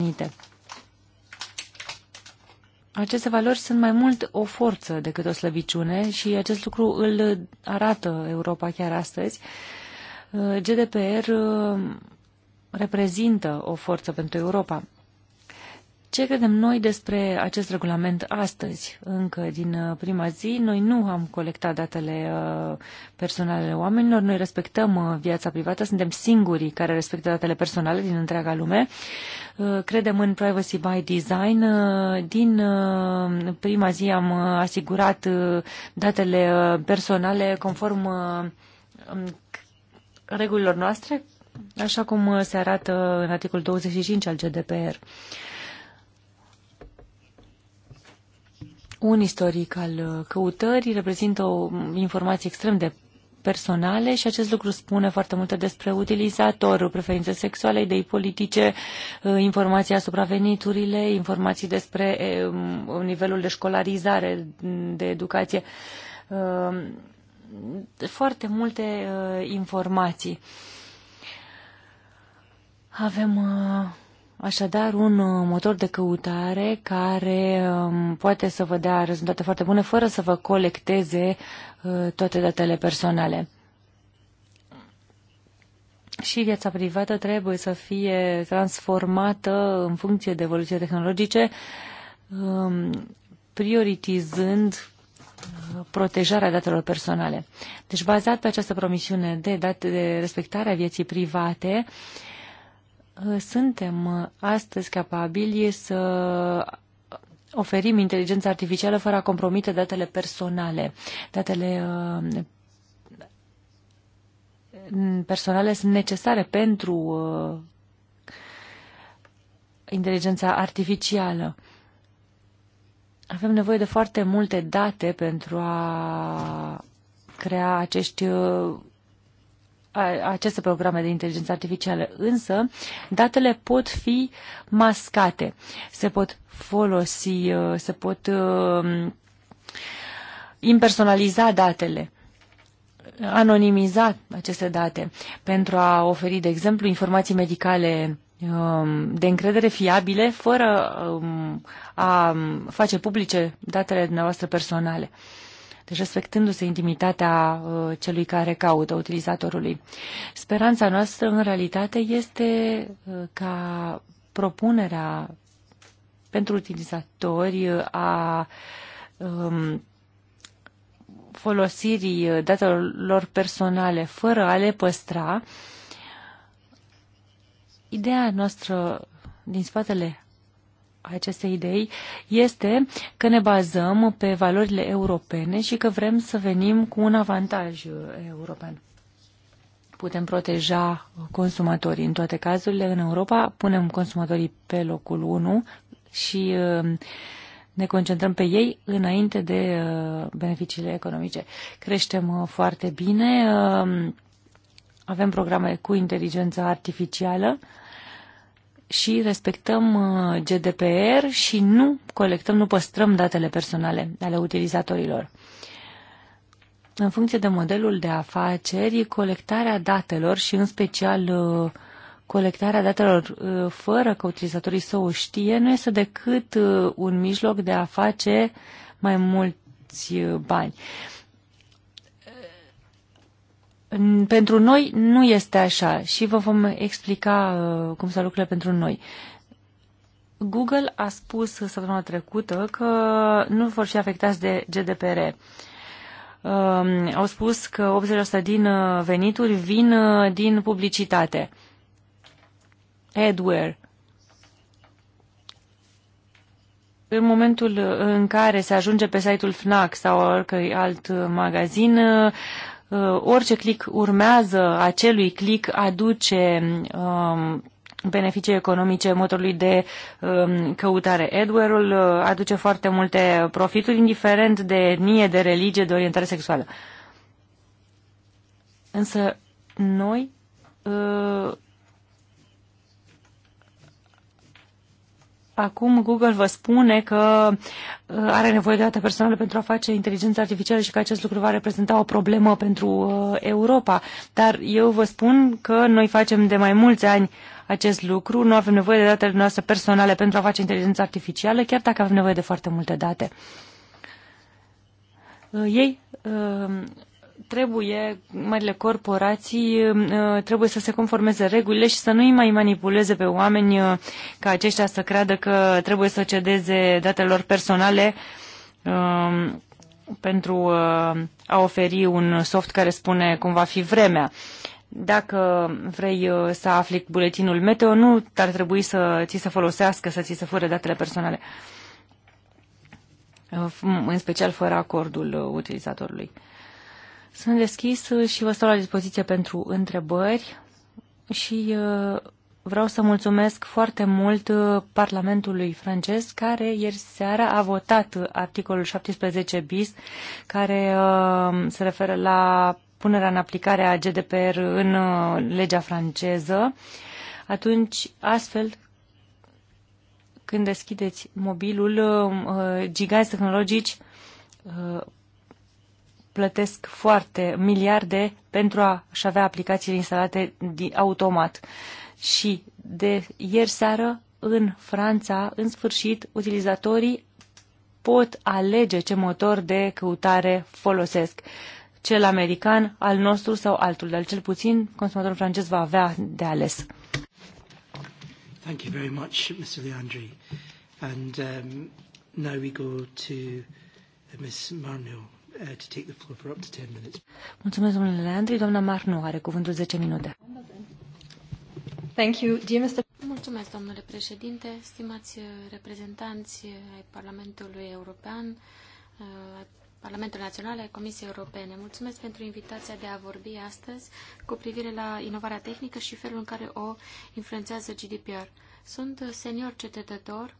Unite. Aceste valori sunt mai mult o forță decât o slăbiciune și acest lucru îl arată Europa chiar astăzi. Uh, GDPR uh, reprezintă o forță pentru Europa. Ce credem noi despre acest regulament astăzi? Încă din uh, prima zi, noi nu am colectat datele uh, personale oamenilor, noi respectăm uh, viața privată, suntem singurii care respectă datele personale din întreaga lume. Credem în privacy by design. Din prima zi am asigurat datele personale conform um, regulilor noastre, așa cum se arată în articolul 25 al GDPR. Un istoric al uh, căutării reprezintă o informație extrem de personale și acest lucru spune foarte multe despre utilizator, preferințe sexuale, idei politice, uh, informații asupra veniturile, informații despre nivelul de școlarizare, de educație, uh, foarte multe informații. Avem Așadar, un uh, motor de căutare care um, poate să vă dea rezultate foarte bune fără să vă colecteze uh, toate datele personale. Și viața privată trebuie să fie transformată în funcție de evoluție tehnologice, um, prioritizând uh, protejarea datelor personale. Deci, bazat pe această promisiune de, date, de a vieții private, uh, Uh, suntem uh, astăzi capabili să oferim inteligența artificială fără a compromite datele personale. Datele uh, personale sunt necesare pentru inteligența artificială. Avem nevoie de foarte multe date pentru a crea acești aceste programe de inteligență artificială, însă datele pot fi mascate, se pot folosi, uh, se pot uh, impersonaliza datele anonimiza aceste date pentru a oferi, de exemplu, informații medicale um, de încredere fiabile fără um, a face publice datele dumneavoastră personale deci respectându-se intimitatea uh, celui care caută, utilizatorului. Speranța noastră, în realitate, este uh, ca propunerea pentru utilizatori uh, a um, folosirii datelor lor personale fără a le păstra, ideea noastră din spatele acestei idei este că ne bazăm pe valorile europene și că vrem să venim cu un avantaj uh, european. Putem proteja consumatorii în toate cazurile. În Europa punem consumatorii pe locul 1 și uh, ne concentrăm pe ei înainte de uh, beneficiile economice. Creștem foarte bine, avem programe cu inteligența artificială, și respectăm uh, GDPR și nu colectăm, nu păstrăm datele personale ale utilizatorilor. În funcție de modelul de afaceri, colectarea datelor și în special uh, colectarea datelor uh, fără ca utilizatorii să o știe nu este decât un mijloc de a face mai mulți bani pentru noi nu este așa și vă vom explica uh, cum să lucrurile pentru noi. Google a spus săptămâna trecută că nu vor fi afectați de GDPR. Um, au spus că 80% din uh, venituri vin uh, din publicitate. Adware. În momentul în care se ajunge pe site-ul FNAC sau oricărui alt magazin, Uh, orice click urmează acelui click aduce um, beneficii economice motorului de um, căutare. Adware-ul uh, aduce foarte multe profituri, indiferent de etnie, de religie, de orientare sexuală. Însă noi uh, acum Google vă spune că uh, are nevoie de date personale pentru a face inteligența artificială și că acest lucru va reprezenta o problemă pentru uh, Europa. Dar eu vă spun că noi facem de mai mulți ani acest lucru, nu avem nevoie de datele noastre personale pentru a face inteligența artificială, chiar dacă avem nevoie de foarte multe date. Uh, ei trebuie, marile corporații uh, trebuie să se conformeze regulile și să nu îi mai manipuleze pe oameni uh, ca aceștia să creadă că trebuie să cedeze datelor personale um, pentru uh, a oferi un soft care spune cum va fi vremea. Dacă vrei să afli buletinul meteo, nu ar trebui să ți se folosească, să ți se fure datele personale, în special fără acordul utilizatorului. Sunt deschis și vă stau la dispoziție pentru întrebări și uh, vreau să mulțumesc foarte mult uh, Parlamentului francez care ieri seara a votat uh, articolul 17 bis care se referă la punerea în aplicare a GDPR în legea franceză. Atunci, astfel, când deschideți mobilul, giganți tehnologici plătesc foarte miliarde pentru a-și avea aplicațiile instalate automat. Și de ieri seară, în Franța, în sfârșit, utilizatorii pot alege ce motor de căutare folosesc. Cel american, al nostru sau altul, dar cel puțin consumatorul francez va avea de ales. Thank you very much, Mr. Leandri. And um, now we go to Ms. Marnell. Uh, to take the floor for up to 10 minutes. Mulțumesc, domnule Leandri. Doamna Marnu are cuvântul 10 minute. Thank you, dear Mr. Mulțumesc, domnule președinte, stimați uh, reprezentanți uh, ai Parlamentului European, Parlamentul Național al Comisiei Europene. Mulțumesc pentru invitația de a vorbi astăzi cu privire la inovarea tehnică și felul în care o influențează GDPR. Sunt senior cetătător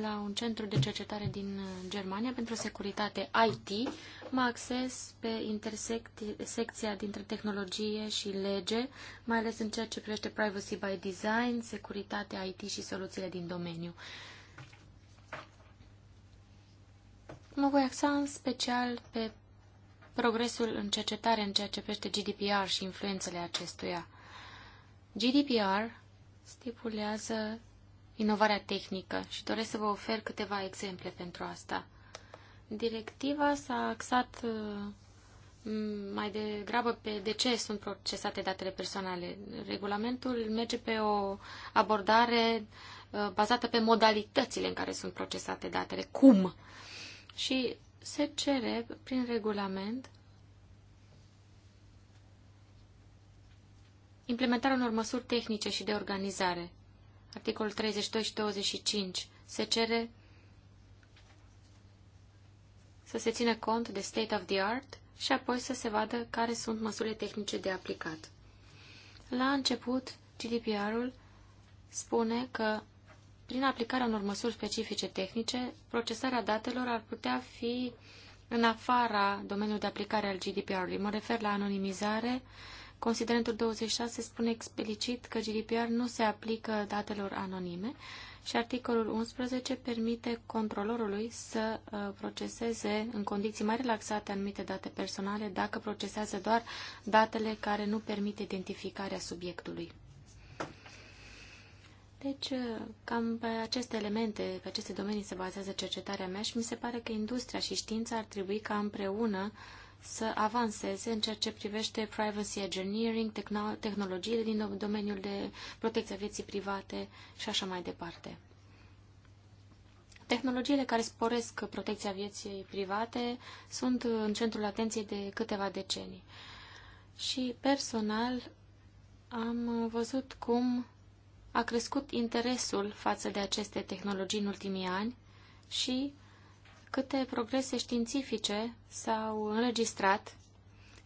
la un centru de cercetare din uh, Germania pentru securitate IT. Mă acces pe intersecția dintre tehnologie și lege, mai ales în ceea ce privește privacy by design, securitatea IT și soluțiile din domeniu. Mă voi axa în special pe progresul în cercetare în ceea ce privește GDPR și influențele acestuia. GDPR stipulează inovarea tehnică și doresc să vă ofer câteva exemple pentru asta. Directiva s-a axat uh, mai degrabă pe de ce sunt procesate datele personale. Regulamentul merge pe o abordare uh, bazată pe modalitățile în care sunt procesate datele, cum. Și se cere prin regulament implementarea unor măsuri tehnice și de organizare articolul 32 și 25, se cere să se țină cont de state of the art și apoi să se vadă care sunt măsurile tehnice de aplicat. La început, GDPR-ul spune că prin aplicarea unor măsuri specifice tehnice, procesarea datelor ar putea fi în afara domeniului de aplicare al GDPR-ului. Mă refer la anonimizare, Considerentul 26 spune explicit că GDPR nu se aplică datelor anonime și articolul 11 permite controlorului să uh, proceseze în condiții mai relaxate anumite date personale dacă procesează doar datele care nu permit identificarea subiectului. Deci, uh, cam pe aceste elemente, pe aceste domenii se bazează cercetarea mea și mi se pare că industria și știința ar trebui ca împreună uh, să avanseze în ceea ce privește privacy engineering, tehnologiile din domeniul de protecția vieții private și așa mai departe. Tehnologiile care sporesc protecția vieții private sunt în centrul atenției de câteva decenii. Și personal am văzut cum a crescut interesul față de aceste tehnologii în ultimii ani și câte progrese științifice s-au înregistrat,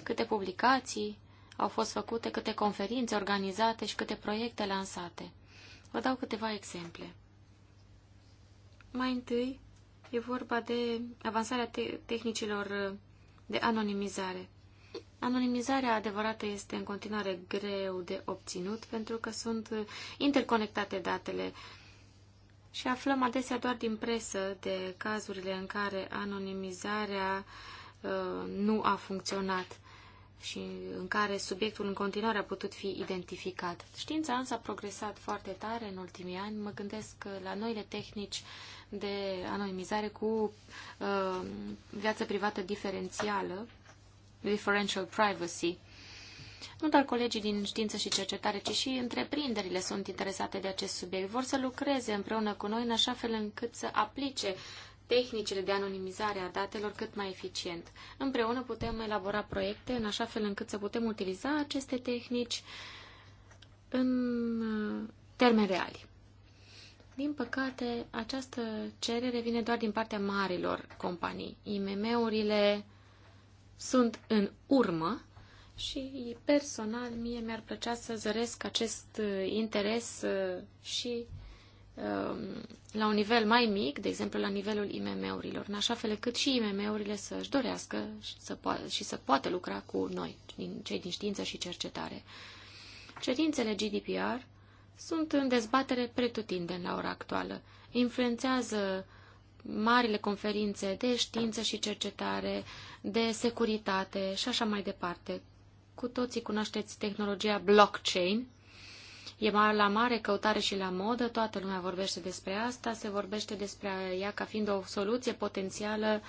câte publicații au fost făcute, câte conferințe organizate și câte proiecte lansate. Vă dau câteva exemple. Mai întâi e vorba de avansarea te tehnicilor de anonimizare. Anonimizarea adevărată este în continuare greu de obținut pentru că sunt interconectate datele și aflăm adesea doar din presă de cazurile în care anonimizarea uh, nu a funcționat și în care subiectul în continuare a putut fi identificat. Știința însă a progresat foarte tare în ultimii ani. Mă gândesc la noile tehnici de anonimizare cu uh, viață privată diferențială, differential privacy. Nu doar colegii din știință și cercetare, ci și întreprinderile sunt interesate de acest subiect. Vor să lucreze împreună cu noi în așa fel încât să aplice tehnicile de anonimizare a datelor cât mai eficient. Împreună putem elabora proiecte în așa fel încât să putem utiliza aceste tehnici în termeni reali. Din păcate, această cerere vine doar din partea marilor companii. IMM-urile sunt în urmă și personal mie mi-ar plăcea să zăresc acest uh, interes uh, și um, la un nivel mai mic, de exemplu la nivelul IMM-urilor, în așa fel cât și IMM-urile să-și dorească și să, po- și să poată lucra cu noi, cei din știință și cercetare. Cerințele GDPR sunt în dezbatere pretutindeni la ora actuală. Influențează marile conferințe de știință și cercetare, de securitate și așa mai departe. Cu toții cunoașteți tehnologia blockchain. E la mare căutare și la modă, toată lumea vorbește despre asta, se vorbește despre ea ca fiind o soluție potențială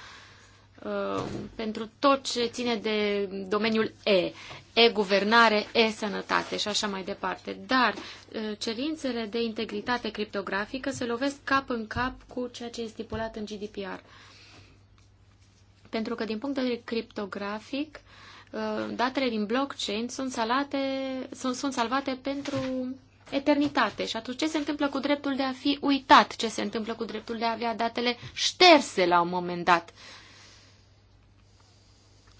uh, pentru tot ce ține de domeniul E, e-guvernare, e-sănătate și așa mai departe. Dar uh, cerințele de integritate criptografică se lovesc cap în cap cu ceea ce e stipulat în GDPR. Pentru că din punct de vedere criptografic, uh, Uh, datele din blockchain sunt, salate, sunt, sunt salvate pentru eternitate. Și atunci ce se întâmplă cu dreptul de a fi uitat? Ce se întâmplă cu dreptul de a avea datele șterse la un moment dat?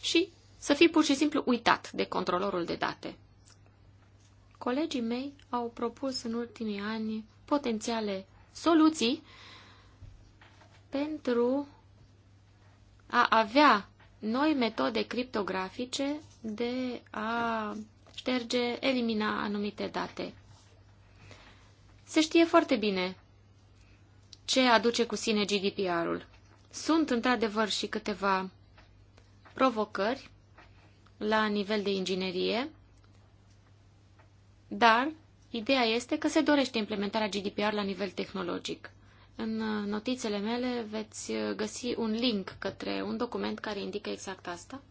Și să fii pur și simplu uitat de controlorul de date. Colegii mei au propus în ultimii ani potențiale soluții pentru a avea noi metode criptografice de a șterge, elimina anumite date. Se știe foarte bine ce aduce cu sine GDPR-ul. Sunt într-adevăr și câteva provocări la nivel de inginerie, dar ideea este că se dorește implementarea GDPR la nivel tehnologic. În uh, notițele mele veți uh, găsi un link către un document care indică exact asta.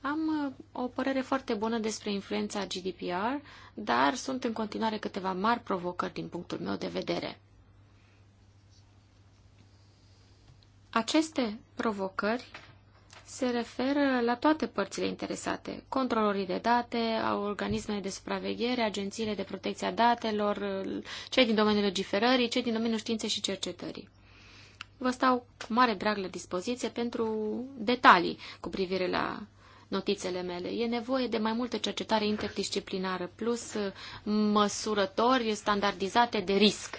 Am uh, o părere foarte bună despre influența GDPR, dar sunt în continuare câteva mari provocări din punctul meu de vedere. Aceste provocări se referă la toate părțile interesate, controlorii de date, organismele de supraveghere, agențiile de protecție a datelor, cei din domeniul legiferării, cei din domeniul științei și cercetării. Vă stau cu mare drag la dispoziție pentru detalii cu privire la notițele mele. E nevoie de mai multă cercetare interdisciplinară, plus uh, măsurători standardizate de risc.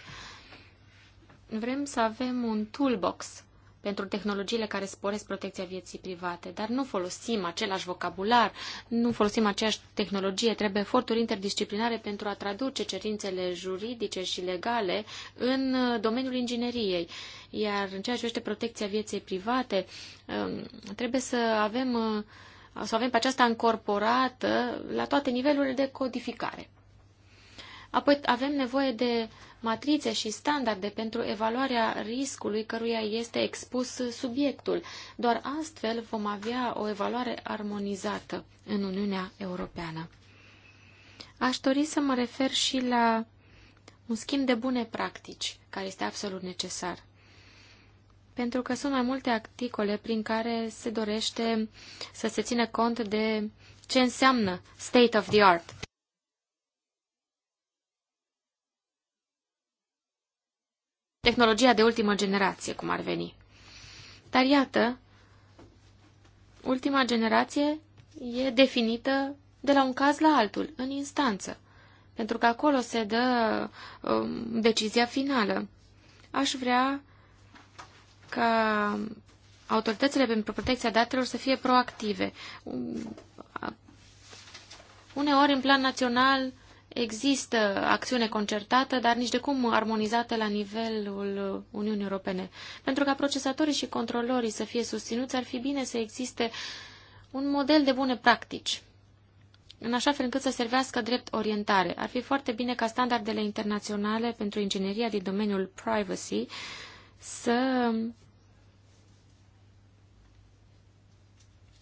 Vrem să avem un toolbox pentru tehnologiile care sporesc protecția vieții private, dar nu folosim același vocabular, nu folosim aceeași tehnologie, trebuie eforturi interdisciplinare pentru a traduce cerințele juridice și legale în domeniul ingineriei. Iar în ceea ce este protecția vieții private, um, trebuie să avem, uh, să avem pe aceasta încorporată la toate nivelurile de codificare. Apoi avem nevoie de matrițe și standarde pentru evaluarea riscului căruia este expus subiectul. Doar astfel vom avea o evaluare armonizată în Uniunea Europeană. Aș dori să mă refer și la un schimb de bune practici, care este absolut necesar. Pentru că sunt mai multe articole prin care se dorește să se țină cont de ce înseamnă state of the art. tehnologia de ultimă generație, cum ar veni. Dar iată, ultima generație e definită de la un caz la altul, în instanță, pentru că acolo se dă um, decizia finală. Aș vrea ca autoritățile pentru protecția datelor să fie proactive. Uneori, în plan național, Există acțiune concertată, dar nici de cum armonizată la nivelul Uniunii Europene. Pentru ca procesatorii și controlorii să fie susținuți, ar fi bine să existe un model de bune practici, în așa fel încât să servească drept orientare. Ar fi foarte bine ca standardele internaționale pentru ingineria din domeniul privacy să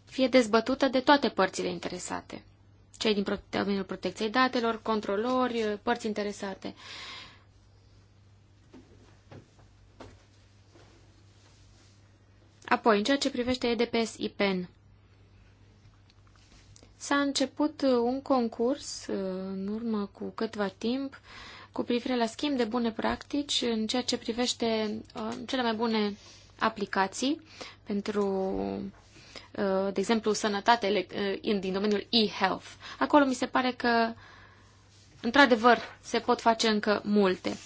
fie dezbătută de toate părțile interesate cei din domeniul protecției datelor, controlori, părți interesate. Apoi, în ceea ce privește EDPS-IPEN, s-a început uh, un concurs uh, în urmă cu câtva timp cu privire la schimb de bune practici în ceea ce privește uh, cele mai bune aplicații pentru Uh, de exemplu, sănătate uh, din domeniul e-health. Acolo mi se pare că, într-adevăr, se pot face încă multe.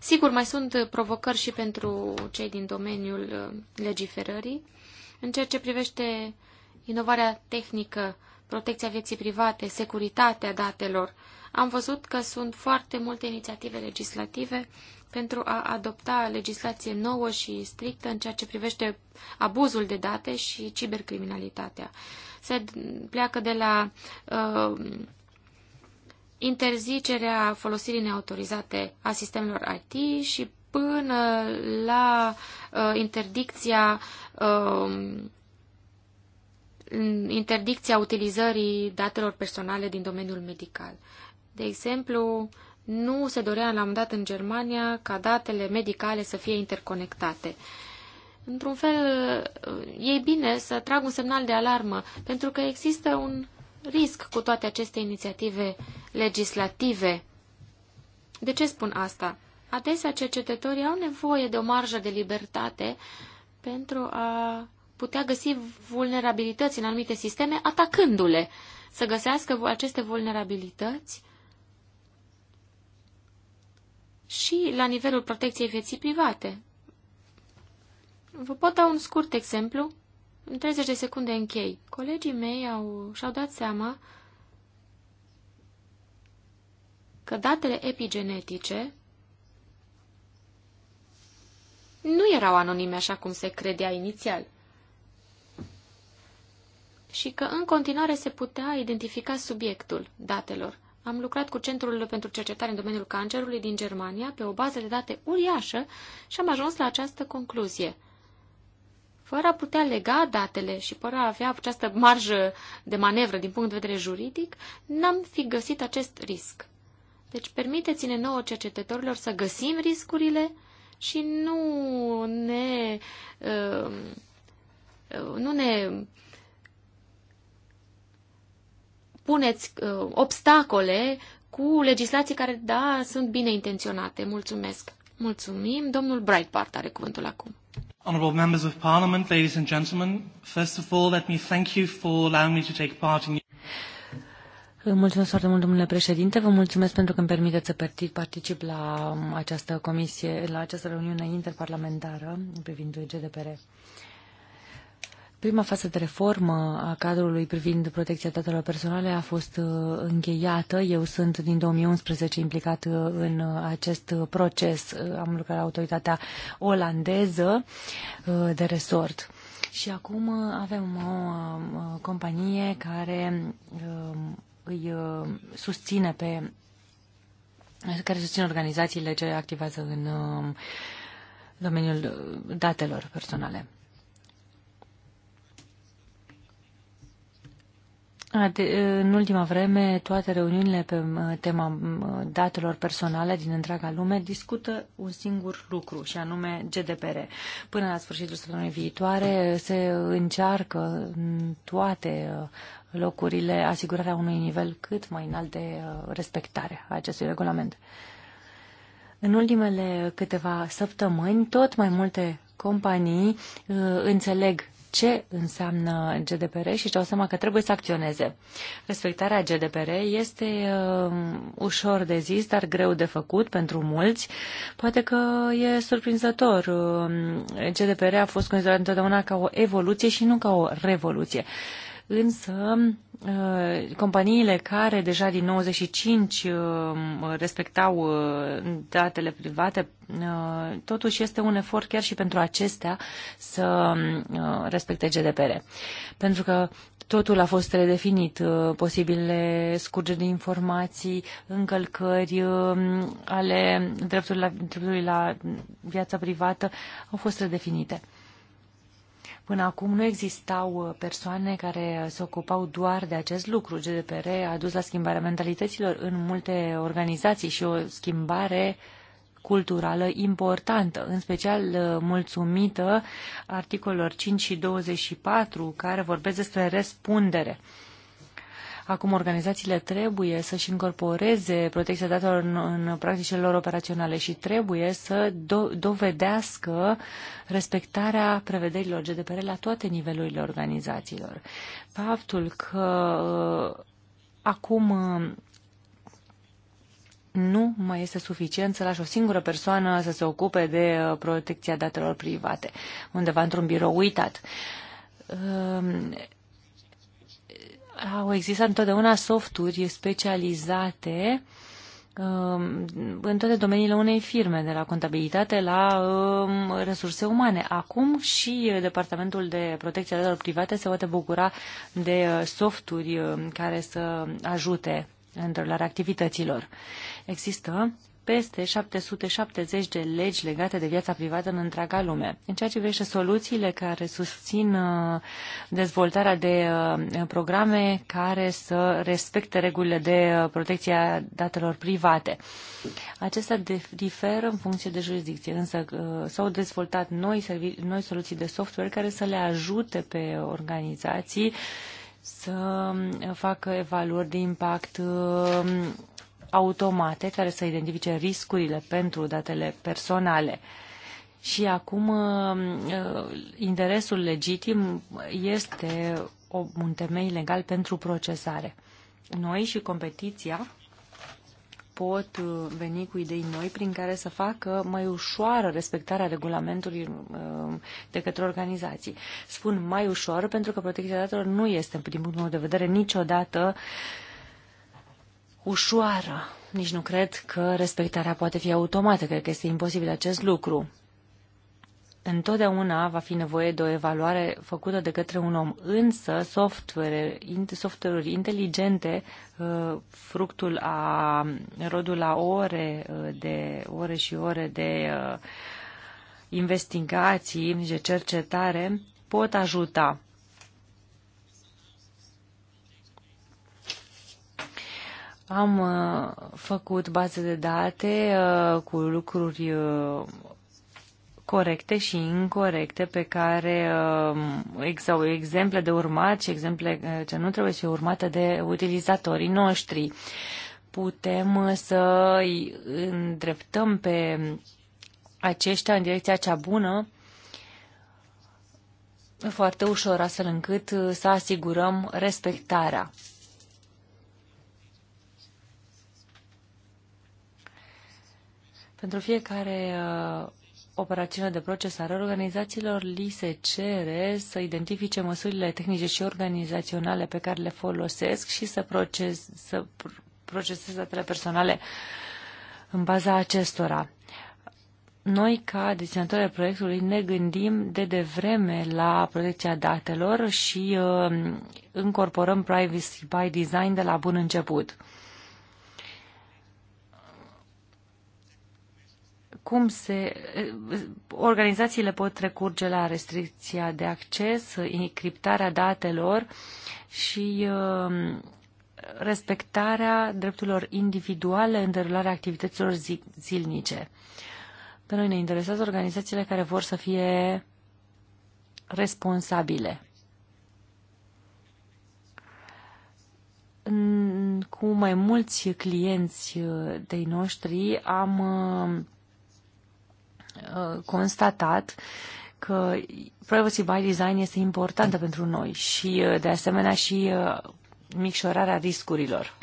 Sigur, mai sunt provocări și pentru cei din domeniul uh, legiferării. În ceea ce privește inovarea tehnică, protecția vieții private, securitatea datelor, uh, am văzut că sunt foarte multe inițiative legislative pentru a adopta legislație nouă și strictă în ceea ce privește abuzul de date și cibercriminalitatea. Se pleacă de la uh, interzicerea folosirii neautorizate a sistemelor IT și până la uh, interdicția uh, interdicția utilizării datelor personale din domeniul medical. De exemplu, nu se dorea la un dat în Germania ca datele medicale să fie interconectate. Într-un fel, e bine să trag un semnal de alarmă, pentru că există un risc cu toate aceste inițiative legislative. De ce spun asta? Adesea cercetătorii au nevoie de o marjă de libertate pentru a putea găsi vulnerabilități în anumite sisteme atacându-le, să găsească aceste vulnerabilități și la nivelul protecției vieții private. Vă pot da un scurt exemplu? În 30 de secunde închei. Colegii mei au, și-au dat seama că datele epigenetice nu erau anonime așa cum se credea inițial și că în continuare se putea identifica subiectul datelor. Am lucrat cu Centrul pentru Cercetare în domeniul cancerului din Germania pe o bază de date uriașă și am ajuns la această concluzie. Fără a putea lega datele și fără a avea această marjă de manevră din punct de vedere juridic, n-am fi găsit acest risc. Deci permiteți-ne nouă cercetătorilor să găsim riscurile și nu ne, uh, nu ne puneți uh, obstacole cu legislații care, da, sunt bine intenționate. Mulțumesc. Mulțumim. Domnul Breitbart are cuvântul acum. Honorable members of Parliament, ladies and gentlemen, first of all, let me thank you for allowing me to take part in Mulțumesc foarte mult, domnule președinte. Vă mulțumesc pentru că îmi permiteți să particip la um, această comisie, la această reuniune interparlamentară privind GDPR. Prima fază de reformă a cadrului privind protecția datelor personale a fost uh, încheiată. Eu sunt din 2011 implicat uh, în uh, acest proces. Am lucrat la autoritatea olandeză de resort. Și acum avem o companie care îi susține pe care susține organizațiile ce activează în domeniul datelor personale. în ultima vreme, toate reuniunile pe tema datelor personale din întreaga lume discută un singur lucru, și anume GDPR. Până la sfârșitul săptămânii viitoare se încearcă în toate uh, locurile asigurarea unui nivel cât mai înalt de uh, respectare a acestui regulament. În ultimele câteva săptămâni, tot mai multe companii uh, înțeleg ce înseamnă GDPR și își dau seama că trebuie să acționeze. Respectarea GDPR este uh, ușor de zis, dar greu de făcut pentru mulți. Poate că e surprinzător. Uh, GDPR a fost considerat întotdeauna ca o evoluție și nu ca o revoluție. Uh, însă uh, companiile care deja din 95 uh, respectau uh, datele private, totuși este un efort chiar și pentru acestea să respecte GDPR. Pentru că totul a fost redefinit, posibile scurgeri de informații, încălcări ale dreptului la, dreptului la viața privată au fost redefinite. Până acum nu existau uh, persoane care se ocupau doar de acest lucru. GDPR a dus la schimbarea mentalităților în multe organizații și o schimbare culturală importantă, în special uh, mulțumită articolelor 5 și 24 care vorbesc despre răspundere. Acum organizațiile trebuie să-și încorporeze protecția datelor în, în practicile lor operaționale și trebuie să do- dovedească respectarea prevederilor GDPR la toate nivelurile organizațiilor. Faptul că uh, acum uh, nu mai este suficient să lași o singură persoană să se ocupe de uh, protecția datelor private, undeva într-un birou uitat au existat întotdeauna softuri specializate um, în toate domeniile unei firme, de la contabilitate la um, resurse umane. Acum și Departamentul de Protecție a Datelor Private se poate bucura de uh, softuri um, care să ajute în derularea activităților. Există peste 770 de legi legate de viața privată în întreaga lume. În ceea ce privește soluțiile care susțin uh, dezvoltarea de uh, programe care să respecte regulile de uh, protecție a datelor private. Acestea diferă în funcție de jurisdicție, însă s-au dezvoltat noi, servici, noi soluții de software care să le ajute pe organizații să facă evaluări de impact automate care să identifice riscurile pentru datele personale. Și acum uh, uh, interesul legitim este un temei legal pentru procesare. Noi și competiția pot uh, veni cu idei noi prin care să facă mai ușoară respectarea regulamentului de către organizații. Spun mai ușor pentru că protecția datelor nu este, din punctul meu de vedere, niciodată uh, ușoară. Nici nu cred că respectarea poate fi automată, cred că este imposibil acest lucru. Întotdeauna va fi nevoie de o evaluare făcută de către un om, însă software, software inteligente, uh, fructul a rodul la ore uh, de ore și ore de uh, investigații, de cercetare, pot ajuta Am uh, făcut baze de date uh, cu lucruri uh, corecte și incorrecte pe care sau exemple de urmat și exemple ce nu trebuie să fie urmate de utilizatorii noștri. Putem să îi îndreptăm pe aceștia în direcția cea bună foarte ușor, astfel încât să asigurăm respectarea Pentru fiecare uh, operațiune de procesare, organizațiilor li se cere să identifice măsurile tehnice și organizaționale pe care le folosesc și să, proces, să proceseze datele personale în baza acestora. Noi, ca deținători de proiectului, ne gândim de devreme la protecția datelor și uh, incorporăm privacy by design de la bun început. cum se, organizațiile pot recurge la restricția de acces, criptarea datelor și um, respectarea drepturilor individuale în derularea activităților zilnice. Pe noi ne interesează organizațiile care vor să fie responsabile. Cu mai mulți clienți uh, de noștri am um, Uh, constatat că privacy by design este importantă pentru noi și, uh, de asemenea, și uh, micșorarea riscurilor.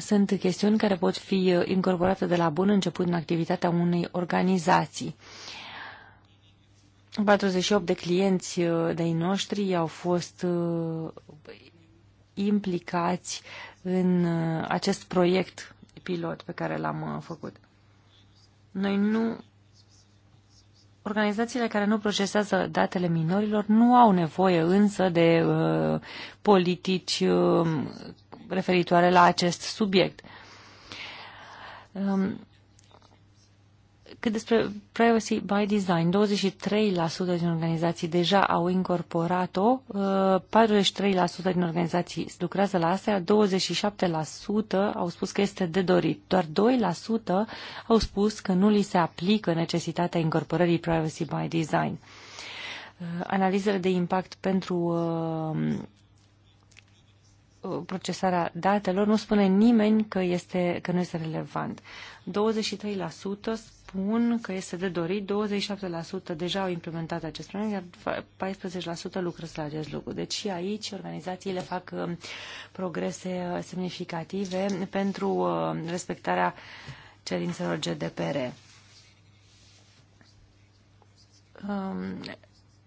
Sunt chestiuni care pot fi incorporate de la bun început în activitatea unei organizații. 48 de clienți de-ai noștri au fost implicați în uh, acest proiect pilot pe care l-am uh, făcut. Noi nu Organizațiile care nu procesează datele minorilor nu au nevoie însă de uh, politici uh, referitoare la acest subiect. Um, cât despre Privacy by Design, 23% din organizații deja au incorporat-o, 43% uh, din organizații lucrează la asta, 27% au spus că este de dorit. Doar 2% au spus că nu li se aplică necesitatea incorporării Privacy by Design. Uh, analizele de impact pentru uh, Uh, procesarea datelor, nu spune nimeni că, este, că nu este relevant. 23% spun că este de dorit, 27% deja au implementat acest program, iar 14% lucrează la acest lucru. Deci și aici organizațiile fac uh, progrese uh, semnificative pentru respectarea cerințelor GDPR um,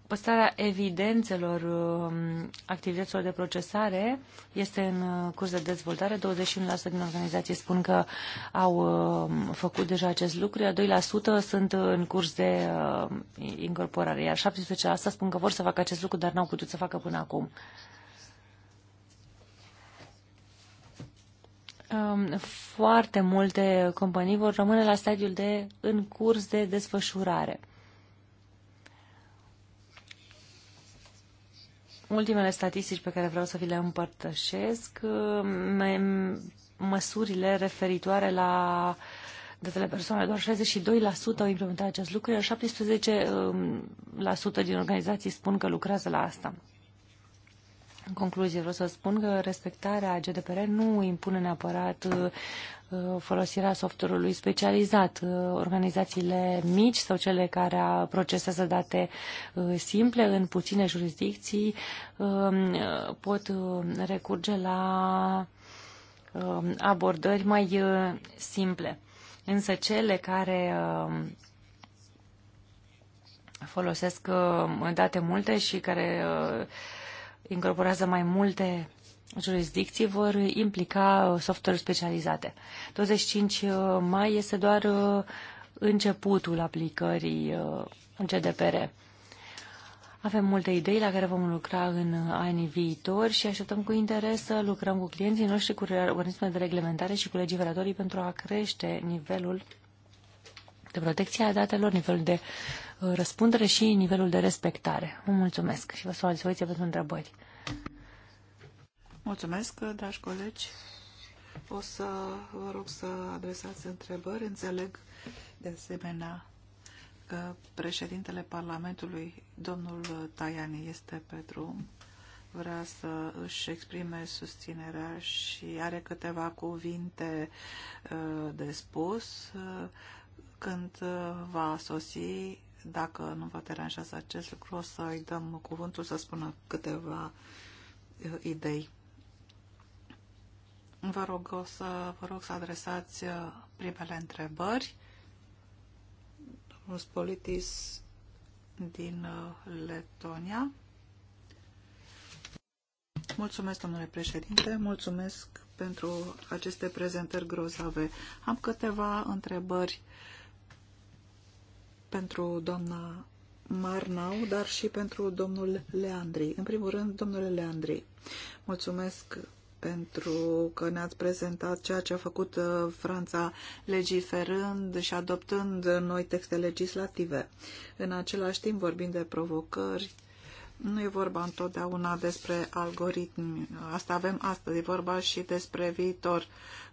Păstrarea evidențelor um, activităților de procesare este în uh, curs de dezvoltare. 21% din organizații spun că au um, făcut deja acest lucru, iar 2% sunt în curs de uh, incorporare, iar 17% spun că vor să facă acest lucru, dar n-au putut să facă până acum. Um, foarte multe companii vor rămâne la stadiul de în curs de desfășurare. ultimele statistici pe care vreau să vi le împărtășesc, uh, măsurile referitoare la datele persoane, doar 62% au implementat acest lucru, iar 17% um, din organizații spun că lucrează la asta. În concluzie, vreau să spun că respectarea GDPR nu impune neapărat uh, Uh, folosirea software-ului specializat. Uh, organizațiile mici sau cele care procesează date uh, simple în puține jurisdicții um, pot recurge la abordări mai simple. Însă cele care folosesc date multe și care incorporează mai multe jurisdicții vor implica uh, software specializate. 25 uh, mai este doar uh, începutul aplicării în GDPR. Avem multe idei la care vom lucra în anii viitori și așteptăm cu interes să lucrăm cu clienții noștri, cu organismele de reglementare și cu legiferatorii pentru a crește nivelul de protecție a datelor, nivelul de răspundere și nivelul de respectare. Vă mulțumesc și vă stau la dispoziție pentru întrebări. Mulțumesc, dragi colegi. O să vă rog să adresați întrebări. Înțeleg de asemenea că președintele Parlamentului, domnul Tajani, este pe drum. Vrea să își exprime susținerea și are câteva cuvinte uh, de spus uh, când uh, va sosi dacă nu vă deranjează acest lucru, o să-i dăm cuvântul să spună câteva idei. Vă rog, o să, vă rog să adresați uh, primele întrebări. Domnul Spolitis din uh, Letonia. Mulțumesc, domnule președinte, mulțumesc pentru aceste prezentări grozave. Am câteva întrebări pentru doamna Marnau, dar și pentru domnul Leandri. În primul rând, domnule Leandri, mulțumesc pentru că ne-ați prezentat ceea ce a făcut uh, Franța legiferând și adoptând noi texte legislative. În același timp, vorbind de provocări, nu e vorba întotdeauna despre algoritmi. Asta avem astăzi, e vorba și despre viitor.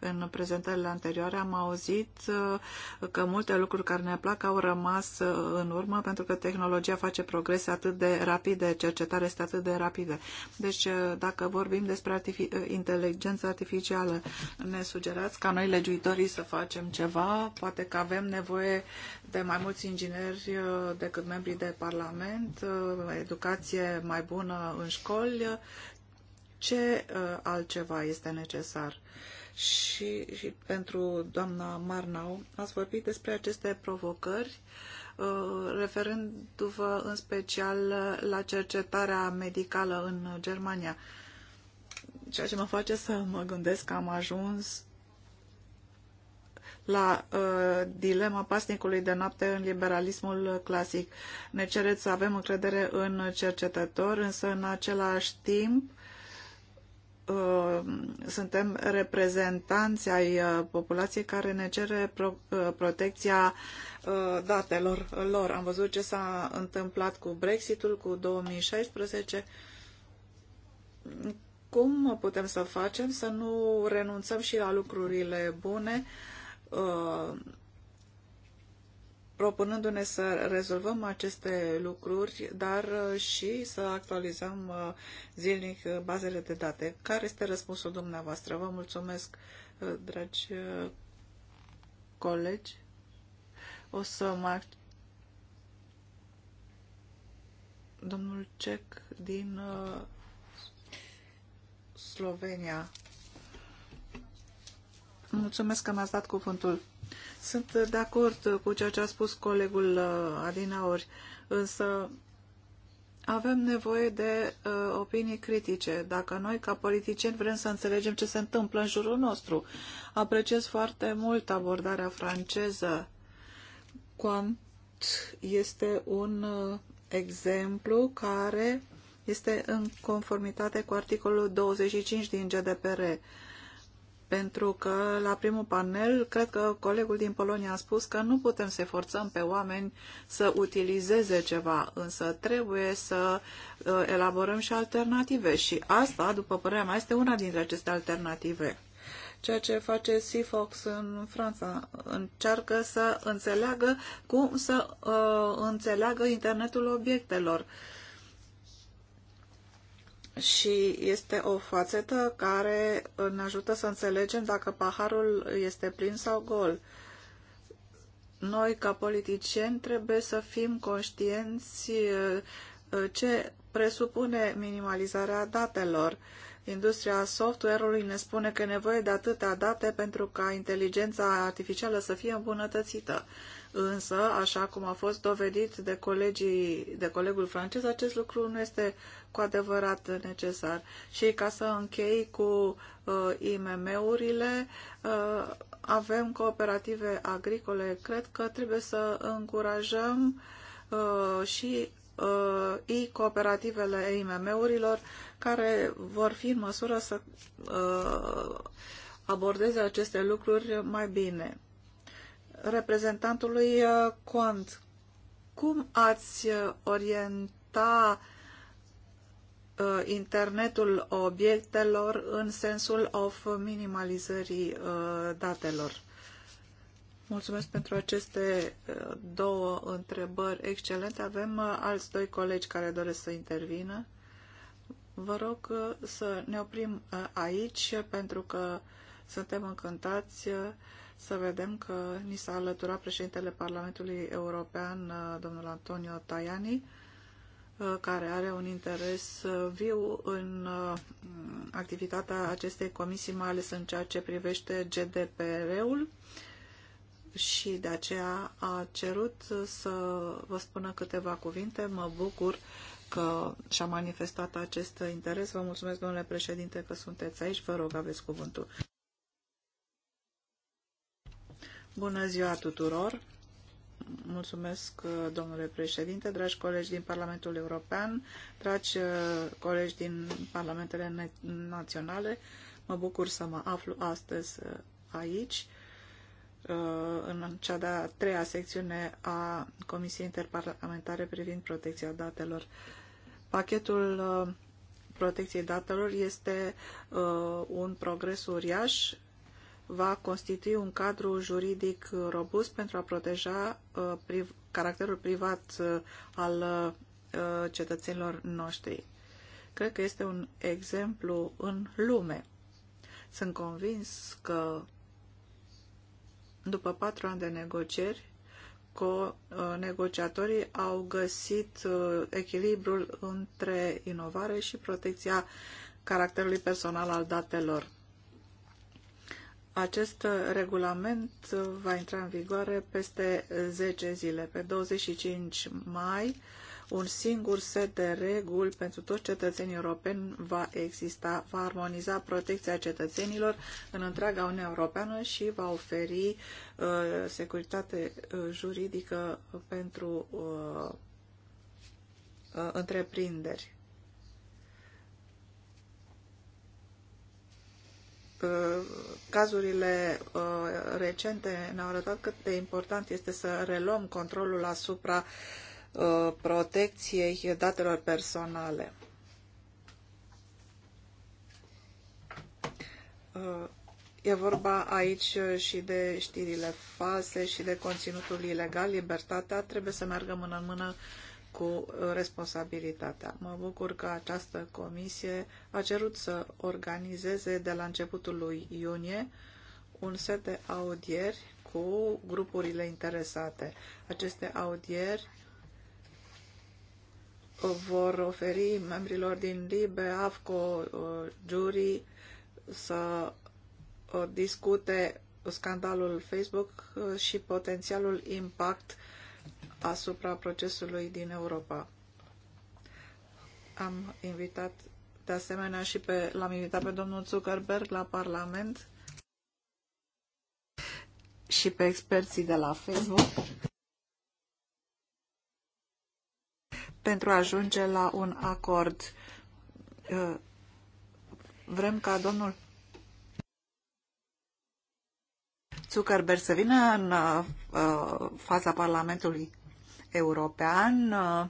În prezentările anterioare am auzit uh, că multe lucruri care ne plac au rămas uh, în urmă pentru că tehnologia face progrese atât de rapide, cercetarea este atât de rapidă. Deci, uh, dacă vorbim despre artific- inteligență artificială, ne sugerați ca noi legiuitorii să facem ceva? Poate că avem nevoie de mai mulți ingineri decât membrii de Parlament, educație mai bună în școli, ce altceva este necesar? și, și pentru doamna Marnau. Ați vorbit despre aceste provocări, uh, referându-vă în special la cercetarea medicală în Germania. Ceea ce mă face să mă gândesc că am ajuns la uh, dilema pasnicului de noapte în liberalismul clasic. Ne cereți să avem încredere în cercetător, însă în același timp Uh, suntem reprezentanți ai uh, populației care ne cere pro, uh, protecția datelor lor. Am văzut ce s-a întâmplat cu Brexitul, cu 2016. Cum putem să facem să nu renunțăm și la lucrurile bune? propunându-ne să rezolvăm aceste lucruri, dar uh, și să actualizăm uh, zilnic uh, bazele de date. Care este răspunsul dumneavoastră? Vă mulțumesc, dragi colegi. O să mă... Domnul Cec din Slovenia. Mulțumesc că mi-ați dat cuvântul. Sunt de acord cu ceea ce a spus colegul uh, Adinauri, însă avem nevoie de uh, opinii critice. Dacă noi, ca politicieni, vrem să înțelegem ce se întâmplă în jurul nostru, apreciez foarte mult abordarea franceză. Quant este un uh, exemplu care este în conformitate cu articolul 25 din GDPR. Pentru că la primul panel, cred că colegul din Polonia a spus că nu putem să forțăm pe oameni să utilizeze ceva, însă trebuie să uh, elaborăm și alternative și asta, după părerea mea, este una dintre aceste alternative ceea ce face Sifox în Franța. Încearcă să înțeleagă cum să uh, înțeleagă internetul obiectelor. Uh, și este o fațetă care ne ajută să înțelegem dacă paharul este plin sau gol. Noi, ca politicieni, trebuie să fim conștienți uh, ce presupune minimalizarea datelor. Industria software-ului ne spune că e nevoie de atâtea date pentru ca inteligența artificială să fie îmbunătățită. Însă, așa cum a fost dovedit de, colegii, de colegul francez, acest lucru nu este cu adevărat necesar. Și ca să închei cu uh, IMM-urile, uh, avem cooperative agricole. Cred că trebuie să încurajăm uh, și uh, i-cooperativele IMM-urilor care vor fi în măsură să uh, abordeze aceste lucruri mai bine reprezentantului Cont. Uh, Cum ați uh, orienta uh, internetul obiectelor în sensul of minimalizării datelor? Mulțumesc pentru aceste două întrebări excelente. Avem alți doi colegi care doresc să intervină. Vă rog să ne oprim aici pentru că suntem încântați să vedem că ni s-a alăturat președintele Parlamentului European, uh, domnul Antonio Tajani, uh, care are un interes uh, viu în activitatea acestei comisii, mai ales în ceea ce privește GDPR-ul și de aceea a cerut să vă spună câteva cuvinte. Mă bucur că și-a manifestat acest interes. Vă mulțumesc, domnule președinte, că sunteți aici. Vă rog, aveți cuvântul. Bună ziua tuturor! Mulțumesc, domnule președinte, dragi colegi din Parlamentul European, dragi uh, colegi din Parlamentele Naționale, mă bucur să mă aflu astăzi uh, aici, uh, în cea de-a treia secțiune a Comisiei Interparlamentare privind protecția datelor. Pachetul protecției datelor este un progres uriaș va constitui un cadru juridic robust pentru a proteja uh, priv caracterul privat uh, al uh, cetățenilor noștri. Cred că este un exemplu în lume. Sunt convins că după patru ani de negocieri, co negociatorii au găsit echilibrul între inovare și protecția caracterului personal al datelor. Acest regulament va intra în vigoare peste 10 zile. Pe 25 mai, un singur set de reguli pentru toți cetățenii europeni va exista, va armoniza protecția cetățenilor în întreaga Uniune Europeană și va oferi uh, securitate uh, juridică pentru uh, uh, întreprinderi. cazurile uh, recente ne-au arătat cât de important este să reluăm controlul asupra uh, protecției datelor personale. Uh, e vorba aici și de știrile false și de conținutul ilegal. Libertatea trebuie să meargă mână în mână cu uh, responsabilitatea. Mă bucur că această comisie a cerut să organizeze de la începutul lui iunie un set de audieri cu grupurile interesate. Aceste audieri vor oferi membrilor din LIBE, AFCO, uh, jury să uh, discute scandalul Facebook și potențialul impact asupra procesului din Europa. Am invitat de asemenea și pe, l-am invitat pe domnul Zuckerberg la Parlament și pe experții de la Facebook pentru a ajunge la un acord. Uh, vrem ca domnul Zuckerberg să vină în uh, fața Parlamentului european uh,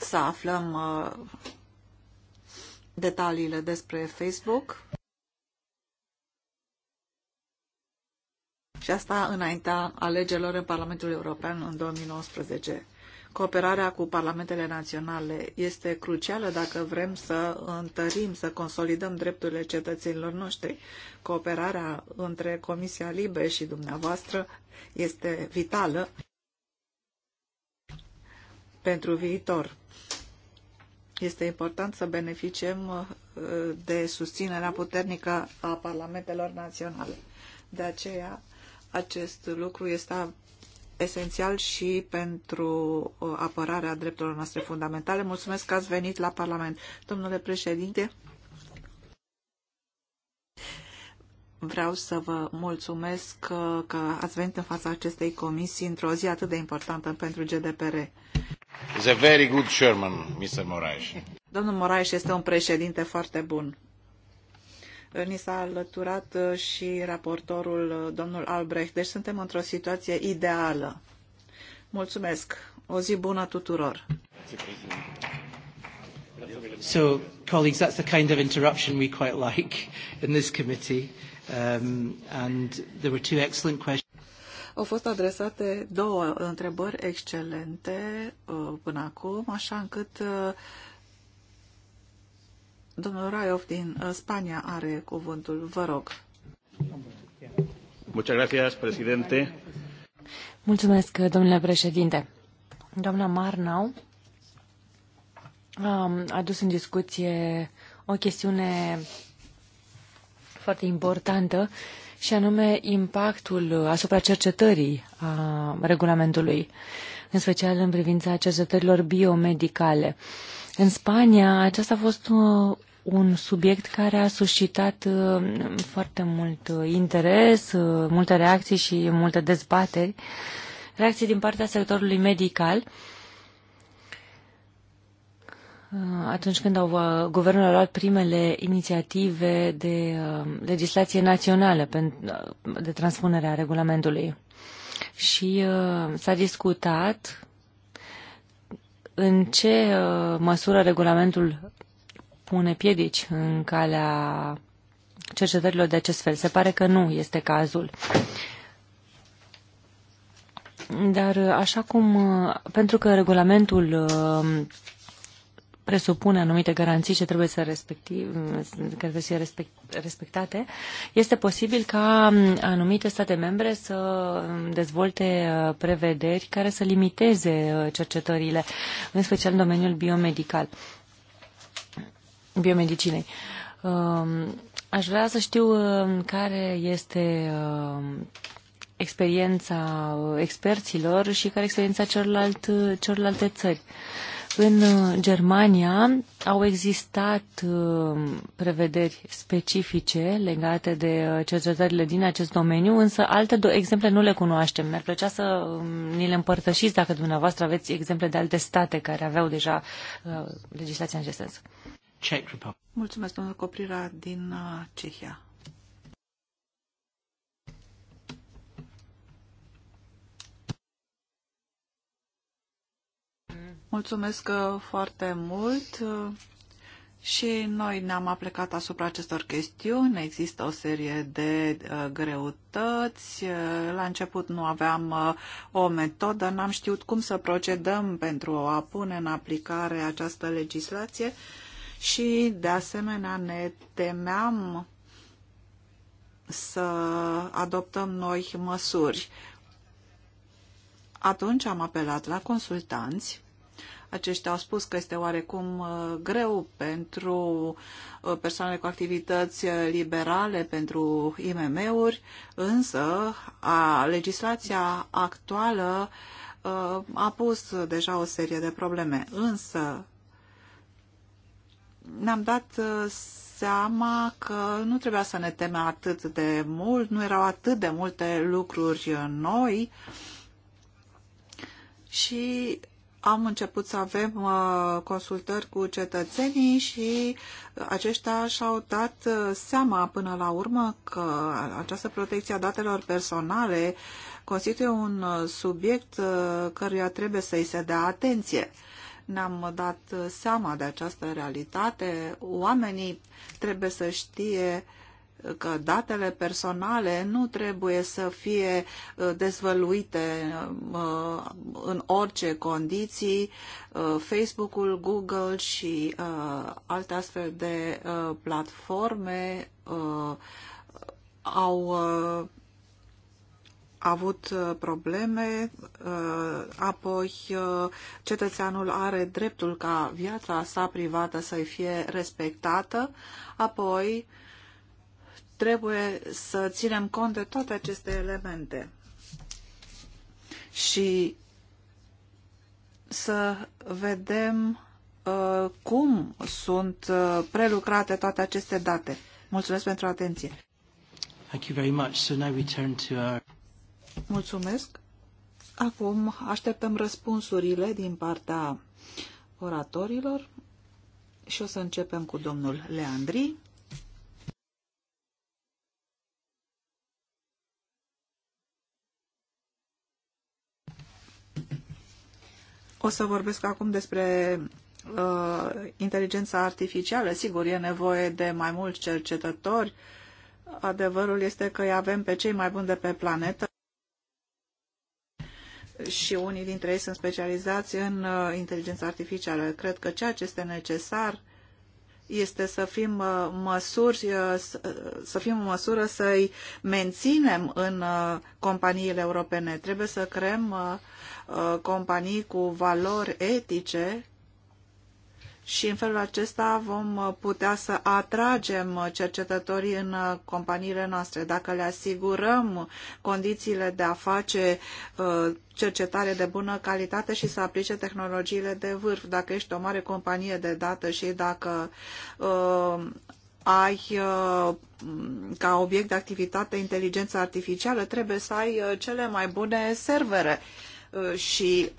să aflăm uh, detaliile despre Facebook. Și asta înaintea alegerilor în Parlamentul European în 2019. Cooperarea cu parlamentele naționale este crucială dacă vrem să întărim, să consolidăm drepturile cetățenilor noștri. Cooperarea între Comisia Libe și dumneavoastră este vitală pentru viitor. Este important să beneficiem uh, de susținerea puternică a parlamentelor naționale. De aceea, acest lucru este esențial și pentru uh, apărarea drepturilor noastre fundamentale. Mulțumesc că ați venit la Parlament. Domnule președinte, vreau să vă mulțumesc uh, că, ați venit în fața acestei comisii într-o zi atât de importantă pentru GDPR is a very good chairman, Mr. Moraes. Domnul Moraes este un președinte foarte bun. Ni s-a alăturat uh, și raportorul uh, domnul Albrecht, deci suntem într-o situație ideală. Mulțumesc. O zi bună tuturor. So, colleagues, that's the kind of interruption we quite like in this committee. Um, and there were two excellent questions. Au fost adresate două întrebări excelente uh, până acum, așa încât uh, domnul Raiov din uh, Spania are cuvântul. Vă rog. Muchas gracias, presidente. Mulțumesc, domnule președinte. Doamna Marnau um, a adus în discuție o chestiune foarte importantă și anume impactul asupra cercetării a regulamentului, în special în privința cercetărilor biomedicale. În Spania, aceasta a fost uh, un subiect care a suscitat uh, foarte mult uh, interes, multe reacții și multe dezbateri, reacții din partea sectorului medical, Uh, atunci când au, uh, guvernul a luat primele inițiative de uh, legislație națională de transpunere a regulamentului. Și s-a discutat în ce măsură regulamentul pune piedici în calea cercetărilor de acest fel. Se pare că nu este cazul. Dar așa cum, pentru că regulamentul presupune anumite garanții ce trebuie să, respecti, care trebuie să fie respect, respectate, este posibil ca anumite state membre să dezvolte uh, prevederi care să limiteze uh, cercetările, în special în domeniul biomedical, biomedicinei. Um, aș vrea să știu uh, care este experiența experților și care experiența celorlalt, celorlalte țări. În uh, Germania au existat uh, prevederi specifice legate de uh, cercetările din acest domeniu, însă alte două exemple nu le cunoaștem. Mi-ar plăcea să um, ni le împărtășiți dacă dumneavoastră aveți exemple de alte state care aveau deja legislația în acest sens. Mulțumesc, domnul Coprira, din Cehia. Mulțumesc uh, foarte mult uh, și noi ne-am aplecat asupra acestor chestiuni. Există o serie de uh, greutăți. La început nu aveam o metodă, n-am știut cum să procedăm pentru a pune în aplicare această legislație și de asemenea ne temeam să adoptăm noi măsuri. Atunci am apelat la consultanți aceștia au spus că este oarecum uh, greu pentru uh, persoanele cu activități uh, liberale, pentru IMM-uri, însă a, legislația actuală a pus deja o serie de probleme. Însă ne-am dat seama că nu trebuia să ne temem atât de mult, nu erau atât de multe lucruri noi și am început să avem uh, consultări cu cetățenii și aceștia și-au dat uh, seama până la urmă că această protecție a datelor personale constituie un uh, subiect căruia trebuie să-i se dea atenție. Ne-am dat seama de această realitate. Oamenii trebuie să știe uh, că datele personale nu trebuie să fie uh, dezvăluite uh, în orice condiții. Uh, Facebook-ul, Google și alte astfel de platforme au avut probleme, apoi cetățeanul are dreptul ca viața sa privată să-i fie respectată, apoi trebuie să ținem cont de toate aceste elemente și să vedem uh, cum sunt uh, prelucrate toate aceste date. Mulțumesc pentru atenție. Thank you very much. So now we turn to our... Mulțumesc. Acum așteptăm răspunsurile din partea oratorilor și o să începem cu domnul Leandri. O să vorbesc acum despre uh, inteligența artificială. Sigur, e nevoie de mai mulți cercetători. Adevărul este că îi avem pe cei mai buni de pe planetă și unii dintre ei sunt specializați în uh, inteligența artificială. Cred că ceea ce este necesar este să fim, uh, măsuri, uh, uh, să fim în măsură să-i menținem în companiile europene. Trebuie să creăm companii cu valori etice și în felul acesta vom uh, putea să atragem uh, cercetătorii în uh, companiile noastre. Dacă le asigurăm condițiile de a face cercetare de bună calitate și să aplice tehnologiile de vârf, dacă ești o mare companie de dată și dacă ai ca obiect de activitate inteligența artificială, trebuie să ai cele mai bune servere și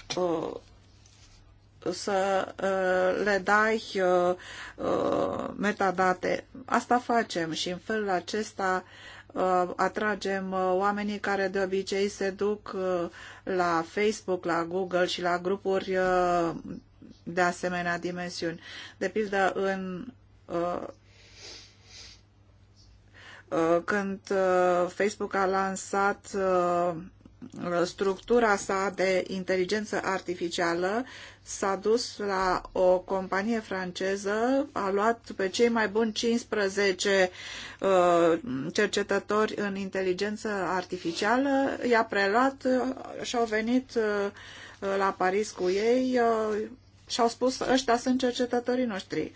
să uh, le dai uh, uh, metadate. Asta facem și în felul acesta atragem oamenii care de obicei se duc la Facebook, la Google și la grupuri de asemenea dimensiuni. De pildă, în când Facebook a lansat structura sa de inteligență artificială s-a dus la o companie franceză, a luat pe cei mai buni 15 uh, cercetători în inteligență artificială, i-a preluat uh, și au venit uh, la Paris cu ei uh, și au spus ăștia sunt cercetătorii noștri.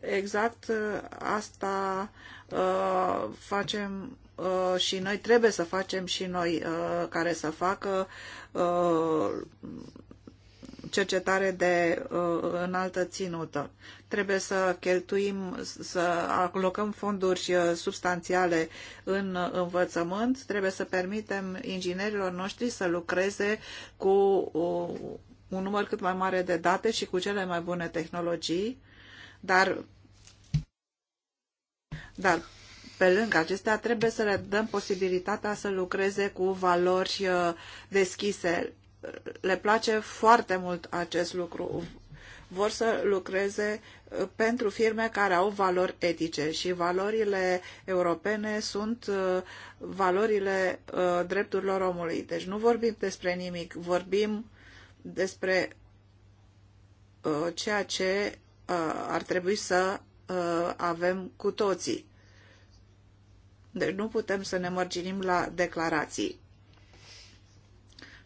Exact uh, asta facem Uh, și noi trebuie să facem și noi uh, care să facă uh, cercetare de înaltă ținută. Trebuie să cheltuim, să alocăm fonduri substanțiale în învățământ, trebuie să permitem inginerilor noștri să lucreze cu un număr cât mai mare de date și cu cele mai bune tehnologii, dar dar pe lângă acestea, trebuie să le dăm posibilitatea să lucreze cu valori uh, deschise. Le place foarte mult acest lucru. Vor să lucreze uh, pentru firme care au valori etice și valorile europene sunt uh, valorile drepturilor omului. Deci nu vorbim despre nimic, vorbim despre ceea ce ar trebui să avem cu toții. Deci nu putem să ne mărginim la declarații.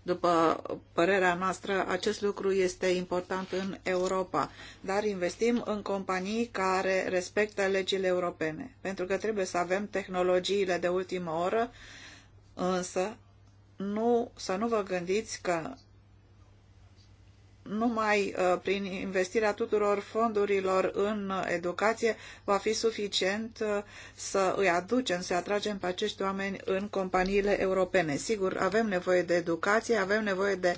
După părerea noastră, acest lucru este important în Europa, dar investim în companii care respectă legile europene, pentru că trebuie să avem tehnologiile de ultimă oră, însă nu, să nu vă gândiți că numai uh, prin investirea tuturor fondurilor în uh, educație va fi suficient uh, să îi aducem, să atragem pe acești oameni în companiile europene. Sigur, avem nevoie de educație, avem nevoie de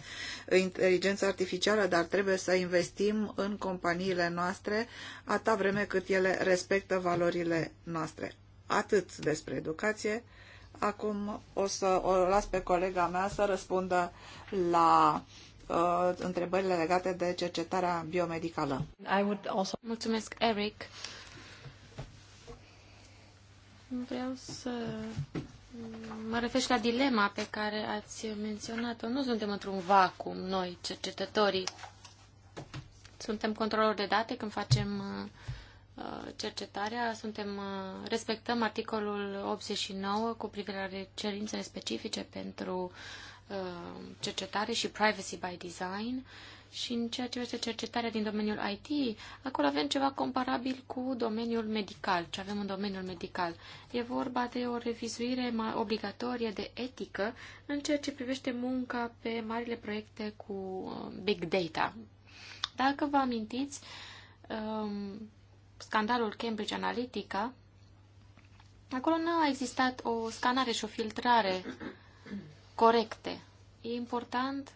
inteligență artificială, dar trebuie să investim în companiile noastre atâta vreme cât ele respectă valorile noastre. Atât despre educație. Acum o să o las pe colega mea să răspundă la uh, întrebările legate de cercetarea biomedicală. I would also... Mulțumesc, Eric. Vreau să mă refer și la dilema pe care ați menționat-o. Nu suntem într-un vacuum noi, cercetătorii. Suntem controlori de date când facem uh, uh, cercetarea, suntem, uh, respectăm articolul 89 cu privire la cerințele specifice pentru uh, Uh, cercetare și privacy by design și în ceea ce este cercetarea din domeniul IT, acolo avem ceva comparabil cu domeniul medical, ce avem în domeniul medical. E vorba de o revizuire mai obligatorie de etică în ceea ce privește munca pe marile proiecte cu um, big data. Dacă vă amintiți, um, scandalul Cambridge Analytica, acolo nu a existat o scanare și o filtrare corecte. E important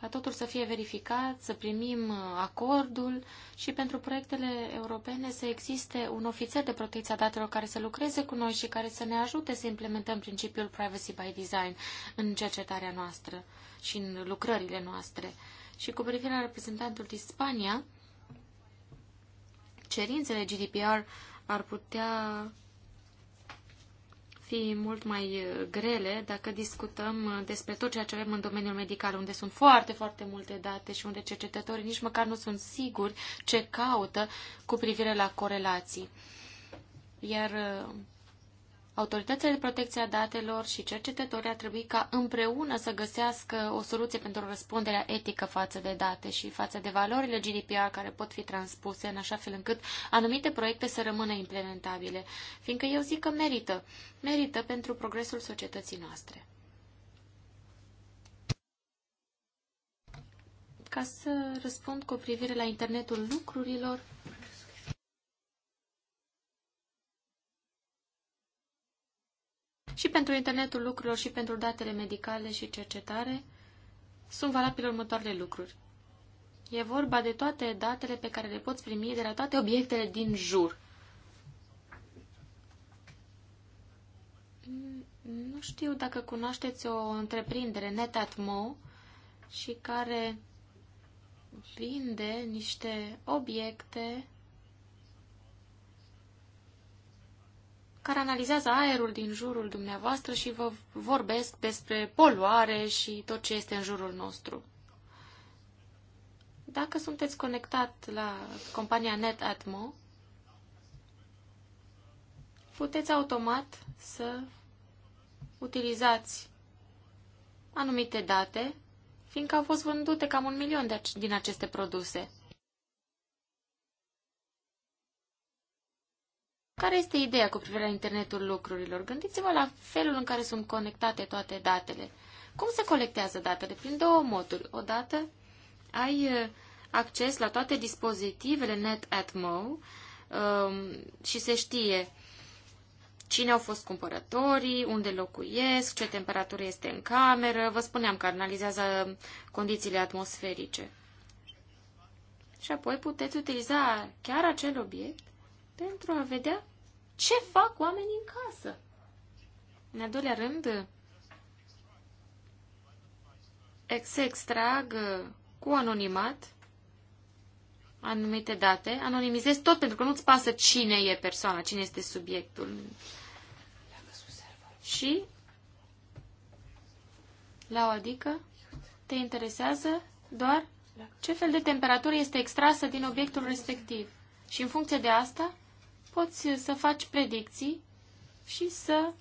ca totul să fie verificat, să primim uh, acordul și pentru proiectele europene să existe un ofițer de protecție a datelor care să lucreze cu noi și care să ne ajute să implementăm principiul privacy by design în cercetarea noastră și în lucrările noastre. Și cu privire la reprezentantul din Spania, cerințele GDPR ar putea fi mult mai uh, grele dacă discutăm uh, despre tot ceea ce avem în domeniul medical, unde sunt foarte, foarte multe date și unde cercetătorii nici măcar nu sunt siguri ce caută cu privire la corelații. Iar uh, Autoritățile de protecție a datelor și cercetătorii ar trebui ca împreună să găsească o soluție pentru răspunderea etică față de date și față de valorile GDPR care pot fi transpuse în așa fel încât anumite proiecte să rămână implementabile, fiindcă eu zic că merită, merită pentru progresul societății noastre. Ca să răspund cu privire la internetul lucrurilor, și pentru internetul lucrurilor și pentru datele medicale și cercetare sunt valabile următoarele lucruri. E vorba de toate datele pe care le poți primi de la toate obiectele din jur. Nu știu dacă cunoașteți o întreprindere, Netatmo, și care vinde niște obiecte care analizează aerul din jurul dumneavoastră și vă vorbesc despre poluare și tot ce este în jurul nostru. Dacă sunteți conectat la compania NetAtmo, puteți automat să utilizați anumite date, fiindcă au fost vândute cam un milion de, din aceste produse. Care este ideea cu privire la internetul lucrurilor? Gândiți-vă la felul în care sunt conectate toate datele. Cum se colectează datele? Prin două moduri. Odată ai uh, acces la toate dispozitivele NetAtMo um, și se știe cine au fost cumpărătorii, unde locuiesc, ce temperatură este în cameră. Vă spuneam că analizează condițiile atmosferice. Și apoi puteți utiliza chiar acel obiect pentru a vedea ce fac oamenii în casă. În al doilea rând, se extrag uh, cu anonimat anumite date, anonimizezi tot pentru că nu-ți pasă cine e persoana, cine este subiectul. Și la o adică te interesează doar ce fel de temperatură este extrasă din obiectul respectiv. Și în funcție de asta poți să faci predicții și să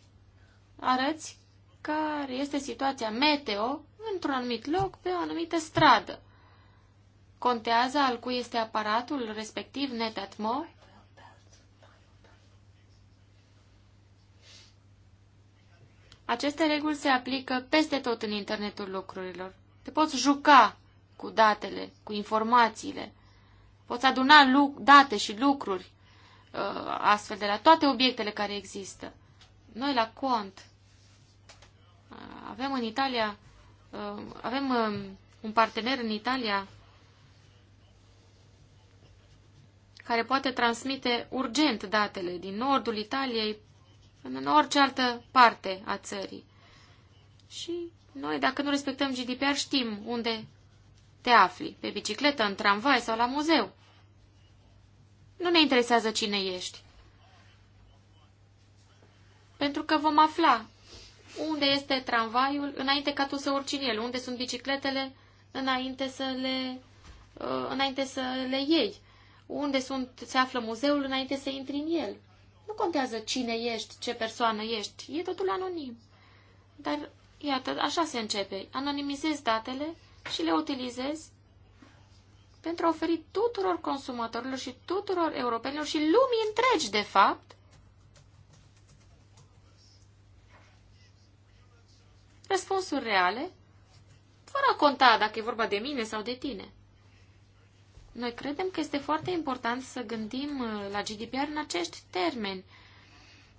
arăți care este situația meteo într-un anumit loc, pe o anumită stradă. Contează al cui este aparatul respectiv netatmo? Aceste reguli se aplică peste tot în internetul lucrurilor. Te poți juca cu datele, cu informațiile. Poți aduna date și lucruri Uh, astfel de la toate obiectele care există. Noi la cont uh, avem în Italia, uh, avem un partener în Italia care poate transmite urgent datele din nordul Italiei în orice altă parte a țării. Și noi, dacă nu respectăm GDPR, știm unde te afli, pe bicicletă, în tramvai sau la muzeu. Nu ne interesează cine ești. Pentru că vom afla unde este tramvaiul înainte ca tu să urci în el, unde sunt bicicletele înainte să le, uh, înainte să le iei, unde sunt, se află muzeul înainte să intri în el. Nu contează cine ești, ce persoană ești, e totul anonim. Dar, iată, așa se începe. Anonimizezi datele și le utilizezi pentru a oferi tuturor consumatorilor și tuturor europenilor și lumii întregi, de fapt, răspunsuri reale, fără a conta dacă e vorba de mine sau de tine. Noi credem că este foarte important să gândim uh, la GDPR în acești termeni,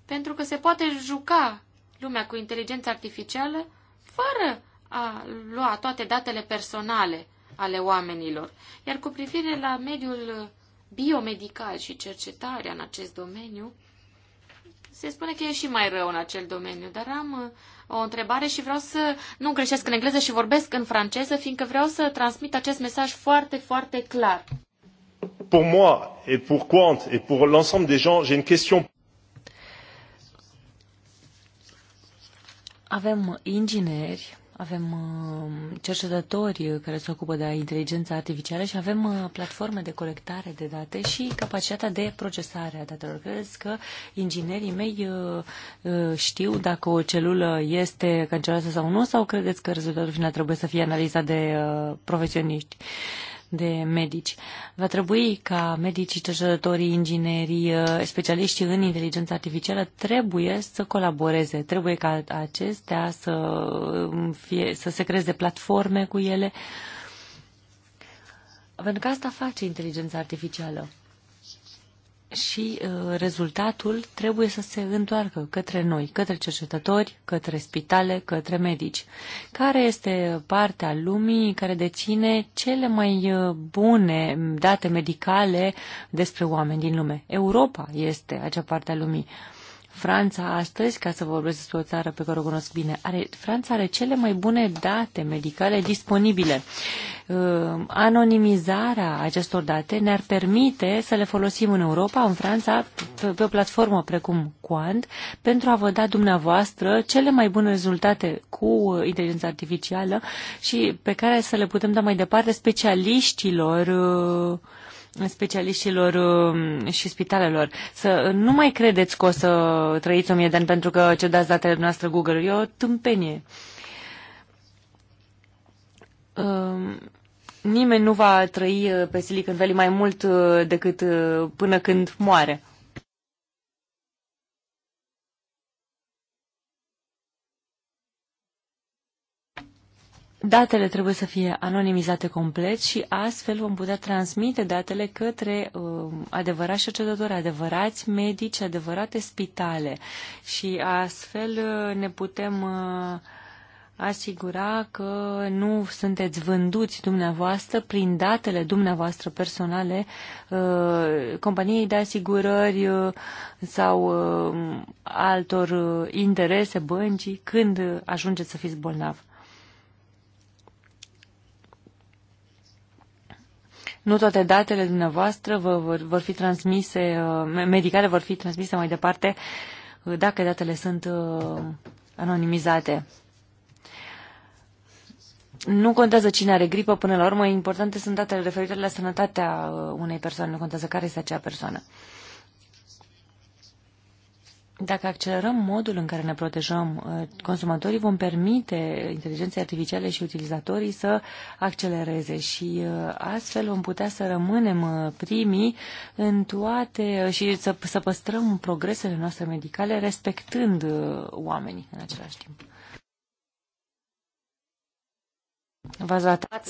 pentru că se poate juca lumea cu inteligența artificială fără a lua toate datele personale ale oamenilor. Iar cu privire la mediul biomedical și cercetarea în acest domeniu, se spune că e și mai rău în acel domeniu, dar am uh, o întrebare și vreau să nu greșesc în engleză și vorbesc în franceză, fiindcă vreau să transmit acest mesaj foarte, foarte clar. Pour moi et pour Quant et pour l'ensemble des gens, j'ai une question. Avem ingineri avem uh, cercetători care se ocupă de inteligența artificială și avem uh, platforme de colectare de date și capacitatea de procesare a datelor. Cred că inginerii mei uh, știu dacă o celulă este canceroasă sau nu, sau credeți că rezultatul final trebuie să fie analizat de profesioniști? de medici. Va trebui ca medicii, cercetătorii, inginerii, uh, specialiștii în inteligență artificială trebuie să colaboreze, trebuie ca acestea să, um, fie, să se creeze platforme cu ele, pentru că asta face inteligența artificială și uh, rezultatul trebuie să se întoarcă către noi, către cercetători, către spitale, către medici. Care este partea lumii care deține cele mai uh, bune date medicale despre oameni din lume? Europa este acea parte a lumii. Uh, Franța astăzi, ca să vorbesc despre o țară pe care o cunosc bine, are, Franța are cele mai bune date medicale disponibile. Uh, anonimizarea acestor date ne-ar permite să le folosim în Europa, în Franța, pe, pe o platformă precum Quant, pentru a vă da dumneavoastră cele mai bune rezultate cu uh, inteligența artificială și pe care să le putem da mai departe specialiștilor uh, specialiștilor um, și spitalelor. Să nu mai credeți că o să trăiți o mie de ani pentru că ce dați datele noastre Google. E o tâmpenie. Um, nimeni nu va trăi uh, pe Silicon Valley mai mult uh, decât uh, până când moare. Datele trebuie să fie anonimizate complet și astfel vom putea transmite datele către uh, adevărați cercetători, adevărați medici, adevărate spitale și astfel uh, ne putem uh, asigura că nu sunteți vânduți dumneavoastră prin datele dumneavoastră personale uh, companiei de asigurări uh, sau um, uh, altor interese, băncii, când ajungeți să fiți bolnavi. Nu toate datele dumneavoastră vă, vor, vor fi transmise, uh, medicale vor fi transmise mai departe uh, dacă datele sunt uh, anonimizate. Nu contează cine are gripă până la urmă, importante sunt datele referitoare la sănătatea unei persoane, nu contează care este acea persoană. Dacă accelerăm modul în care ne protejăm uh, consumatorii, vom permite inteligenței artificiale și utilizatorii să accelereze și uh, astfel vom putea să rămânem uh, primii în toate și să, să păstrăm progresele noastre medicale respectând oamenii în același timp. V-ați ratat,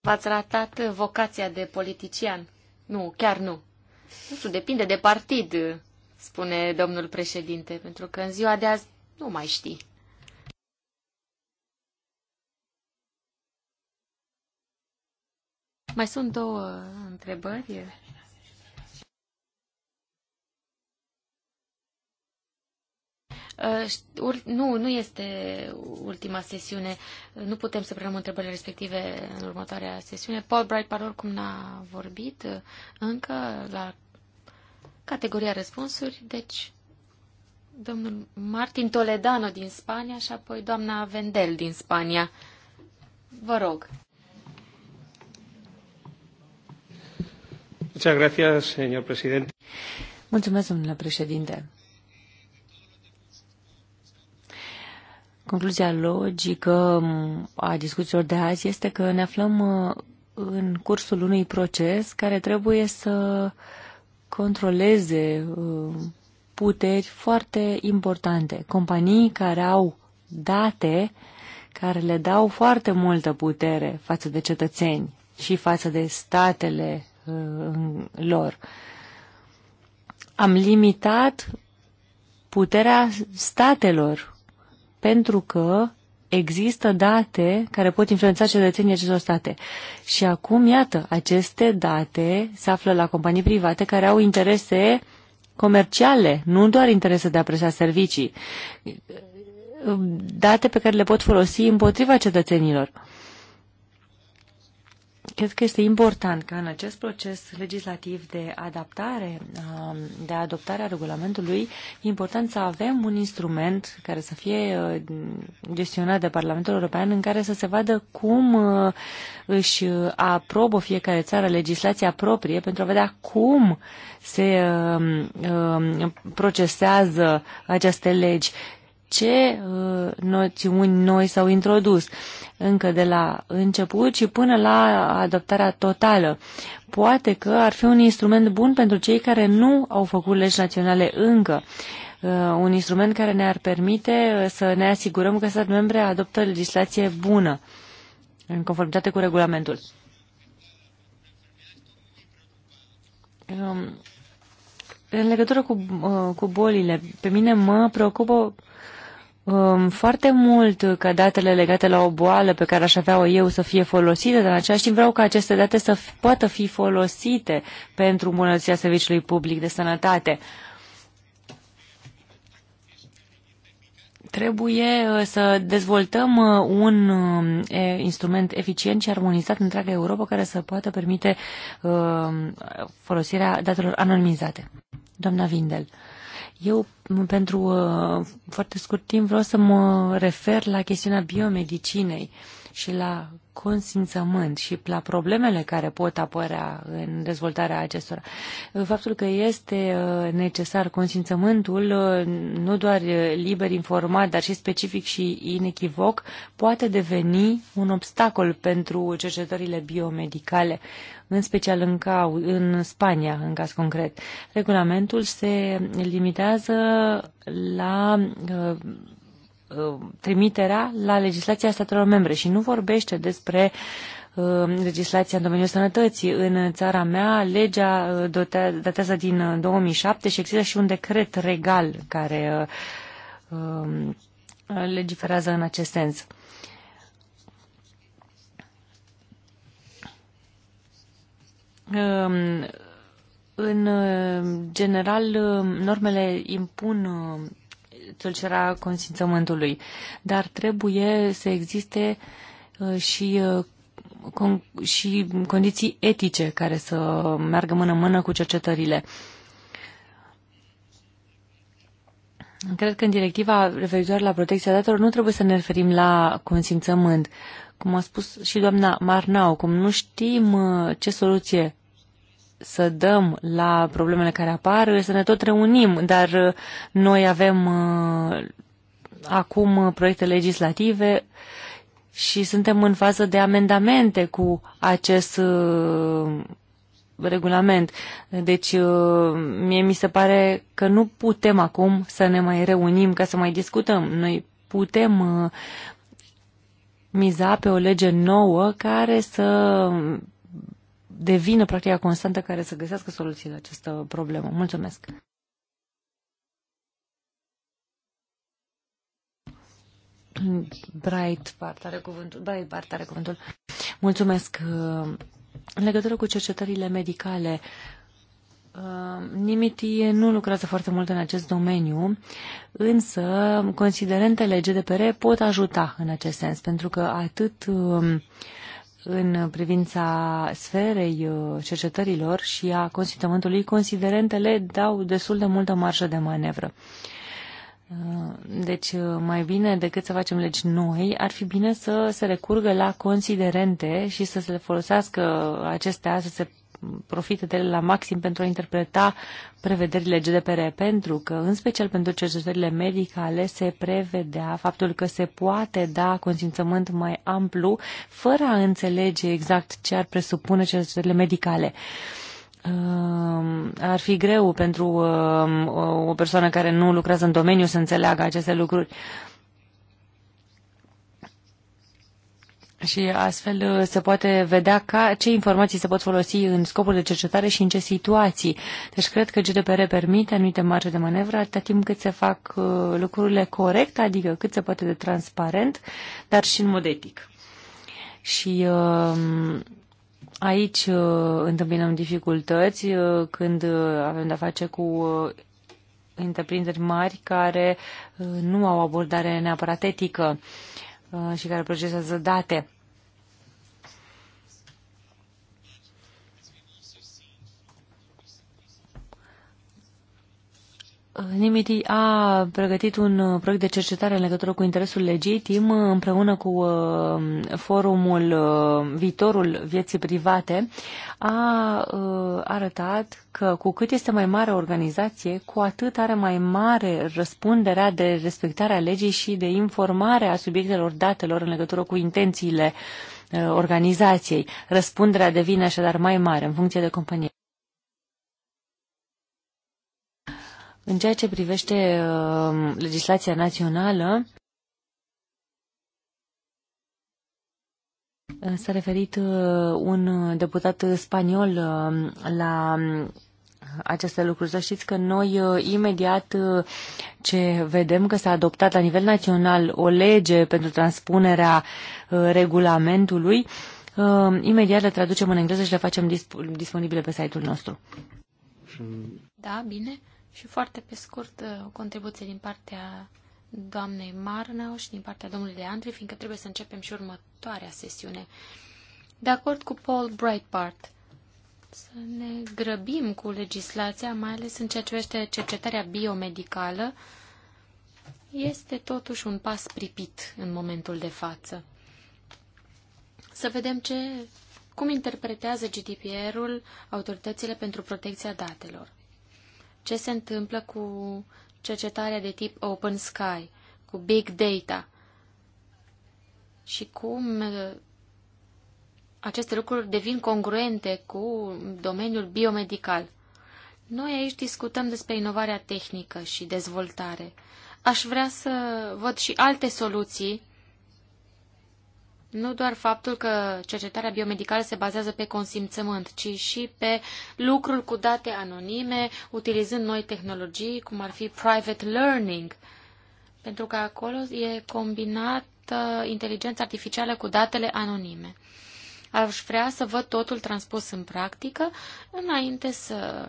v-ați ratat vocația de politician? Nu, chiar nu. Nu știu, depinde de partid spune domnul președinte, pentru că în ziua de azi nu mai știi. Mai sunt două întrebări. Uh, nu, nu este ultima sesiune. Nu putem să preluăm întrebările respective în următoarea sesiune. Paul Bright, par oricum, n-a vorbit încă la Categoria răspunsuri, deci domnul Martin Toledano din Spania și apoi doamna Vendel din Spania. Vă rog. Mulțumesc, domnule președinte. Concluzia logică a discuțiilor de azi este că ne aflăm uh, în cursul unui proces care trebuie să controleze uh, puteri foarte importante, companii care au date care le dau foarte multă putere față de cetățeni și față de statele uh, lor. Am limitat puterea statelor pentru că există date care pot influența cetățenii acestor state. Și acum, iată, aceste date se află la companii private care au interese comerciale, nu doar interese de a presa servicii, date pe care le pot folosi împotriva cetățenilor. Cred că este important ca în acest proces legislativ de adaptare, um, de adoptare a regulamentului, important să avem un instrument care să fie uh, gestionat de Parlamentul European în care să se vadă cum uh, își aprobă fiecare țară legislația proprie pentru a vedea cum se um, um, procesează aceste legi ce uh, noțiuni noi s-au introdus încă de la început și până la adoptarea totală. Poate că ar fi un instrument bun pentru cei care nu au făcut legi naționale încă uh, un instrument care ne-ar permite uh, să ne asigurăm că stat membre adoptă legislație bună în conformitate cu regulamentul. Um, în legătură cu, cu bolile, pe mine mă preocupă um, foarte mult ca datele legate la o boală pe care aș avea-o eu să fie folosite, dar în același timp vreau ca aceste date să poată fi folosite pentru îmbunătățirea serviciului public de sănătate. Trebuie uh, să dezvoltăm uh, un um, instrument eficient și armonizat în întreaga Europa care să poată permite um, folosirea datelor anonimizate. Doamna Vindel. Eu, pentru uh, foarte scurt timp, vreau să mă refer la chestiunea biomedicinei. Uh, și la consimțământ și la problemele care pot apărea în dezvoltarea acestora. Faptul că este uh, necesar consimțământul, uh, nu doar uh, liber informat, dar și specific și inechivoc, poate deveni un obstacol pentru cercetările biomedicale, în special în, cau, în Spania, în caz concret. Regulamentul se limitează la Uh, trimiterea la legislația statelor membre și nu vorbește despre uh, legislația în domeniul sănătății. În țara mea, legea uh, datează din 2007 și există și un decret regal care um, legiferează în acest sens. Um, în general, normele impun tulcerea consimțământului. Dar trebuie să existe uh, și, uh, și condiții etice care să meargă mână-mână cu cercetările. Cred că în directiva referitoare la protecția datelor nu trebuie să ne referim la consimțământ. Cum a spus și doamna Marnau, cum nu știm uh, ce soluție să dăm la problemele care apar, să ne tot reunim, dar uh, noi avem uh, acum proiecte legislative și suntem în fază de amendamente cu acest uh, regulament. Deci, mie mi se pare că nu putem acum să ne mai reunim ca să mai discutăm. Noi putem miza pe o lege nouă care să devină practica constantă care să găsească soluții la această problemă. Mulțumesc! Bright Part are cuvântul. Bright Part are cuvântul. Mulțumesc. În legătură cu cercetările medicale, Nimiti nu lucrează foarte mult în acest domeniu, însă considerentele GDPR pot ajuta în acest sens, pentru că atât um, în privința sferei uh, cercetărilor și a consimțământului, considerentele dau destul de multă marjă de manevră. Uh, deci, uh, mai bine decât să facem legi noi, ar fi bine să se recurgă la considerente și să se folosească acestea, să se profite de ele la maxim pentru a interpreta prevederile GDPR, pentru că, în special pentru cercetările medicale, se prevedea faptul că se poate da consimțământ mai amplu, fără a înțelege exact ce ar presupune cercetările medicale. Ehm, ar fi greu pentru ehm, o persoană care nu lucrează în domeniu să înțeleagă aceste lucruri. Și astfel uh, se poate vedea ca, ce informații se pot folosi în scopul de cercetare și în ce situații. Deci cred că GDPR permite anumite marge de manevră atâta timp cât se fac uh, lucrurile corect, adică cât se poate de transparent, dar și în mod etic. Și um, aici uh, întâmpinăm dificultăți când avem de-a face cu întreprinderi mari care nu au abordare neapărat etică Uh, și care procesează date Nimiti a pregătit un uh, proiect de cercetare în legătură cu interesul legitim uh, împreună cu uh, forumul Viitorul Vieții Private. A arătat că cu cât este mai mare o organizație, cu atât are mai mare răspunderea de respectarea legii și de informare a subiectelor datelor în legătură cu intențiile organizației. Răspunderea devine așadar mai mare în funcție de companie. În ceea ce privește uh, legislația națională, uh, S-a referit uh, un deputat spaniol uh, la aceste lucruri. Să știți că noi imediat ce vedem că s-a adoptat la nivel național o lege pentru transpunerea regulamentului, imediat le traducem în engleză și le facem disp disponibile pe site-ul nostru. Da, bine. Și foarte pe scurt, uh, o contribuție din partea doamnei Marnau și din partea domnului Leandri, fiindcă trebuie să începem și următoarea sesiune. De acord cu Paul Breitbart, să ne grăbim cu legislația, mai ales în ceea ce privește cercetarea biomedicală, este totuși un pas pripit în momentul de față. Să vedem ce, cum interpretează GDPR-ul autoritățile pentru protecția datelor ce se întâmplă cu cercetarea de tip Open Sky, cu Big Data și cum uh, aceste lucruri devin congruente cu domeniul biomedical. Noi aici discutăm despre inovarea tehnică și dezvoltare. Aș vrea să văd și alte soluții nu doar faptul că cercetarea biomedicală se bazează pe consimțământ, ci și pe lucrul cu date anonime, utilizând noi tehnologii, cum ar fi private learning, pentru că acolo e combinată inteligența artificială cu datele anonime. Aș vrea să văd totul transpus în practică înainte să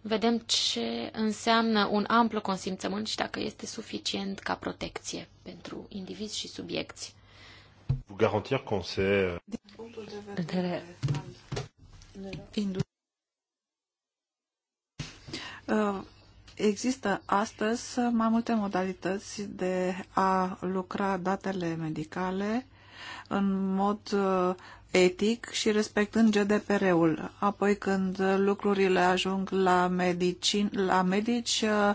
vedem ce înseamnă un amplu consimțământ și dacă este suficient ca protecție pentru indivizi și subiecții vous garantir qu'on sait. Euh, euh, există astăzi mai multe modalități de a lucra datele medicale în mod uh, etic și respectând GDPR-ul. Apoi când lucrurile ajung la, medicin, la medici, uh,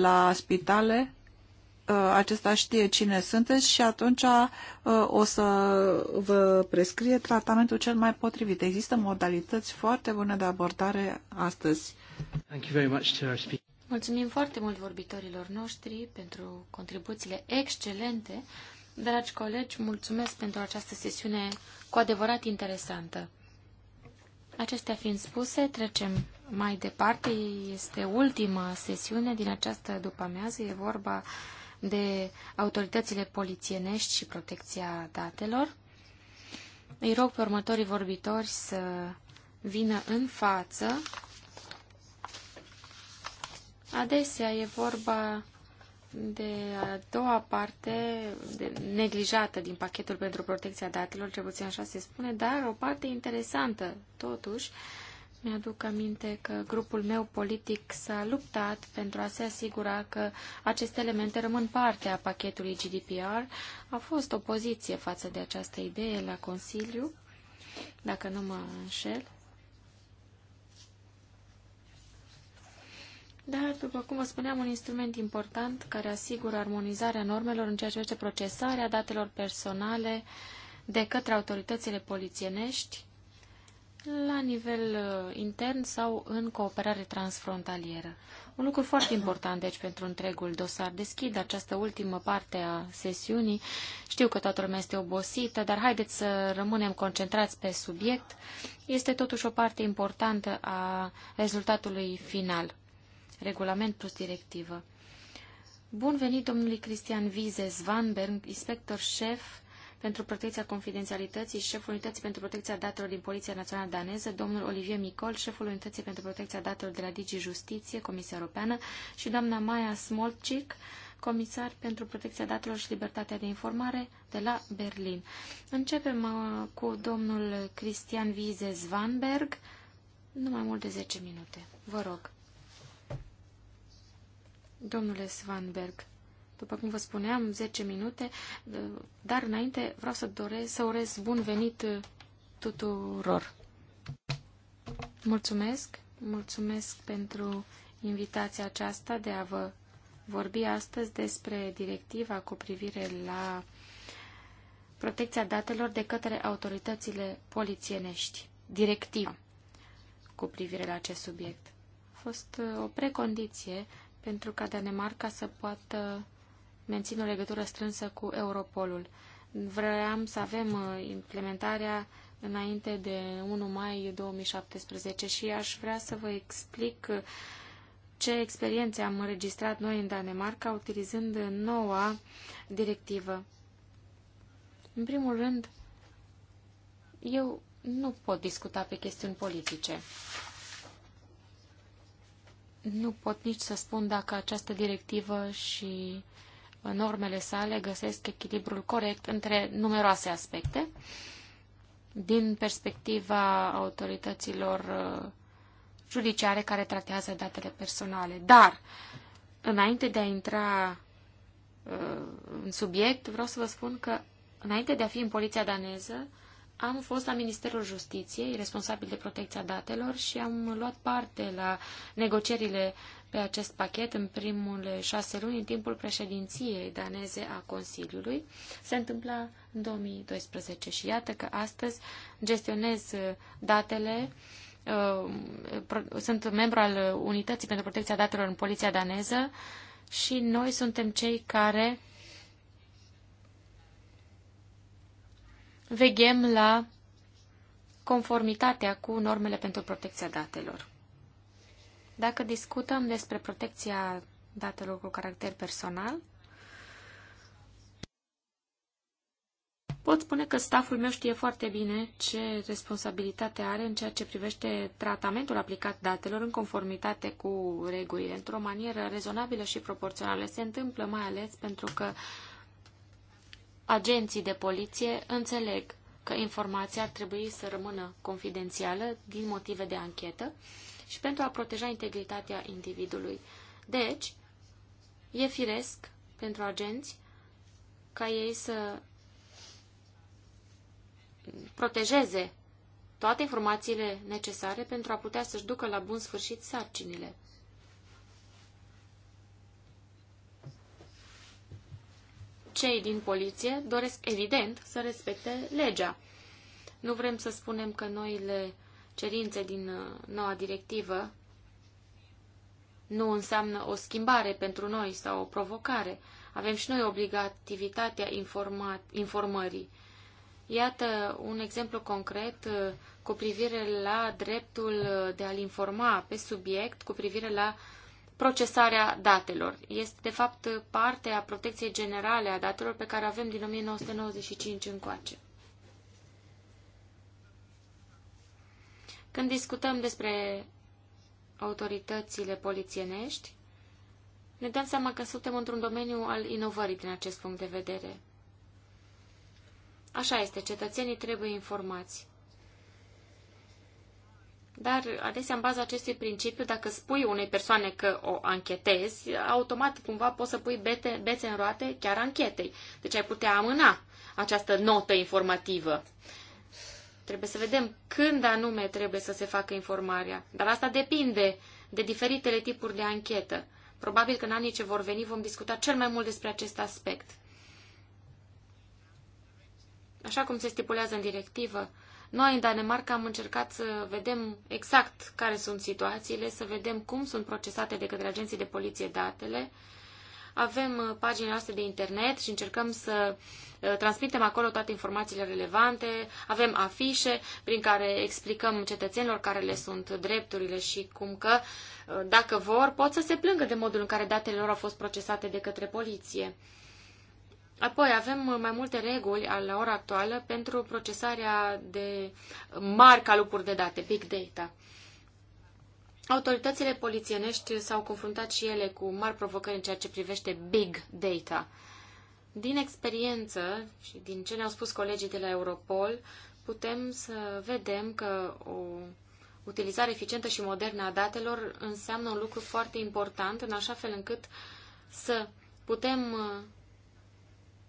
la spitale, Uh, acesta știe cine sunteți și atunci uh, o să vă prescrie tratamentul cel mai potrivit. Există modalități foarte bune de abordare astăzi. Thank you very much to our speaker. Mulțumim foarte mult vorbitorilor noștri pentru contribuțiile excelente. Dragi colegi, mulțumesc pentru această sesiune cu adevărat interesantă. Acestea fiind spuse, trecem mai departe. Este ultima sesiune din această după-amiază. E vorba de autoritățile polițienești și protecția datelor. Îi rog pe următorii vorbitori să vină în față. Adesea e vorba de a doua parte de, neglijată din pachetul pentru protecția datelor, ce puțin așa se spune, dar o parte interesantă, totuși, uh, mi-aduc aminte că grupul meu politic s-a luptat pentru a se asigura că aceste elemente rămân parte a pachetului GDPR. A fost opoziție față de această idee la Consiliu, dacă nu mă înșel. Dar, după cum vă spuneam, un instrument important care asigură armonizarea normelor în ceea ce privește procesarea datelor personale de către autoritățile polițienești la nivel uh, intern sau în cooperare transfrontalieră. Un lucru foarte important, deci, pentru întregul dosar. Deschid această ultimă parte a sesiunii. Știu că toată lumea este obosită, dar haideți să rămânem concentrați pe subiect. Este totuși o parte importantă a rezultatului final. Regulament plus directivă. Bun venit, domnului Cristian Van Svanberg, inspector șef pentru protecția confidențialității și șeful unității pentru protecția datelor din Poliția Națională Daneză, domnul Olivier Micol, șeful unității pentru protecția datelor de la Digi Justiție, Comisia Europeană, și doamna Maia Smolcic, comisar pentru protecția datelor și libertatea de informare de la Berlin. Începem uh, cu domnul Cristian Vize Zvanberg, nu mai mult de 10 minute. Vă rog. Domnule Svanberg, după cum vă spuneam, 10 minute, dar înainte vreau să doresc să urez bun venit uh, tuturor. Mulțumesc, mulțumesc pentru invitația aceasta de a vă vorbi astăzi despre directiva cu privire la protecția datelor de către autoritățile polițienești. Directiva cu privire la acest subiect. A fost uh, o precondiție pentru ca Danemarca să poată mențin o legătură strânsă cu Europolul. Vreau să avem uh, implementarea înainte de 1 mai 2017 și aș vrea să vă explic uh, ce experiențe am înregistrat noi în Danemarca utilizând noua directivă. În primul rând, eu nu pot discuta pe chestiuni politice. Nu pot nici să spun dacă această directivă și normele sale găsesc echilibrul corect între numeroase aspecte din perspectiva autorităților uh, judiciare care tratează datele personale. Dar, înainte de a intra uh, în subiect, vreau să vă spun că, înainte de a fi în poliția daneză, am fost la Ministerul Justiției, responsabil de protecția datelor, și am luat parte la negocierile pe acest pachet în primul șase luni, în timpul președinției daneze a Consiliului. Se întâmpla în 2012 și iată că astăzi gestionez uh, datele uh, sunt membru al Unității pentru Protecția Datelor în Poliția Daneză și noi suntem cei care veghem la conformitatea cu normele pentru protecția datelor. Dacă discutăm despre protecția datelor cu caracter personal, Pot spune că staful meu știe foarte bine ce responsabilitate are în ceea ce privește tratamentul aplicat datelor în conformitate cu regulile, într-o manieră rezonabilă și proporțională. Se întâmplă mai ales pentru că agenții de poliție înțeleg că informația ar trebui să rămână confidențială din motive de anchetă și pentru a proteja integritatea individului. Deci, e firesc pentru agenți ca ei să protejeze toate informațiile necesare pentru a putea să-și ducă la bun sfârșit sarcinile. Cei din poliție doresc, evident, să respecte legea. Nu vrem să spunem că noile cerințe din uh, noua directivă nu înseamnă o schimbare pentru noi sau o provocare. Avem și noi obligativitatea informării. Iată un exemplu concret uh, cu privire la dreptul uh, de a-l informa pe subiect, cu privire la procesarea datelor. Este, de fapt, parte a protecției generale a datelor pe care avem din 1995 încoace. Când discutăm despre autoritățile polițienești, ne dăm seama că suntem într-un domeniu al inovării din acest punct de vedere. Așa este, cetățenii trebuie informați. Dar adesea, în baza acestui principiu, dacă spui unei persoane că o anchetezi, automat cumva poți să pui bete, bețe în roate chiar anchetei. Deci ai putea amâna această notă informativă. Trebuie să vedem când anume trebuie să se facă informarea. Dar asta depinde de diferitele tipuri de anchetă. Probabil că în anii ce vor veni vom discuta cel mai mult despre acest aspect. Așa cum se stipulează în directivă, noi în Danemarca am încercat să vedem exact care sunt situațiile, să vedem cum sunt procesate de către agenții de poliție datele, avem uh, paginile noastre de internet și încercăm să uh, transmitem acolo toate informațiile relevante, avem afișe prin care explicăm cetățenilor care le sunt drepturile și cum că, uh, dacă vor, pot să se plângă de modul în care datele lor au fost procesate de către poliție. Apoi avem mai multe reguli la ora actuală pentru procesarea de mari calupuri de date, big data. Autoritățile polițienești s-au confruntat și ele cu mari provocări în ceea ce privește big data. Din experiență și din ce ne-au spus colegii de la Europol, putem să vedem că o utilizare eficientă și modernă a datelor înseamnă un lucru foarte important, în așa fel încât să putem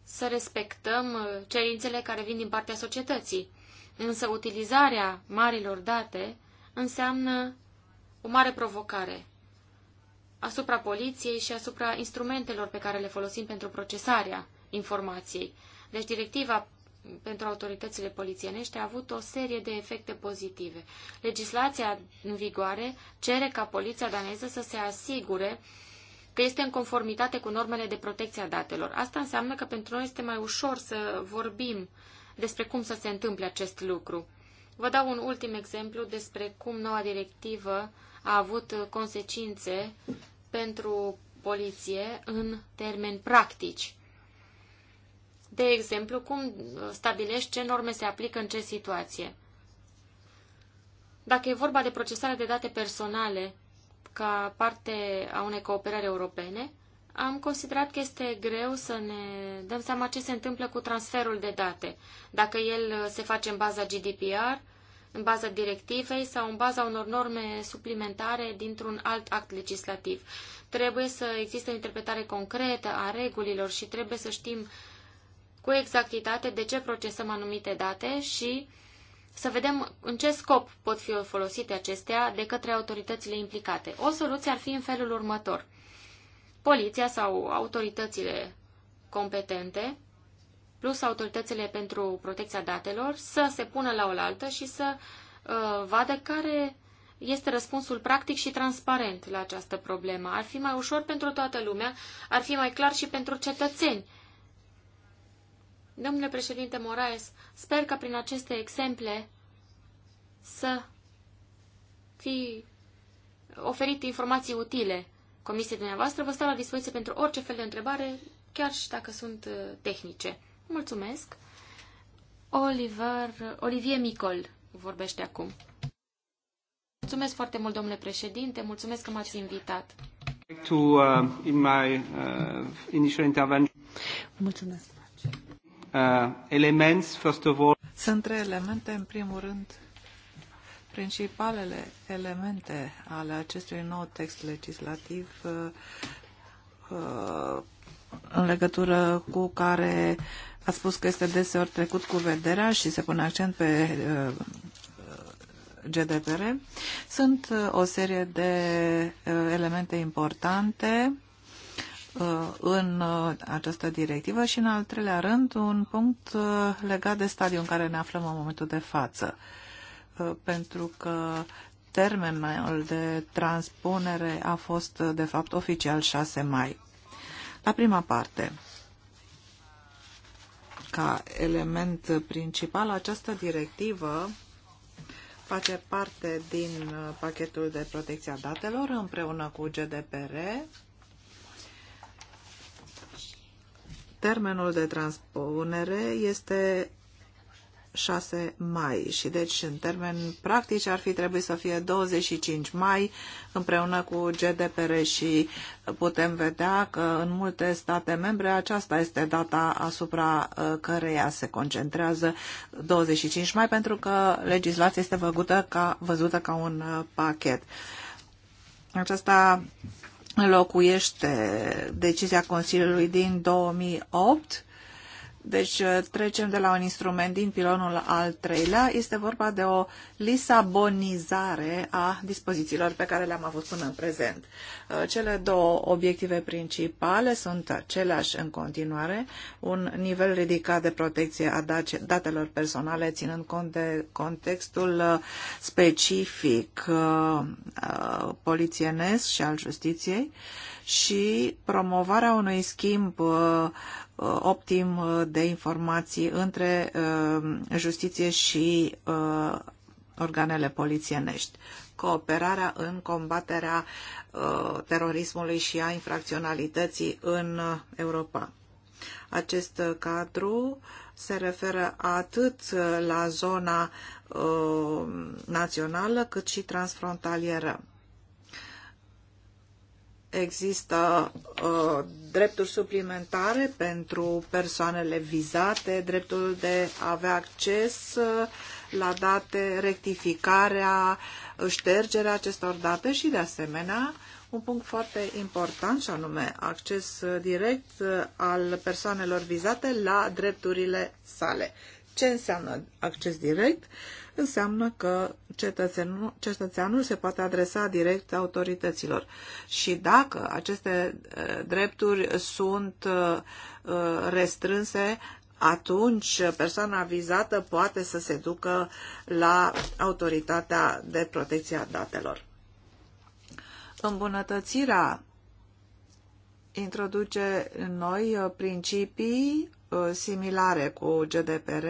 să respectăm cerințele care vin din partea societății. Însă utilizarea marilor date înseamnă o mare provocare asupra poliției și asupra instrumentelor pe care le folosim pentru procesarea informației. Deci directiva pentru autoritățile polițienești a avut o serie de efecte pozitive. Legislația în vigoare cere ca poliția daneză să se asigure că este în conformitate cu normele de protecție a datelor. Asta înseamnă că pentru noi este mai ușor să vorbim despre cum să se întâmple acest lucru. Vă dau un ultim exemplu despre cum noua directivă uh, a avut consecințe pentru poliție în termeni practici. De exemplu, cum stabilești ce norme se aplică în ce situație. Dacă e vorba de procesarea de date personale ca parte a unei cooperări europene, am considerat că este greu să ne dăm seama ce se întâmplă cu transferul de date, dacă el se face în baza GDPR în baza directivei sau în baza unor norme suplimentare dintr-un alt act legislativ. Trebuie să existe o interpretare concretă a regulilor și trebuie să știm cu exactitate de ce procesăm anumite date și să vedem în ce scop pot fi folosite acestea de către autoritățile implicate. O soluție ar fi în felul următor. Poliția sau autoritățile competente plus autoritățile pentru protecția datelor să se pună la oaltă și să uh, vadă care este răspunsul practic și transparent la această problemă. Ar fi mai ușor pentru toată lumea, ar fi mai clar și pentru cetățeni. Domnule președinte Moraes, sper că prin aceste exemple să fi oferit informații utile comisiei dumneavoastră. Vă stau la dispoziție pentru orice fel de întrebare, chiar și dacă sunt uh, tehnice. Mulțumesc. Oliver, Olivier Micol vorbește acum. Mulțumesc foarte mult, domnule președinte, mulțumesc că m-ați invitat. To, uh, in my, uh, initial intervention. Mulțumesc. Uh, elements, first of all. Sunt trei elemente, în primul rând, principalele elemente ale acestui nou text legislativ uh, uh, în legătură cu care uh, a spus că este deseori trecut cu vederea și se pune accent pe uh, GDPR. Sunt uh, o serie de uh, elemente importante în această directivă și, în al treilea rând, un punct legat de stadiul în care ne aflăm în momentul de față. Pentru că termenul de transpunere a fost, de fapt, oficial 6 mai. La prima parte, ca element principal, această directivă face parte din pachetul de protecție a datelor împreună cu GDPR. Termenul de transpunere este 6 mai și deci în termen practic ar fi trebuit să fie 25 mai împreună cu GDPR și putem vedea că în multe state membre aceasta este data asupra uh, căreia se concentrează 25 mai pentru că legislația este văzută ca, văzută ca un uh, pachet. Aceasta locuiește decizia Consiliului din 2008 deci uh, trecem de la un instrument din pilonul al treilea. Este vorba de o lisabonizare a dispozițiilor pe care le-am avut până în prezent. Uh, cele două obiective principale sunt aceleași în continuare. Un nivel ridicat de protecție a datelor personale, ținând cont de contextul uh, specific polițienesc și al justiției și promovarea unui schimb Uh, optim uh, de informații între uh, justiție și organele polițienești. Cooperarea în combaterea terorismului și a infracționalității în Europa. Acest cadru se referă atât la zona națională cât și transfrontalieră există uh, drepturi suplimentare pentru persoanele vizate, dreptul de a avea acces uh, la date, rectificarea, uh, ștergerea acestor date și, de asemenea, un punct foarte important și anume acces uh, direct uh, al persoanelor vizate la drepturile sale. Ce înseamnă acces direct? Uh, înseamnă că cetățenul, cetățeanul se poate adresa direct autorităților. Și dacă aceste eh, drepturi sunt eh, eh, restrânse, atunci persoana vizată poate să se ducă la autoritatea de protecție a datelor. Îmbunătățirea introduce în noi principii similare cu GDPR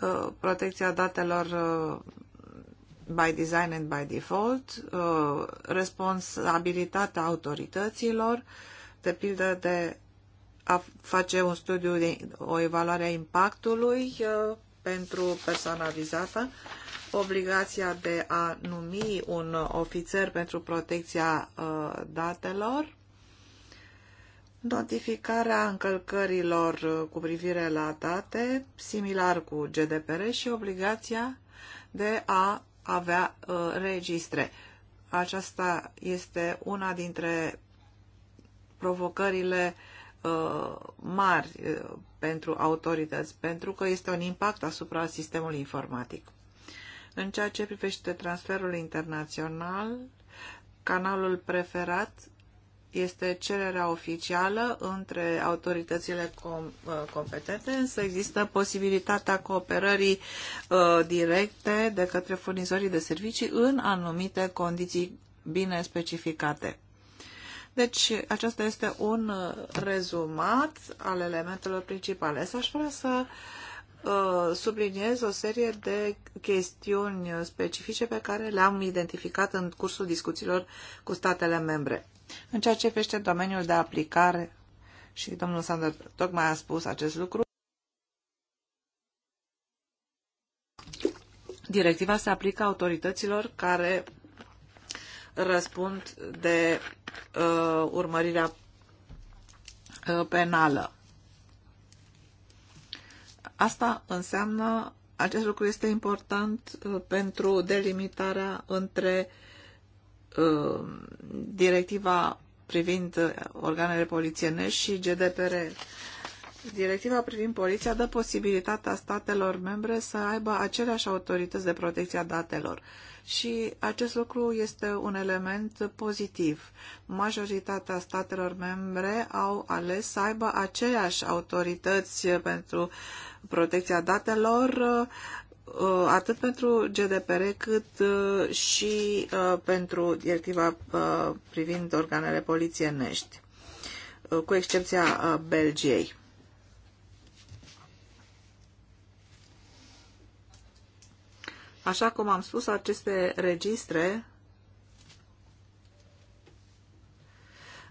Uh, protecția datelor uh, by design and by default, uh, responsabilitatea autorităților, de pildă de a face un studiu, de, o evaluare a impactului pentru persoana vizată, obligația de a numi un ofițer pentru protecția datelor, notificarea încălcărilor uh, cu privire la date, similar cu GDPR, și obligația de a avea uh, registre. Aceasta este una dintre provocările uh, mari uh, pentru autorități, pentru că este un impact asupra sistemului informatic. În ceea ce privește transferul internațional, canalul preferat este cererea oficială între autoritățile com uh, competente, însă există posibilitatea cooperării uh, directe de către furnizorii de servicii în anumite condiții bine specificate. Deci, acesta este un uh, rezumat al elementelor principale. Să deci, aș vrea să uh, subliniez o serie de chestiuni specifice pe care le-am identificat în cursul discuțiilor cu statele membre. În ceea ce privește domeniul de aplicare, și domnul Sander tocmai a spus acest lucru, directiva se aplică autorităților care răspund de uh, urmărirea uh, penală. Asta înseamnă, acest lucru este important uh, pentru delimitarea între uh, Uh, directiva privind organele polițienești și GDPR. Directiva privind poliția dă posibilitatea statelor membre să aibă aceleași autorități de protecție a datelor. Și acest lucru este un element pozitiv. Majoritatea statelor membre au ales să aibă aceleași autorități pentru protecția datelor Uh, atât pentru GDPR cât uh, și uh, pentru directiva privind organele polițienești, cu excepția Belgiei. Așa cum am spus, aceste registre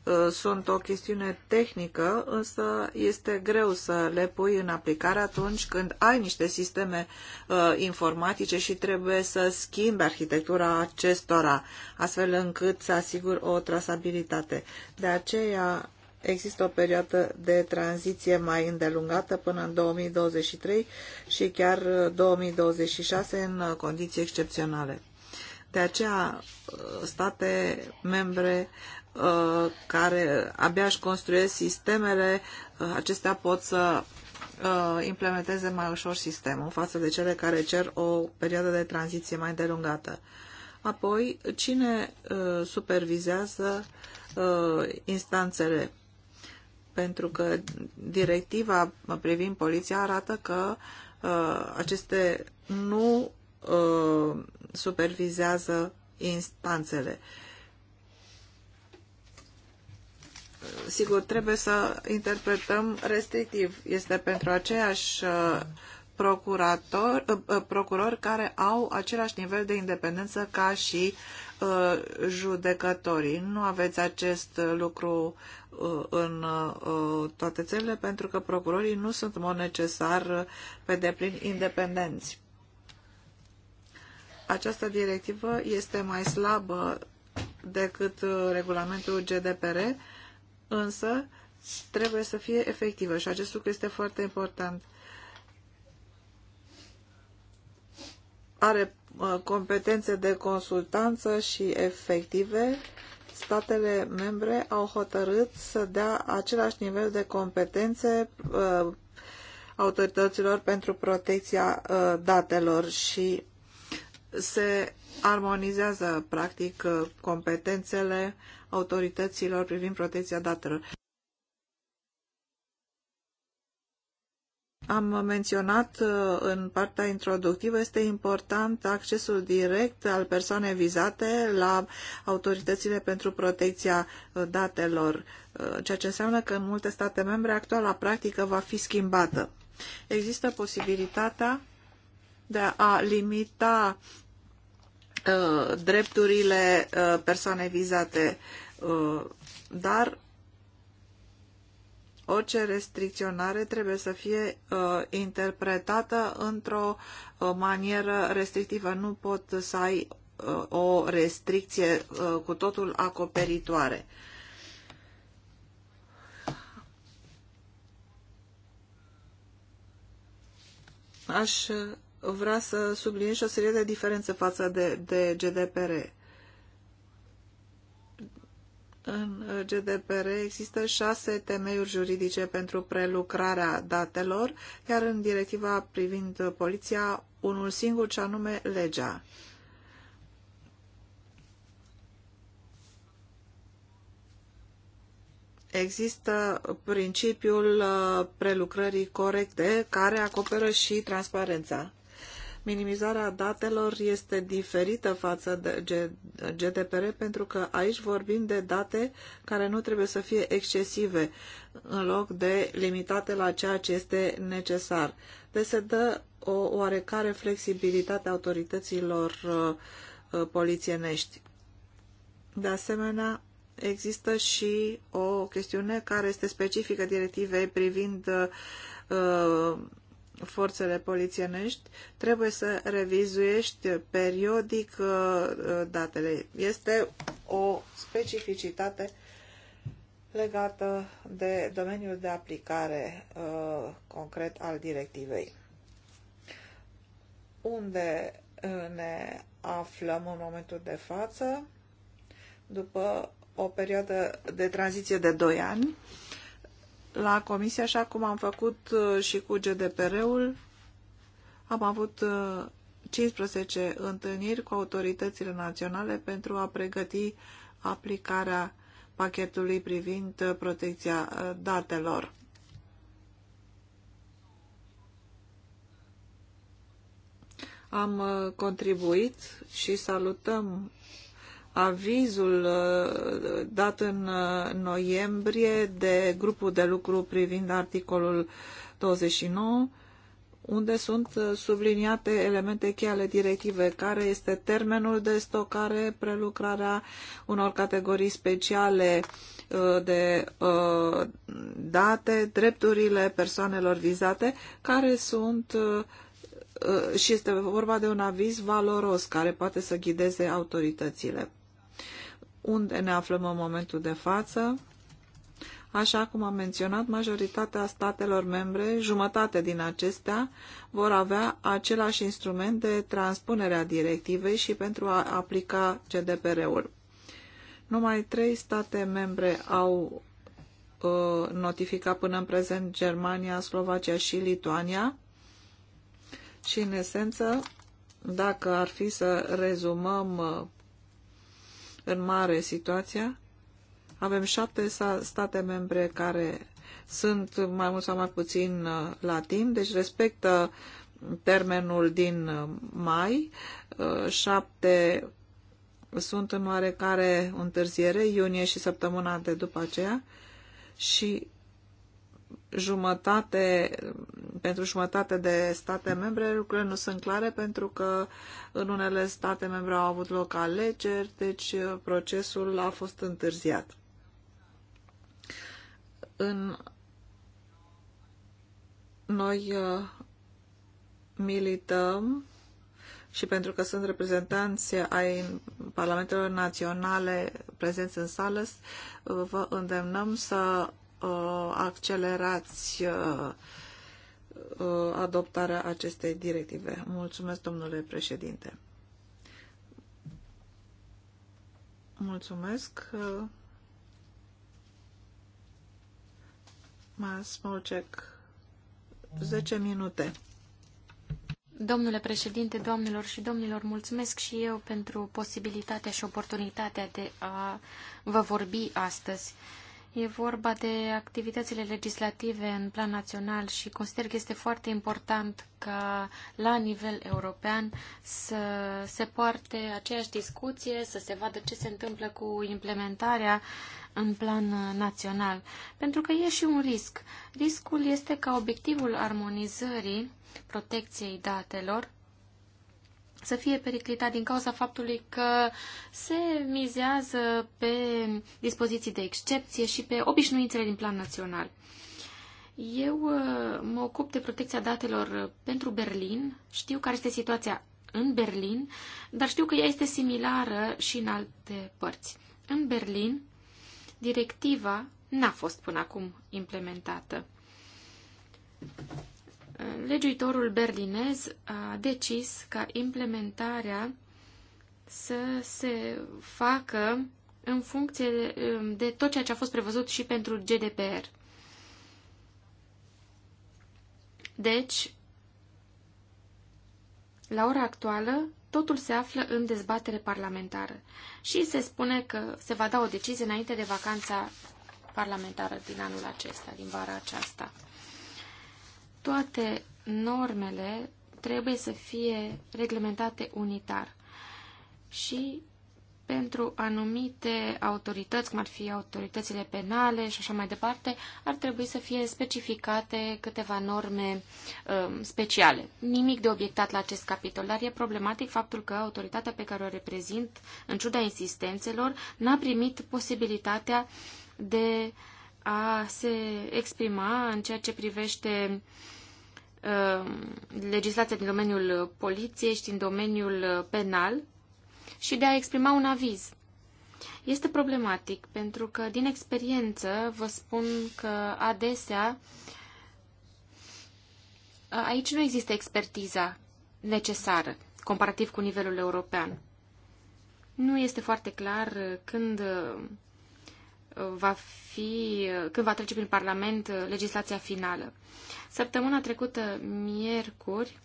Uh, sunt o chestiune tehnică, însă este greu să le pui în aplicare atunci când ai niște sisteme uh, informatice și trebuie să schimbi arhitectura acestora, astfel încât să asiguri o trasabilitate. De aceea există o perioadă de tranziție mai îndelungată până în 2023 și chiar 2026 uh, în uh, condiții excepționale. De aceea, state membre Uh, care abia își construiesc sistemele, uh, acestea pot să uh, implementeze mai ușor sistemul față de cele care cer o perioadă de tranziție mai delungată. Apoi, cine supervizează instanțele? Pentru că directiva privind poliția arată că aceste nu supervizează instanțele. Uh, sigur, trebuie să interpretăm restrictiv. Este pentru aceiași uh, procurator, uh, uh, procurori care au același nivel de independență ca și judecătorii. Nu aveți acest lucru în toate țările pentru că procurorii nu sunt în mod necesar pe deplin independenți. Această directivă este mai slabă decât regulamentul GDPR însă trebuie să fie efectivă și acest lucru este foarte important. Are uh, competențe de consultanță și efective. Statele membre au hotărât să dea același nivel de competențe uh, autorităților pentru protecția uh, datelor și se armonizează practic competențele autorităților privind protecția datelor. Am menționat uh, în partea introductivă, este important accesul direct al persoanei vizate la autoritățile pentru protecția uh, datelor, uh, ceea ce înseamnă că în multe state membre actuala practică va fi schimbată. Există posibilitatea de a limita drepturile persoanei vizate Uh, dar orice restricționare trebuie să fie uh, interpretată într-o uh, manieră restrictivă. Nu pot să ai uh, o restricție uh, cu totul acoperitoare. Aș vrea să subliniez o serie de diferențe față de, de GDPR. În GDPR există șase temeiuri juridice pentru prelucrarea datelor, iar în directiva privind poliția, unul singur, ce anume legea. Există principiul uh, prelucrării corecte, care acoperă și transparența. Minimizarea datelor este diferită față de GDPR pentru că aici vorbim de date care nu trebuie să fie excesive în loc de limitate la ceea ce este necesar. Deci se dă o oarecare flexibilitate autorităților uh, uh, polițienești. De asemenea, există și o chestiune care este specifică directivei privind uh, uh forțele polițienești, trebuie să revizuiești periodic uh, datele. Este o specificitate legată de domeniul de aplicare uh, concret al directivei. Unde uh, ne aflăm în momentul de față, după o perioadă de tranziție de 2 ani, la comisie, așa cum am făcut uh, și cu GDPR-ul, am avut 15 uh, întâlniri cu autoritățile naționale pentru a pregăti aplicarea pachetului privind uh, protecția datelor. Am contribuit și salutăm avizul uh, dat în uh, noiembrie de grupul de lucru privind articolul 29, unde sunt uh, subliniate elemente cheie ale directivei, care este termenul de stocare, prelucrarea unor categorii speciale de date, drepturile persoanelor vizate, care sunt și este vorba de un aviz valoros care poate să ghideze autoritățile unde ne aflăm în momentul de față. Așa cum am menționat, majoritatea statelor membre, jumătate din acestea, vor avea același instrument de transpunere a directivei și pentru a aplica CDPR-ul. Numai trei state membre au uh, notificat până în prezent Germania, Slovacia și Lituania și, în esență, dacă ar fi să rezumăm uh, în mare situația. Avem șapte state membre care sunt mai mult sau mai puțin uh, la timp, deci respectă termenul din uh, mai. Uh, șapte sunt în oarecare întârziere, iunie și săptămâna de după aceea și jumătate, pentru jumătate de state membre lucrurile nu sunt clare pentru că în unele state membre au avut loc alegeri, deci procesul a fost întârziat. În noi uh, milităm și pentru că sunt reprezentanți ai Parlamentelor Naționale prezenți în sală, uh, vă îndemnăm să Uh, accelerați uh, uh, adoptarea acestei directive. Mulțumesc, domnule președinte. Mulțumesc. Mas Molcec, 10 minute. Domnule președinte, doamnelor și domnilor, mulțumesc și eu pentru posibilitatea și oportunitatea de a vă vorbi astăzi. E vorba de activitățile legislative în plan național și consider că este foarte important ca la nivel european să se poarte aceeași discuție, să se vadă ce se întâmplă cu implementarea în plan național. Pentru că e și un risc. Riscul este ca obiectivul armonizării protecției datelor să fie periclitat din cauza faptului că se mizează pe dispoziții de excepție și pe obișnuințele din plan național. Eu uh, mă ocup de protecția datelor uh, pentru Berlin, știu care este situația în Berlin, dar știu că ea este similară și în alte părți. În Berlin, directiva n-a fost până acum implementată legiuitorul berlinez a decis ca implementarea să se facă în funcție de tot ceea ce a fost prevăzut și pentru GDPR. Deci, la ora actuală, totul se află în dezbatere parlamentară și se spune că se va da o decizie înainte de vacanța parlamentară din anul acesta, din vara aceasta. Toate normele trebuie să fie reglementate unitar și pentru anumite autorități, cum ar fi autoritățile penale și așa mai departe, ar trebui să fie specificate câteva norme um, speciale. Nimic de obiectat la acest capitol, dar e problematic faptul că autoritatea pe care o reprezint, în ciuda insistențelor, n-a primit posibilitatea de a se exprima în ceea ce privește um, legislația din domeniul poliției și din domeniul penal și de a exprima un aviz. Este problematic pentru că, din experiență, vă spun că adesea aici nu există expertiza necesară, comparativ cu nivelul european. Nu este foarte clar când va fi, când va trece prin Parlament uh, legislația finală. Săptămâna trecută, miercuri,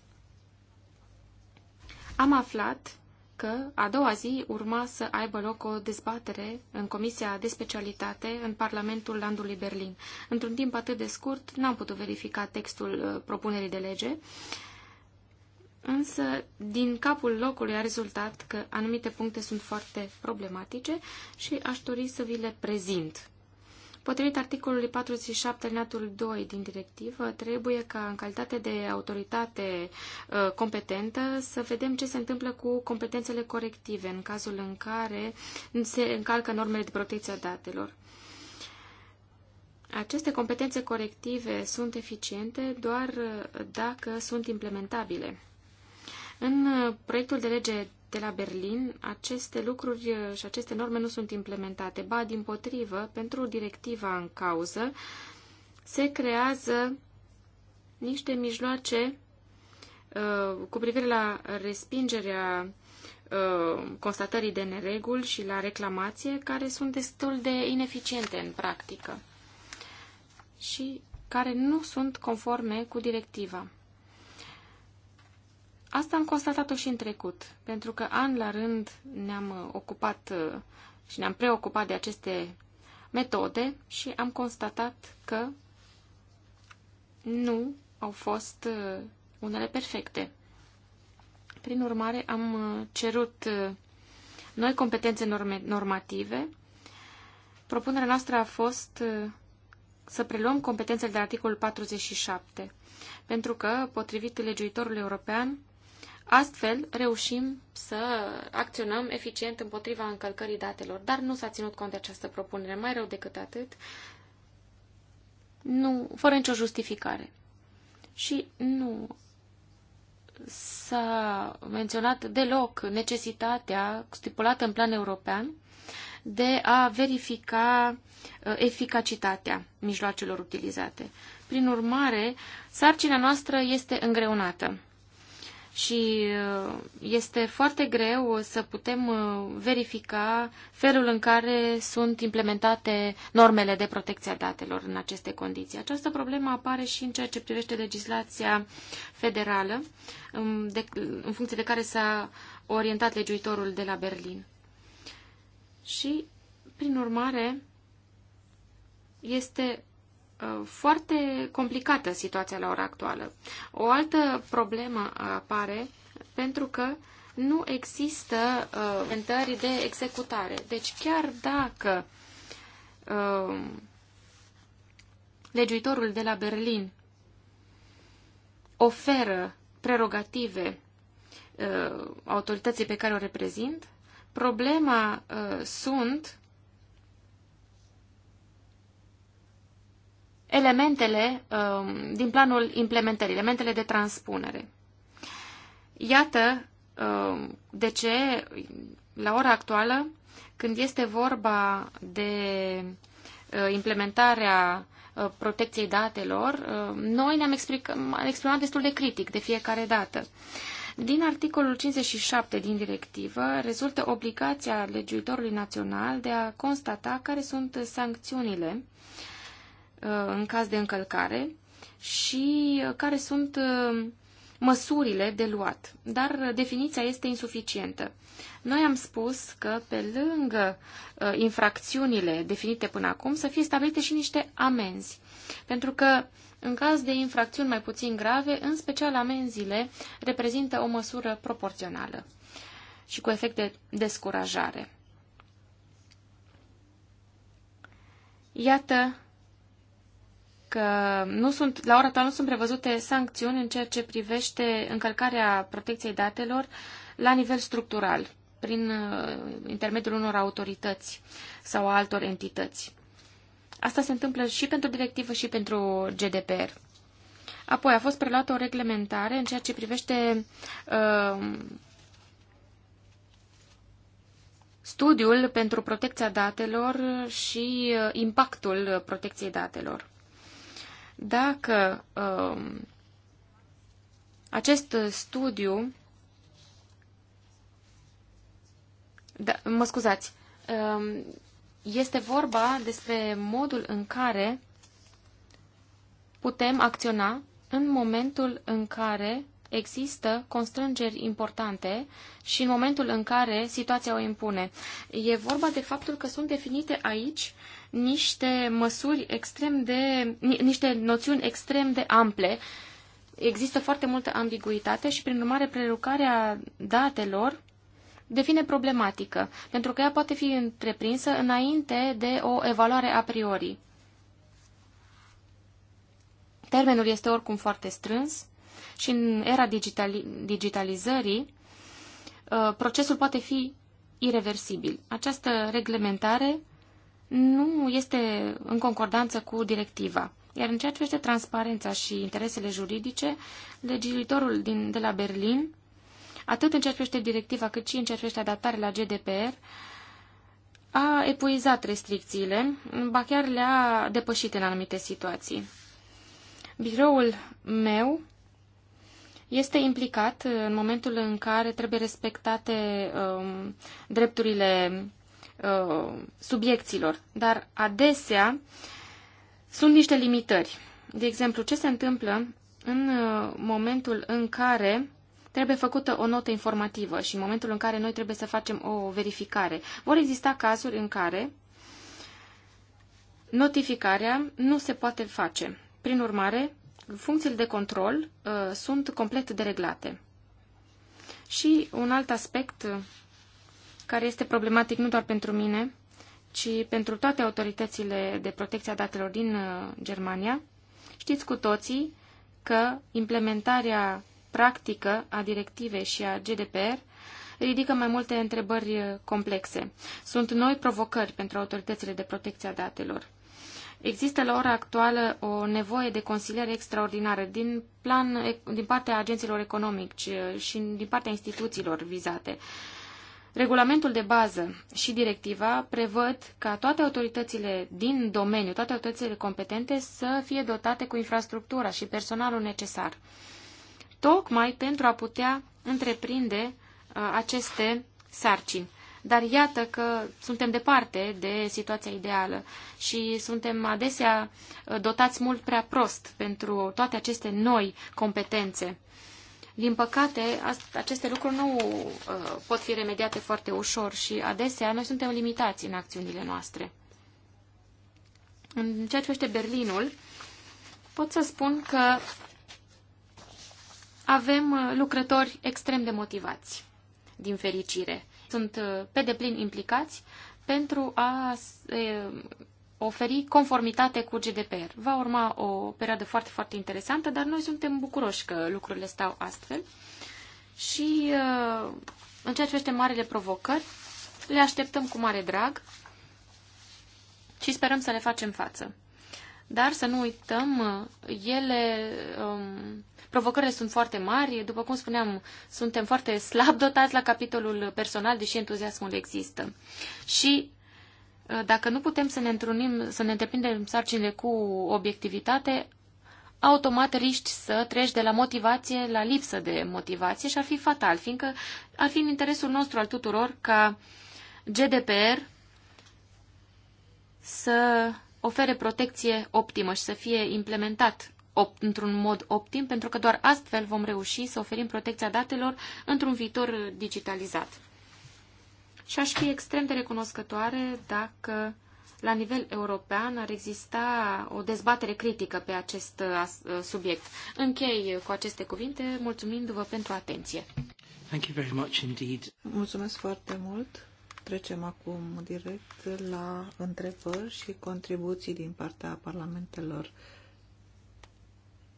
am aflat că a doua zi urma să aibă loc o dezbatere în Comisia de Specialitate în Parlamentul Landului Berlin. Într-un timp atât de scurt, n-am putut verifica textul uh, propunerii de lege, însă din capul locului a rezultat că anumite puncte sunt foarte problematice și aș dori să vi le prezint. Potrivit articolului 47, alineatul 2 din directivă, trebuie ca în calitate de autoritate ă, competentă să vedem ce se întâmplă cu competențele corective în cazul în care se încalcă normele de protecție a datelor. Aceste competențe corective sunt eficiente doar ă, dacă sunt implementabile. În uh, proiectul de lege de la Berlin, aceste lucruri uh, și aceste norme nu sunt implementate. Ba, din potrivă, pentru directiva în cauză, se creează niște mijloace uh, cu privire la respingerea constatării de nereguli și la reclamație, care sunt destul de ineficiente în practică și care nu sunt conforme cu directiva. Asta am constatat-o și în trecut, pentru că an la rând ne-am uh, ocupat uh, și ne-am preocupat de aceste metode și am constatat că nu au fost uh, unele perfecte. Prin urmare, am cerut noi competențe norme, normative. Propunerea noastră a fost să preluăm competențele de articolul 47, pentru că, potrivit legiuitorului european, Astfel, reușim să acționăm eficient împotriva încălcării datelor, dar nu s-a ținut cont de această propunere, mai rău decât atât, nu, fără nicio justificare. Și nu s-a menționat deloc necesitatea stipulată în plan european de a verifica uh, eficacitatea mijloacelor utilizate. Prin urmare, sarcina noastră este îngreunată și uh, este foarte greu să putem uh, verifica felul în care sunt implementate normele de protecție a datelor în aceste condiții. Această problemă apare și în ceea ce privește legislația federală, în funcție de care s-a orientat legiuitorul de la Berlin. Și, prin urmare, este Uh, foarte complicată situația la ora actuală. O altă problemă apare pentru că nu există uh, inventări de executare. Deci chiar dacă uh, legiuitorul de la Berlin oferă prerogative autorității pe care o reprezint, problema sunt elementele um, din planul implementării, elementele de transpunere. Iată um, de ce, la ora actuală, când este vorba de uh, implementarea uh, protecției datelor, um, noi ne-am exprimat destul de critic de fiecare dată. Din articolul 57 din directivă rezultă obligația legiuitorului național de a constata care sunt sancțiunile uh, Uh, în caz de încălcare și uh, care sunt uh, măsurile de luat. Dar definiția este insuficientă. Noi am spus că pe lângă infracțiunile definite până acum să fie stabilite și niște amenzi. Pentru că în caz de infracțiuni mai puțin grave, în special amenzile reprezintă o măsură proporțională și cu efect de descurajare. Iată că nu sunt, la ora ta nu sunt prevăzute sancțiuni în ceea ce privește încălcarea protecției datelor la nivel structural, prin uh, intermediul unor autorități sau a altor entități. Asta se întâmplă și pentru directivă și pentru GDPR. Apoi a fost preluată o reglementare în ceea ce privește uh, studiul pentru protecția datelor și uh, impactul protecției datelor. Dacă um, acest studiu, da, mă scuzați, um, este vorba despre modul în care putem acționa în momentul în care există constrângeri importante și în momentul în care situația o impune. E vorba de faptul că sunt definite aici uh, niște măsuri extrem de, niște noțiuni extrem de ample. Există foarte multă ambiguitate și, prin urmare, prelucarea datelor devine problematică, pentru că ea poate fi întreprinsă înainte de o evaluare a priori. Termenul este oricum foarte strâns și în era digitali digitalizării, uh, procesul poate fi irreversibil. Această reglementare nu este în concordanță cu directiva. Iar în ceea ce privește transparența și interesele juridice, legiuitorul din, de la Berlin, atât în ceea ce privește directiva, cât și în ceea ce privește adaptarea la GDPR, a epuizat restricțiile, ba chiar le-a depășit în anumite situații. Biroul meu este implicat în momentul în care trebuie respectate um, drepturile Uh, subiecților, dar adesea sunt niște limitări. De exemplu, ce se întâmplă în uh, momentul în care trebuie făcută o notă informativă și în momentul în care noi trebuie să facem o verificare. Vor exista cazuri în care notificarea nu se poate face. Prin urmare, funcțiile de control uh, sunt complet dereglate. Și un alt aspect uh, care este problematic nu doar pentru mine, ci pentru toate autoritățile de protecție a datelor din uh, Germania. Știți cu toții că implementarea practică a directivei și a GDPR ridică mai multe întrebări uh, complexe. Sunt noi provocări pentru autoritățile de protecție a datelor. Există la ora actuală o nevoie de consiliere extraordinară din, plan, din partea agenților economici uh, și din partea instituțiilor vizate. Regulamentul de bază și directiva prevăd ca toate autoritățile din domeniu, toate autoritățile competente să fie dotate cu infrastructura și personalul necesar, tocmai pentru a putea întreprinde uh, aceste sarcini. Dar iată că suntem departe de situația ideală și suntem adesea uh, dotați mult prea prost pentru toate aceste noi competențe. Din păcate, aceste lucruri nu uh, pot fi remediate foarte ușor și adesea noi suntem limitați în acțiunile noastre. În ceea ce este Berlinul, pot să spun că avem uh, lucrători extrem de motivați, din fericire. Sunt uh, pe deplin implicați pentru a oferi conformitate cu GDPR. Va urma o perioadă foarte, foarte interesantă, dar noi suntem bucuroși că lucrurile stau astfel. Și uh, în ceea ce este marele provocări, le așteptăm cu mare drag și sperăm să le facem față. Dar să nu uităm, uh, ele, um, provocările sunt foarte mari, după cum spuneam, suntem foarte slab dotați la capitolul personal, deși entuziasmul există. Și dacă nu putem să ne întrunim, să ne întreprindem sarcinile cu obiectivitate, automat riști să treci de la motivație la lipsă de motivație și ar fi fatal, fiindcă ar fi în interesul nostru al tuturor ca GDPR să ofere protecție optimă și să fie implementat într-un mod optim, pentru că doar astfel vom reuși să oferim protecția datelor într-un viitor digitalizat și aș fi extrem de recunoscătoare dacă la nivel european ar exista o dezbatere critică pe acest uh, uh, subiect. Închei cu aceste cuvinte, mulțumindu-vă pentru atenție. Thank you very much indeed. Mulțumesc foarte mult. Trecem acum direct la întrebări și contribuții din partea parlamentelor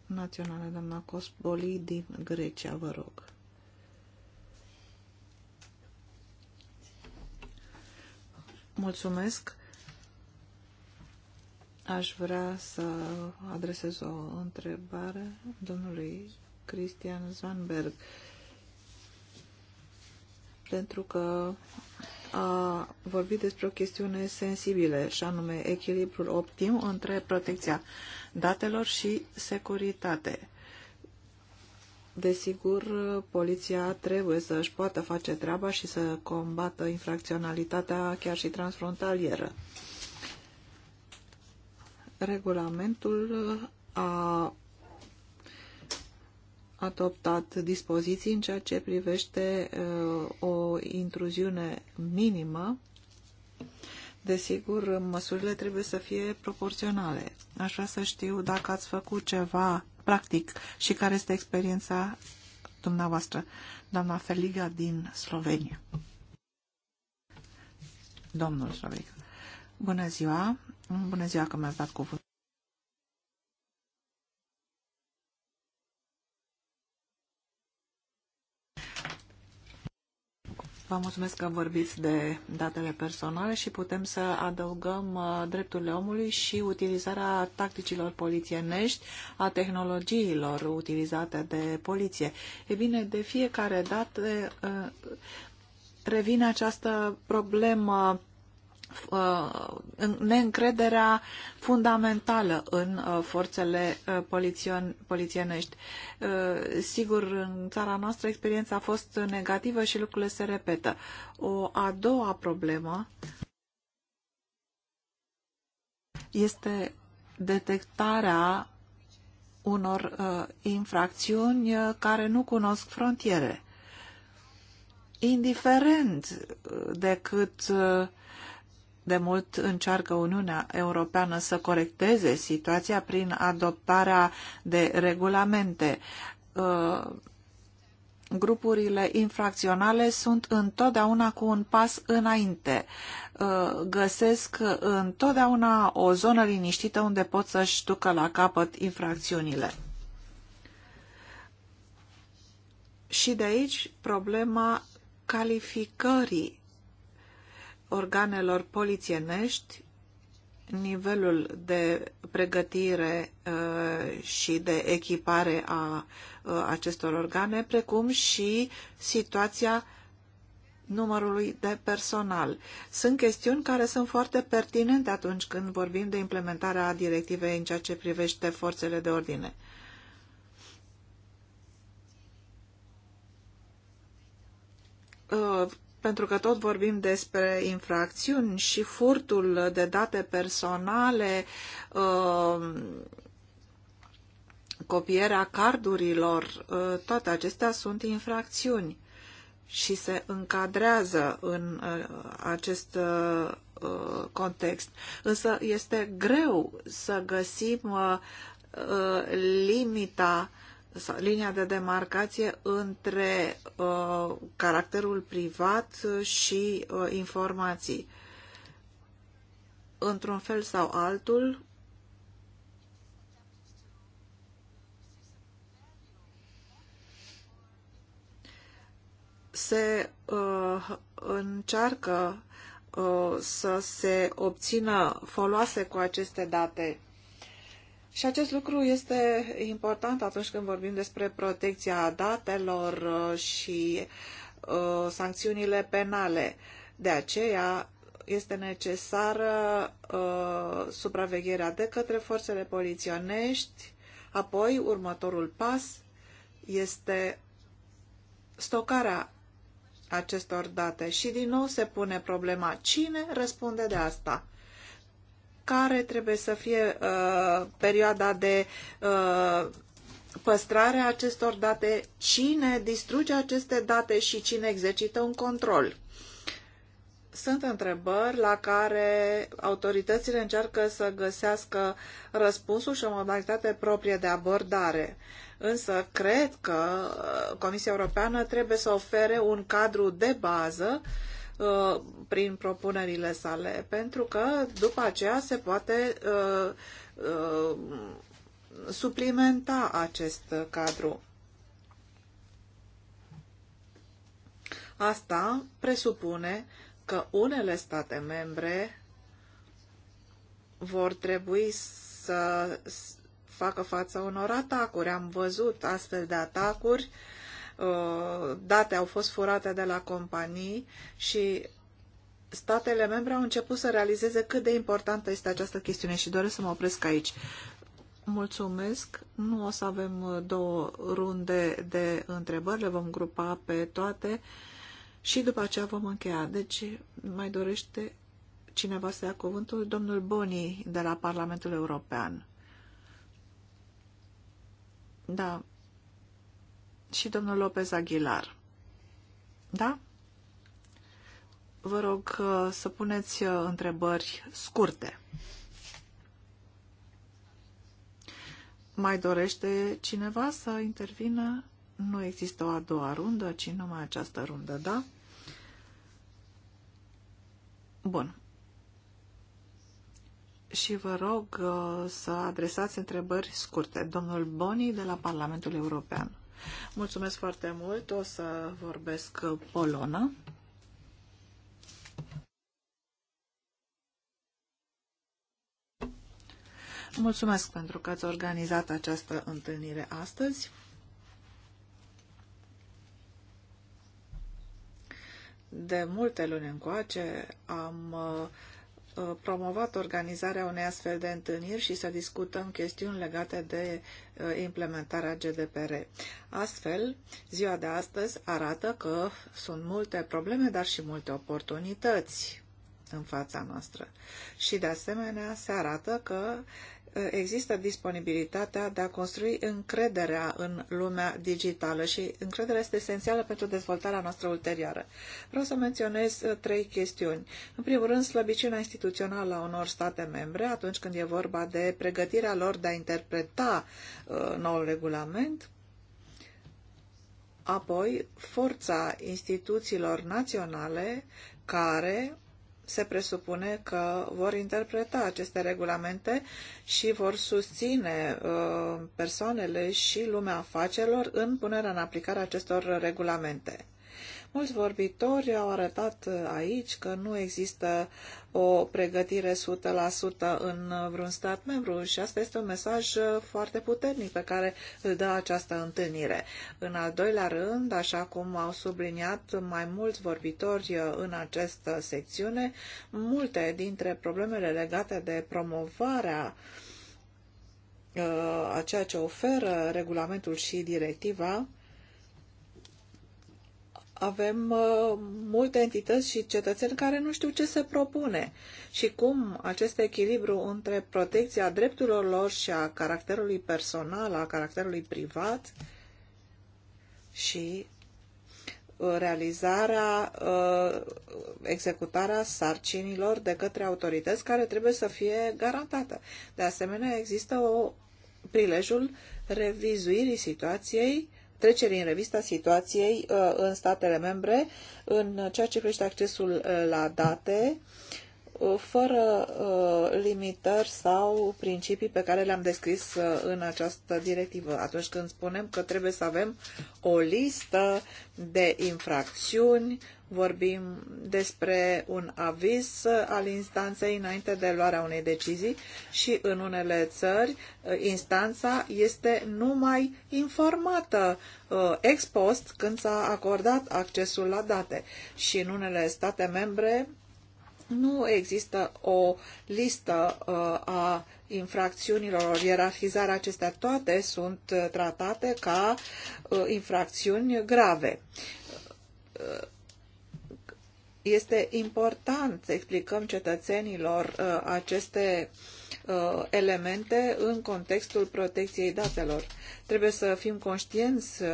naționale. Doamna Cosboli din Grecia, vă rog. Mulțumesc. Aș vrea să adresez o întrebare domnului Cristian Zanberg. Pentru că a vorbit despre o chestiune sensibilă, și anume echilibrul optim între protecția datelor și securitate. Desigur, poliția trebuie să își poată face treaba și să combată infracționalitatea chiar și transfrontalieră. Regulamentul a adoptat dispoziții în ceea ce privește uh, o intruziune minimă. Desigur, măsurile trebuie să fie proporționale. Aș vrea să știu dacă ați făcut ceva practic și care este experiența dumneavoastră, doamna Feliga din Slovenia. Domnul Slovenia. Bună ziua! Bună ziua că mi-ați dat cuvânt. Vă mulțumesc că vorbiți de datele personale și putem să adăugăm uh, drepturile omului și utilizarea tacticilor polițienești, a tehnologiilor utilizate de poliție. E bine, de fiecare dată uh, revine această problemă Uh, neîncrederea fundamentală în uh, forțele uh, polițienești. Sigur, în țara noastră experiența a fost negativă și lucrurile se repetă. O a doua problemă este detectarea unor infracțiuni care nu cunosc frontiere indiferent de cât de mult încearcă Uniunea Europeană să corecteze situația prin adoptarea de regulamente. Uh, grupurile infracționale sunt întotdeauna cu un pas înainte. Uh, găsesc întotdeauna o zonă liniștită unde pot să-și ducă la capăt infracțiunile. Și de aici problema calificării organelor polițienești nivelul de pregătire uh, și de echipare a uh, acestor organe, precum și situația numărului de personal. Sunt chestiuni care sunt foarte pertinente atunci când vorbim de implementarea directivei în ceea ce privește forțele de ordine. Uh, pentru că tot vorbim despre infracțiuni și furtul de date personale, uh, copierea cardurilor, uh, toate acestea sunt infracțiuni și se încadrează în uh, acest context. Însă este greu să găsim limita linia de demarcație între uh, caracterul privat și uh, informații. Într-un fel sau altul, se uh, încearcă uh, să se obțină foloase cu aceste date și acest lucru este important atunci când vorbim despre protecția datelor uh, și uh, sancțiunile penale. De aceea este necesară uh, supravegherea de către forțele poliționești. Apoi, următorul pas este stocarea acestor date și din nou se pune problema cine răspunde de asta care trebuie să fie uh, perioada de uh, păstrare a acestor date, cine distruge aceste date și cine exercită un control. Sunt întrebări la care autoritățile încearcă să găsească răspunsul și o modalitate proprie de abordare. Însă cred că uh, Comisia Europeană trebuie să ofere un cadru de bază uh, Uh, prin propunerile sale, pentru că după aceea se poate uh, uh, suplimenta acest cadru. Asta presupune că unele state membre vor trebui să facă față unor atacuri. Am văzut astfel de atacuri uh, Uh, date au fost furate de la companii și statele membre au început să realizeze cât de importantă este această chestiune și doresc să mă opresc aici. Mulțumesc. Nu o să avem uh, două runde de întrebări, le vom grupa pe toate și după aceea vom încheia. Deci mai dorește cineva să ia cuvântul? Domnul Boni de la Parlamentul European. Da, și domnul Lopez Aguilar. Da? Vă rog uh, să puneți uh, întrebări scurte. Mai dorește cineva să intervină? Nu există o a doua rundă, ci numai această rundă, da? Bun. Și vă rog uh, să adresați întrebări scurte. Domnul Boni de la Parlamentul European. Mulțumesc foarte mult. O să vorbesc Polona. Mulțumesc pentru că ați organizat această întâlnire astăzi. De multe luni încoace am uh, Uh, promovat organizarea unei astfel de întâlniri și să discutăm chestiuni legate de uh, implementarea GDPR. Astfel, ziua de astăzi arată că sunt multe probleme, dar și multe oportunități în fața noastră. Și de asemenea se arată că există disponibilitatea de a construi încrederea în lumea digitală și încrederea este esențială pentru dezvoltarea noastră ulterioară. Vreau să menționez uh, trei chestiuni. În primul rând, slăbiciunea instituțională a unor state membre atunci când e vorba de pregătirea lor de a interpreta uh, noul regulament, apoi forța instituțiilor naționale care se presupune că vor interpreta aceste regulamente și vor susține uh, persoanele și lumea afacerilor în punerea în aplicare a acestor regulamente. Mulți vorbitori au arătat aici că nu există o pregătire 100% în vreun stat membru și asta este un mesaj foarte puternic pe care îl dă această întâlnire. În al doilea rând, așa cum au subliniat mai mulți vorbitori în această secțiune, multe dintre problemele legate de promovarea uh, a ceea ce oferă regulamentul și directiva avem uh, multe entități și cetățeni care nu știu ce se propune și cum acest echilibru între protecția drepturilor lor și a caracterului personal, a caracterului privat și uh, realizarea, uh, executarea sarcinilor de către autorități care trebuie să fie garantată. De asemenea, există o prilejul revizuirii situației uh, trecerii în revista situației uh, în statele membre în ceea ce privește accesul uh, la date, uh, fără limitări sau principii pe care le-am descris în această directivă. Atunci când spunem că trebuie să avem o listă de infracțiuni, vorbim despre un aviz al instanței înainte de luarea unei decizii și în unele țări uh, instanța este numai informată uh, ex post când s-a acordat accesul la date și în unele state membre nu există o listă uh, a infracțiunilor, ierarhizarea acestea toate sunt tratate ca infracțiuni grave este important să explicăm cetățenilor uh, aceste uh, elemente în contextul protecției datelor. Trebuie să fim conștienți uh,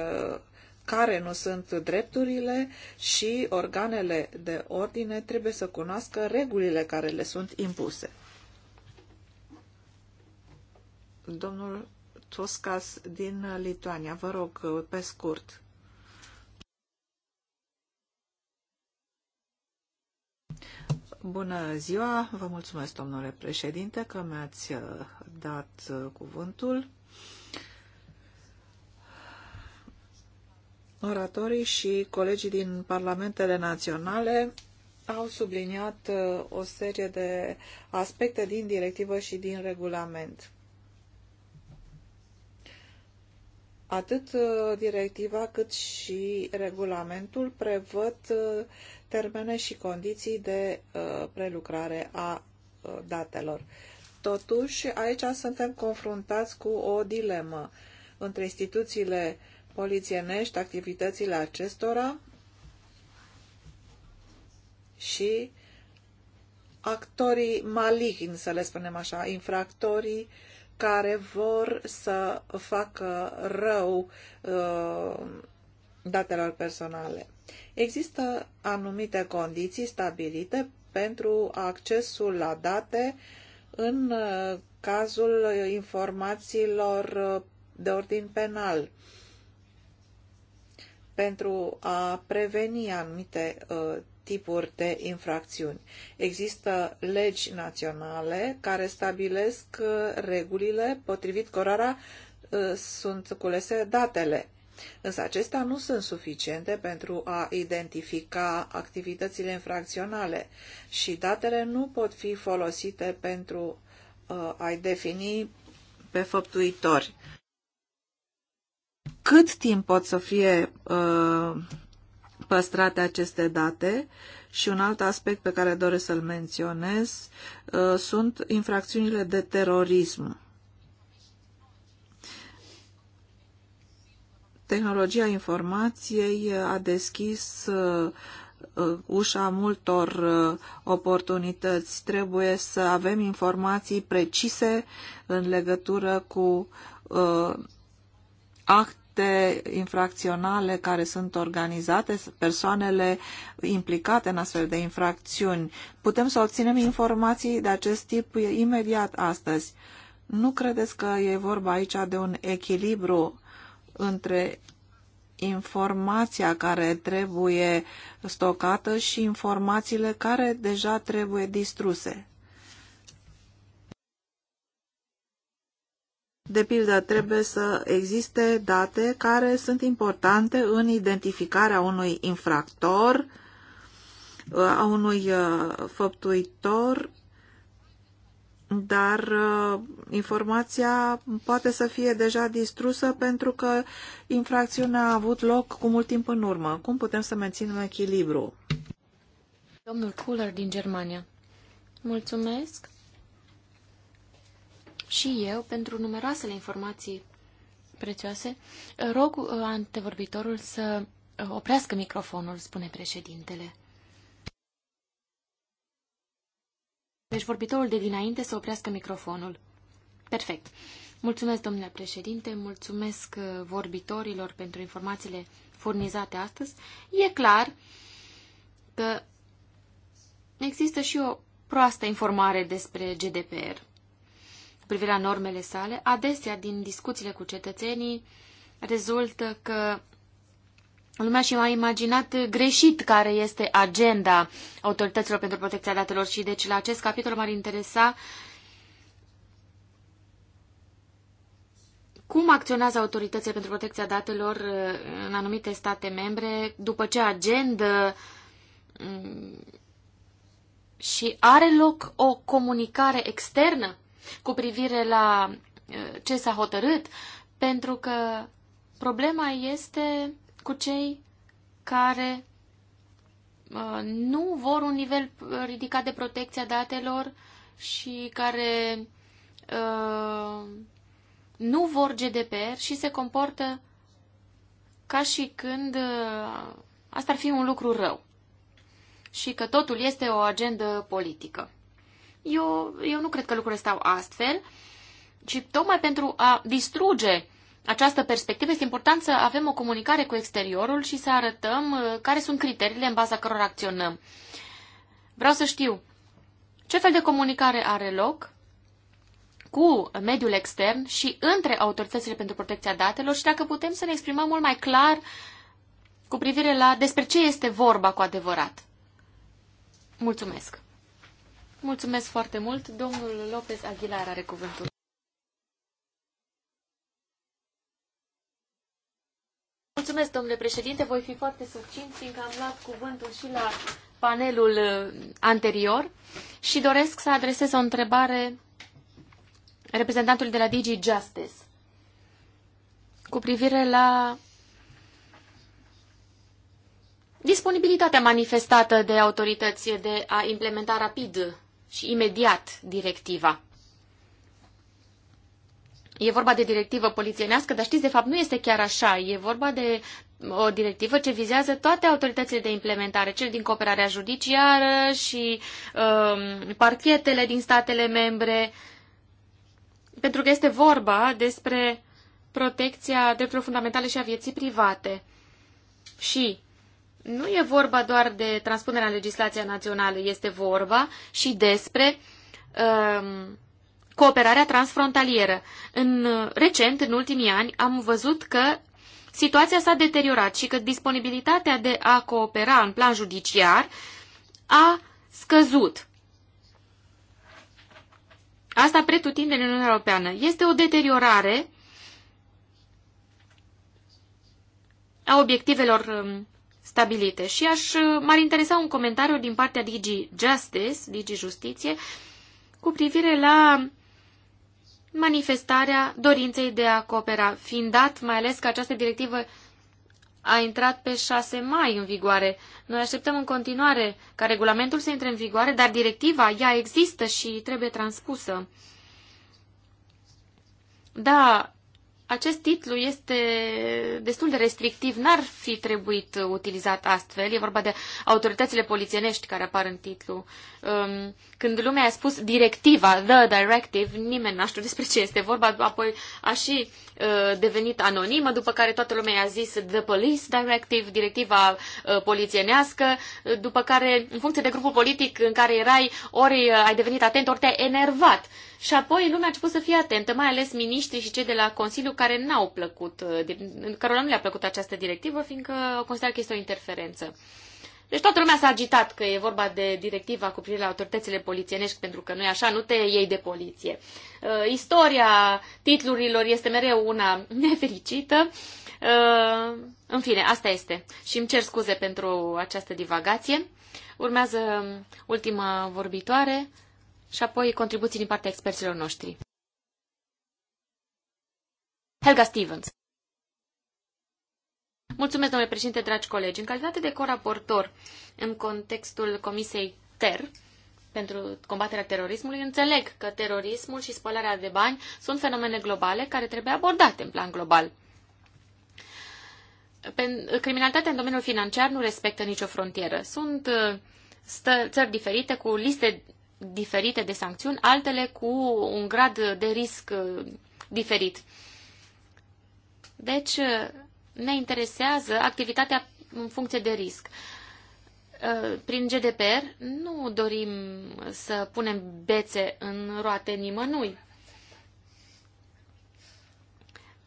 care nu sunt drepturile și organele de ordine trebuie să cunoască regulile care le sunt impuse. Domnul Toscas din Lituania, vă rog, pe scurt. Bună ziua, vă mulțumesc, domnule președinte, că mi-ați uh, dat uh, cuvântul. Oratorii și colegii din parlamentele naționale au subliniat uh, o serie de aspecte din directivă și din regulament. Atât uh, directiva cât și regulamentul prevăd uh, termene și condiții de uh, prelucrare a datelor. Totuși, aici suntem confruntați cu o dilemă între instituțiile polițienești, activitățile acestora și actorii maligni, să le spunem așa, infractorii care vor să facă rău uh, datelor personale. Există anumite condiții stabilite pentru accesul la date în uh, cazul informațiilor uh, de ordin penal pentru a preveni anumite tipuri de infracțiuni. Există legi naționale care stabilesc uh, regulile potrivit cărora uh, sunt culese datele. Însă acestea nu sunt suficiente pentru a identifica activitățile infracționale și datele nu pot fi folosite pentru uh, a-i defini pe făptuitori cât timp pot să fie uh, păstrate aceste date și un alt aspect pe care doresc să-l menționez uh, sunt infracțiunile de terorism. Tehnologia informației a deschis uh, uh, ușa multor oportunități. Trebuie să avem informații precise în legătură cu act acte infracționale care sunt organizate, persoanele implicate în astfel de infracțiuni. Putem să obținem informații de acest tip imediat astăzi. Nu credeți că e vorba aici de un echilibru între informația care trebuie stocată și informațiile care deja trebuie distruse? De pildă, trebuie să existe date care sunt importante în identificarea unui infractor, a unui uh, făptuitor, dar uh, informația poate să fie deja distrusă pentru că infracțiunea a avut loc cu mult timp în urmă. Cum putem să menținem echilibru? Domnul Kuller din Germania. Mulțumesc și eu pentru numeroasele informații prețioase. Rog uh, antevorbitorul să uh, oprească microfonul, spune președintele. Deci vorbitorul de dinainte să oprească microfonul. Perfect. Mulțumesc, domnule președinte, mulțumesc uh, vorbitorilor pentru informațiile furnizate astăzi. E clar că există și o proastă informare despre GDPR privire la normele sale, adesea din discuțiile cu cetățenii rezultă că lumea și-a imaginat greșit care este agenda autorităților pentru protecția datelor și deci la acest capitol m-ar interesa Cum acționează autoritățile pentru protecția datelor uh, în anumite state membre după ce agendă mm, și are loc o comunicare externă cu privire la uh, ce s-a hotărât, pentru că problema este cu cei care uh, nu vor un nivel ridicat de protecția datelor și care uh, nu vor GDPR și se comportă ca și când asta ar fi un lucru rău și că totul este o agendă politică. Eu, eu nu cred că lucrurile stau astfel, ci tocmai pentru a distruge această perspectivă este important să avem o comunicare cu exteriorul și să arătăm uh, care sunt criteriile în baza cărora acționăm. Vreau să știu ce fel de comunicare are loc cu mediul extern și între autoritățile pentru protecția datelor și dacă putem să ne exprimăm mult mai clar cu privire la despre ce este vorba cu adevărat. Mulțumesc! Mulțumesc foarte mult. Domnul Lopez Aguilar are cuvântul. Mulțumesc, domnule președinte. Voi fi foarte succint, fiindcă am luat cuvântul și la panelul uh, anterior și doresc să adresez o întrebare reprezentantului de la Digi Justice cu privire la disponibilitatea manifestată de autorități de a implementa rapid și imediat directiva. E vorba de directivă polițienească, dar știți, de fapt, nu este chiar așa. E vorba de o directivă ce vizează toate autoritățile de implementare, cel din cooperarea judiciară și um, parchetele din statele membre, pentru că este vorba despre protecția drepturilor fundamentale și a vieții private. Și nu e vorba doar de transpunerea legislației naționale, este vorba și despre um, cooperarea transfrontalieră. În, recent, în ultimii ani, am văzut că situația s-a deteriorat și că disponibilitatea de a coopera în plan judiciar a scăzut. Asta pretutindeni în Uniunea Europeană. Este o deteriorare a obiectivelor um, stabilite. Și aș, uh, m-ar interesa un comentariu din partea Digi Justice, Digi Justiție, cu privire la manifestarea dorinței de a coopera, fiind dat mai ales că această directivă a intrat pe 6 mai în vigoare. Noi așteptăm în continuare ca regulamentul să intre în vigoare, dar directiva, ea există și trebuie transpusă. Da, acest titlu este destul de restrictiv, n-ar fi trebuit utilizat astfel. E vorba de autoritățile polițienești care apar în titlu. Um, când lumea a spus directiva, the directive, nimeni n-a știut despre ce este vorba, apoi a și uh, devenit anonimă, după care toată lumea a zis the police directive, directiva uh, polițienească, după care, în funcție de grupul politic în care erai, ori uh, ai devenit atent, ori te-ai enervat și apoi lumea a început să fie atentă, mai ales miniștrii și cei de la Consiliu care n-au plăcut, care uh, nu le-a plăcut această directivă, fiindcă consideră că este o interferență. Deci toată lumea s-a agitat că e vorba de directiva cu privire la autoritățile polițienești, pentru că nu e așa, nu te iei de poliție. Uh, istoria titlurilor este mereu una nefericită. Uh, în fine, asta este. Și îmi cer scuze pentru această divagație. Urmează ultima vorbitoare, și apoi contribuții din partea experților noștri. Helga Stevens Mulțumesc, domnule președinte, dragi colegi. În calitate de coraportor în contextul Comisiei TER, pentru combaterea terorismului, înțeleg că terorismul și spălarea de bani sunt fenomene globale care trebuie abordate în plan global. Criminalitatea în domeniul financiar nu respectă nicio frontieră. Sunt uh, țări diferite cu liste diferite de sancțiuni, altele cu un grad de risc uh, diferit. Deci, uh, ne interesează activitatea în funcție de risc. Uh, prin GDPR nu dorim să punem bețe în roate nimănui.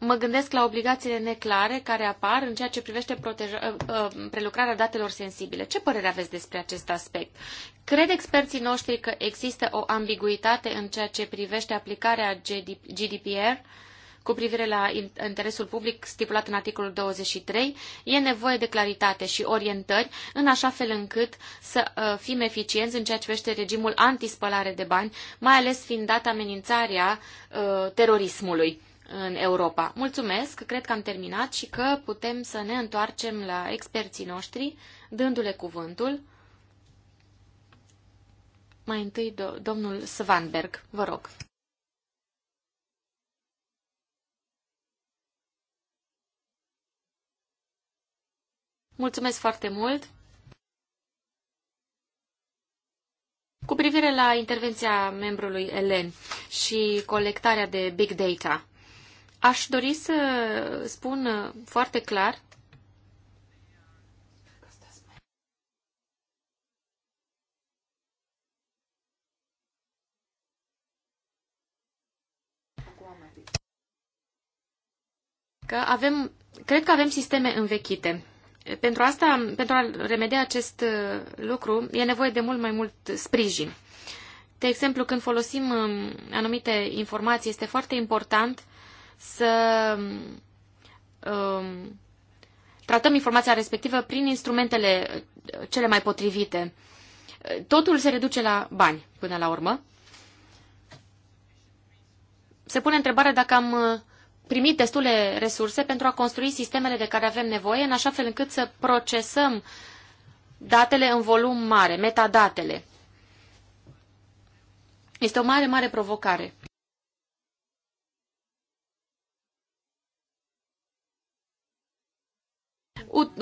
Mă gândesc la obligațiile neclare care apar în ceea ce privește proteja, ă, ă, prelucrarea datelor sensibile. Ce părere aveți despre acest aspect? Cred experții noștri că există o ambiguitate în ceea ce privește aplicarea GDPR cu privire la interesul public stipulat în articolul 23, e nevoie de claritate și orientări în așa fel încât să ă, fim eficienți în ceea ce privește regimul antispălare de bani, mai ales fiind dată amenințarea terorismului în Europa. Mulțumesc, cred că am terminat și că putem să ne întoarcem la experții noștri, dându-le cuvântul. Mai întâi, do- domnul Svanberg, vă rog. Mulțumesc foarte mult! Cu privire la intervenția membrului Elen și colectarea de big data, Aș dori să spun uh, foarte clar că avem, cred că avem sisteme învechite. Pentru asta, pentru a remedia acest uh, lucru, e nevoie de mult mai mult sprijin. De exemplu, când folosim um, anumite informații, este foarte important să um, tratăm informația respectivă prin instrumentele uh, cele mai potrivite. Totul se reduce la bani până la urmă. Se pune întrebarea dacă am uh, primit destule resurse pentru a construi sistemele de care avem nevoie, în așa fel încât să procesăm datele în volum mare, metadatele. Este o mare, mare provocare.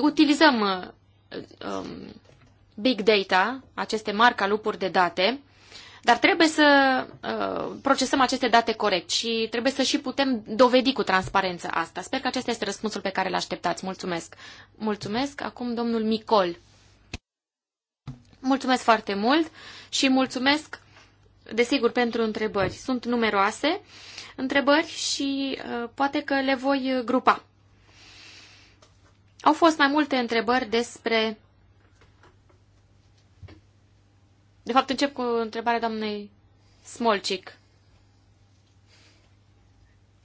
utilizăm uh, um, big data, aceste mari calupuri de date, dar trebuie să uh, procesăm aceste date corect și trebuie să și putem dovedi cu transparență asta. Sper că acesta este răspunsul pe care îl așteptați. Mulțumesc. Mulțumesc. Acum domnul Micol. Mulțumesc foarte mult și mulțumesc, desigur, pentru întrebări. Sunt numeroase întrebări și uh, poate că le voi uh, grupa. Au fost mai multe întrebări despre... De fapt, încep cu întrebarea doamnei Smolcic.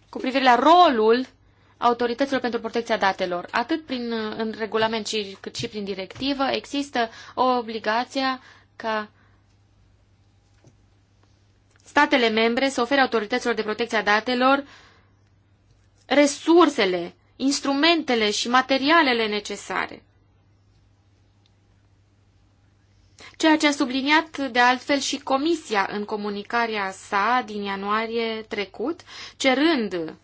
Cu privire la rolul autorităților pentru protecția datelor. Atât prin, în regulament și, cât și prin directivă există o obligație ca statele membre să ofere autorităților de protecție a datelor resursele instrumentele și materialele necesare. Ceea ce a subliniat de altfel și Comisia în comunicarea sa din ianuarie trecut, cerând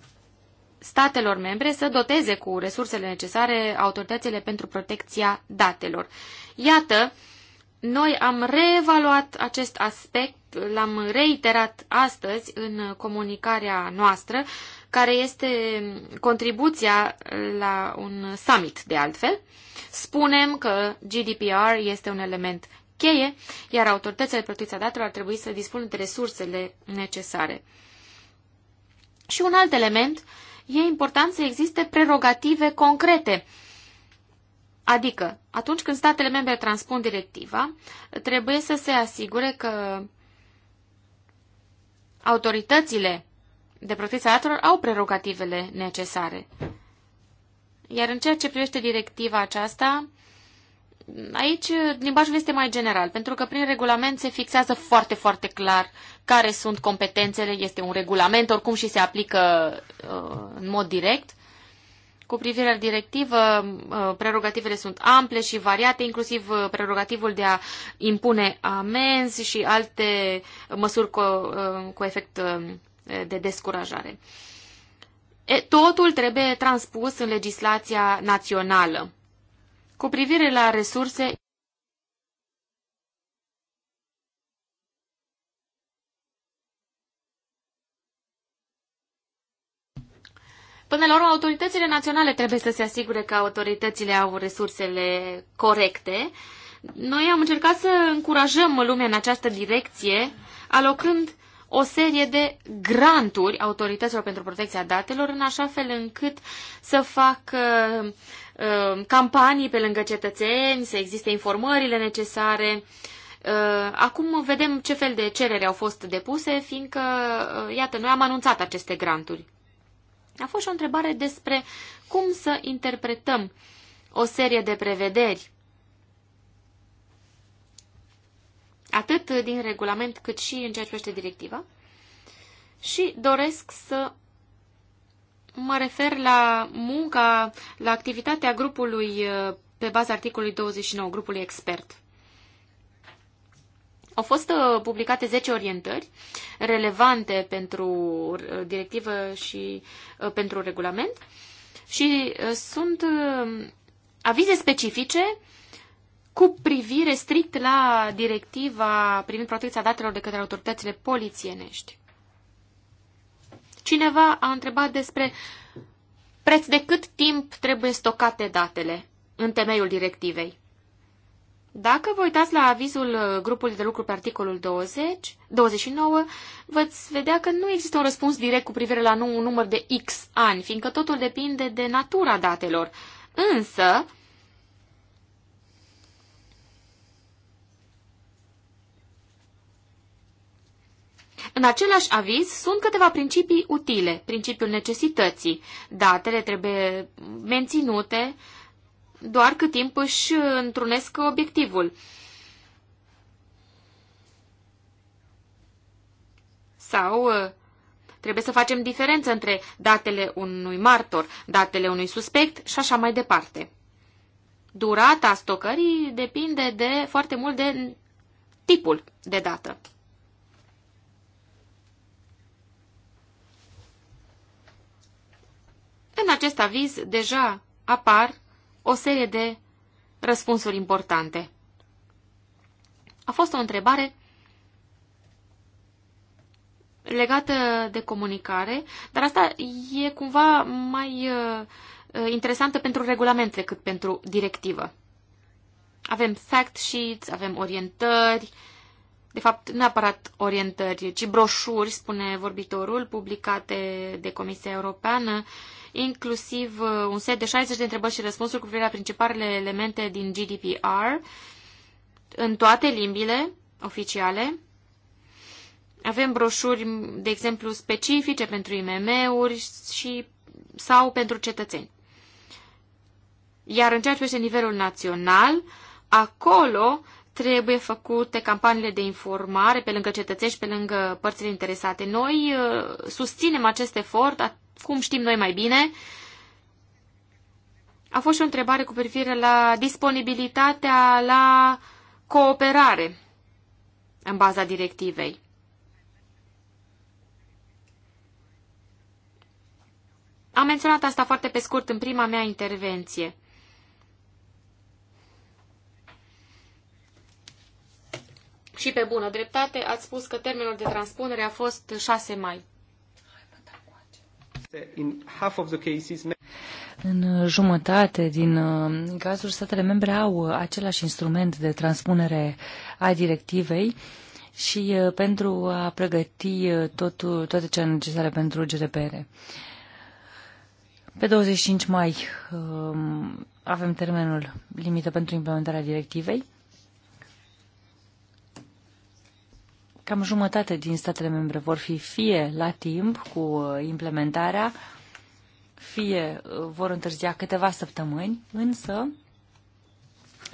statelor membre să doteze cu resursele necesare autoritățile pentru protecția datelor. Iată, noi am reevaluat acest aspect, l-am reiterat astăzi în comunicarea noastră care este contribuția la un summit, de altfel. Spunem că GDPR este un element cheie, iar autoritățile de a datelor ar trebui să dispună de resursele necesare. Și un alt element, e important să existe prerogative concrete. Adică, atunci când statele membre transpun directiva, trebuie să se asigure că autoritățile de protecție a datelor au prerogativele necesare. Iar în ceea ce privește directiva aceasta, aici limbajul este mai general, pentru că prin regulament se fixează foarte, foarte clar care sunt competențele, este un regulament oricum și se aplică uh, în mod direct. Cu privire la directivă, uh, prerogativele sunt ample și variate, inclusiv uh, prerogativul de a impune amenzi și alte măsuri cu, uh, cu efect de descurajare. E, totul trebuie transpus în legislația națională. Cu privire la resurse, Până la urmă, autoritățile naționale trebuie să se asigure că autoritățile au resursele corecte. Noi am încercat să încurajăm lumea în această direcție, alocând o serie de granturi autorităților pentru protecția datelor, în așa fel încât să facă uh, campanii pe lângă cetățeni, să existe informările necesare. Uh, acum vedem ce fel de cereri au fost depuse, fiindcă, uh, iată, noi am anunțat aceste granturi. A fost și o întrebare despre cum să interpretăm o serie de prevederi atât din regulament cât și în ceea ce privește directiva. Și doresc să mă refer la munca, la activitatea grupului uh, pe baza articolului 29, grupului expert. Au fost uh, publicate 10 orientări relevante pentru uh, directivă și pentru regulament și sunt avize specifice cu privire strict la directiva privind protecția datelor de către autoritățile polițienești. Cineva a întrebat despre preț de cât timp trebuie stocate datele în temeiul directivei. Dacă vă uitați la avizul grupului de lucru pe articolul 20, 29, veți vedea că nu există un răspuns direct cu privire la un număr de X ani, fiindcă totul depinde de natura datelor. Însă, În același aviz sunt câteva principii utile. Principiul necesității. Datele trebuie menținute doar cât timp își întrunesc obiectivul. Sau uh, trebuie să facem diferență între datele unui martor, datele unui suspect și așa mai departe. Durata stocării depinde de foarte mult de tipul de dată. În acest aviz deja apar o serie de răspunsuri importante. A fost o întrebare legată de comunicare, dar asta e cumva mai uh, interesantă pentru regulament decât pentru directivă. Avem fact sheets, avem orientări, de fapt, neapărat orientări, ci broșuri, spune vorbitorul, publicate de Comisia Europeană, inclusiv uh, un set de 60 de întrebări și răspunsuri cu privire la principalele elemente din GDPR, în toate limbile oficiale. Avem broșuri, de exemplu, specifice pentru IMM-uri și, sau pentru cetățeni. Iar în ceea ce privește nivelul național, acolo trebuie făcute campaniile de informare pe lângă cetățești, pe lângă părțile interesate. Noi uh, susținem acest efort, cum știm noi mai bine. A fost și o întrebare cu privire la disponibilitatea la cooperare în baza directivei. Am menționat asta foarte pe scurt în prima mea intervenție. Și pe bună dreptate ați spus că termenul de transpunere a fost 6 mai. În jumătate din uh, cazuri, statele membre au uh, același instrument de transpunere a directivei și uh, pentru a pregăti totul, toate cele necesare pentru GDPR. Pe 25 mai um, avem termenul limită pentru implementarea directivei Cam jumătate din statele membre vor fi fie la timp cu uh, implementarea, fie uh, vor întârzia câteva săptămâni, însă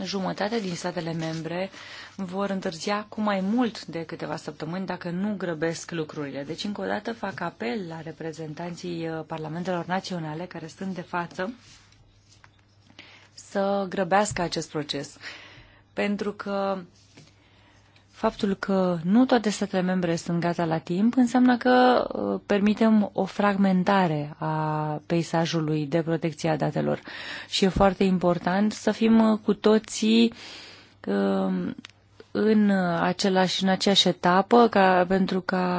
jumătate din statele membre vor întârzia cu mai mult de câteva săptămâni dacă nu grăbesc lucrurile. Deci, încă o dată, fac apel la reprezentanții uh, parlamentelor naționale care sunt de față să grăbească acest proces. Pentru că Faptul că nu toate statele membre sunt gata la timp înseamnă că uh, permitem o fragmentare a peisajului de protecție a datelor și e foarte important să fim uh, cu toții uh, în același, în aceeași etapă ca, pentru ca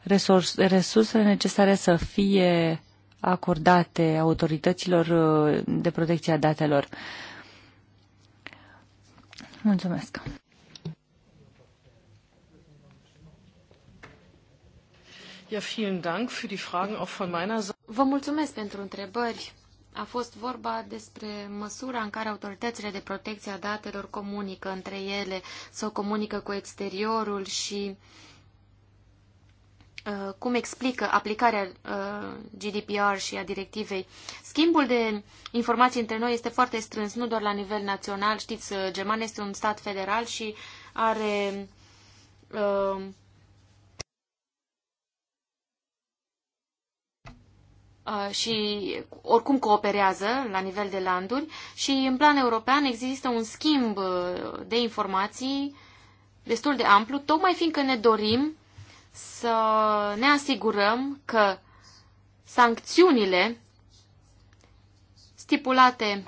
resurs, resursele necesare să fie acordate autorităților de protecție a datelor. Mulțumesc! Vă mulțumesc pentru întrebări. A fost vorba despre măsura în care autoritățile de protecție a datelor comunică între ele sau comunică cu exteriorul și uh, cum explică aplicarea uh, GDPR și a directivei. Schimbul de informații între noi este foarte strâns, nu doar la nivel național. Știți, uh, Germania este un stat federal și are uh, Uh, și oricum cooperează la nivel de landuri și în plan european există un schimb uh, de informații destul de amplu, tocmai fiindcă ne dorim să ne asigurăm că sancțiunile stipulate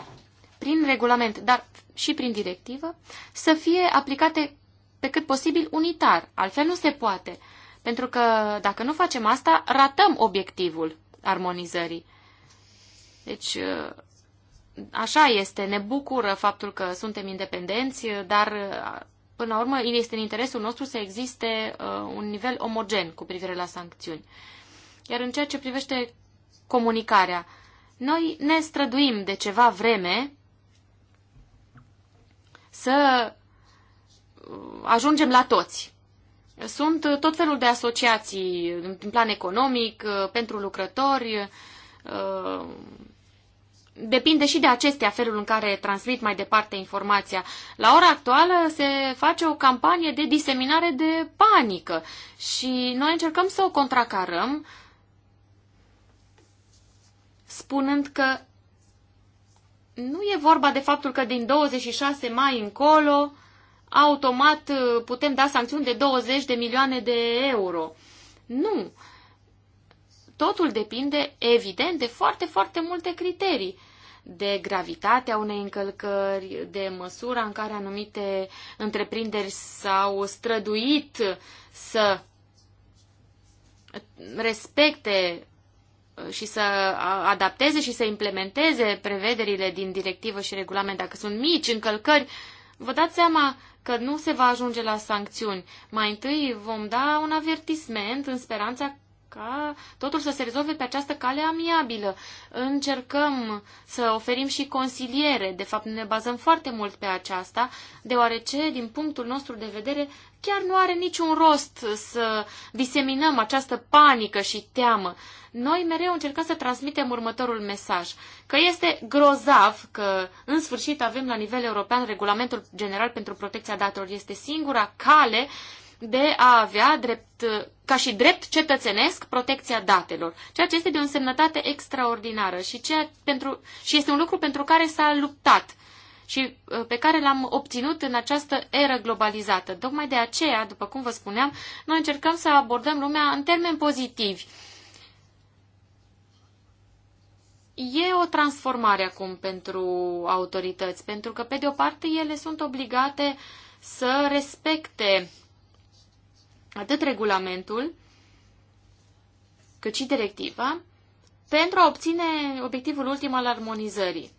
prin regulament, dar și prin directivă, să fie aplicate pe cât posibil unitar. Altfel nu se poate, pentru că dacă nu facem asta, ratăm obiectivul armonizării. Deci, uh, așa este, ne bucură faptul că suntem independenți, dar uh, până la urmă este în interesul nostru să existe uh, un nivel omogen cu privire la sancțiuni. Iar în ceea ce privește comunicarea, noi ne străduim de ceva vreme să ajungem la toți. Sunt uh, tot felul de asociații în plan economic, uh, pentru lucrători. Uh, depinde și de acestea felul în care transmit mai departe informația. La ora actuală se face o campanie de diseminare de panică și noi încercăm să o contracarăm spunând că nu e vorba de faptul că din 26 mai încolo automat uh, putem da sancțiuni de 20 de milioane de euro. Nu. Totul depinde, evident, de foarte, foarte multe criterii de gravitatea unei încălcări, de măsura în care anumite întreprinderi s-au străduit să respecte uh, și să uh, adapteze și să implementeze prevederile din directivă și regulament, dacă sunt mici încălcări, vă dați seama că nu se va ajunge la sancțiuni. Mai întâi vom da un avertisment în speranța ca totul să se rezolve pe această cale amiabilă. Încercăm să oferim și consiliere, de fapt ne bazăm foarte mult pe aceasta, deoarece, din punctul nostru de vedere, chiar nu are niciun rost să diseminăm această panică și teamă. Noi mereu încercăm să transmitem următorul mesaj, că este grozav că în sfârșit avem la nivel european regulamentul general pentru protecția datelor. Este singura cale de a avea drept, ca și drept cetățenesc protecția datelor, ceea ce este de o însemnătate extraordinară și, ceea pentru, și este un lucru pentru care s-a luptat și ă, pe care l-am obținut în această eră globalizată. Tocmai de aceea, după cum vă spuneam, noi încercăm să abordăm lumea în termeni pozitivi. E o transformare acum pentru autorități, pentru că, pe de o parte, ele sunt obligate să respecte atât regulamentul, cât și directiva, pentru a obține obiectivul ultim al armonizării.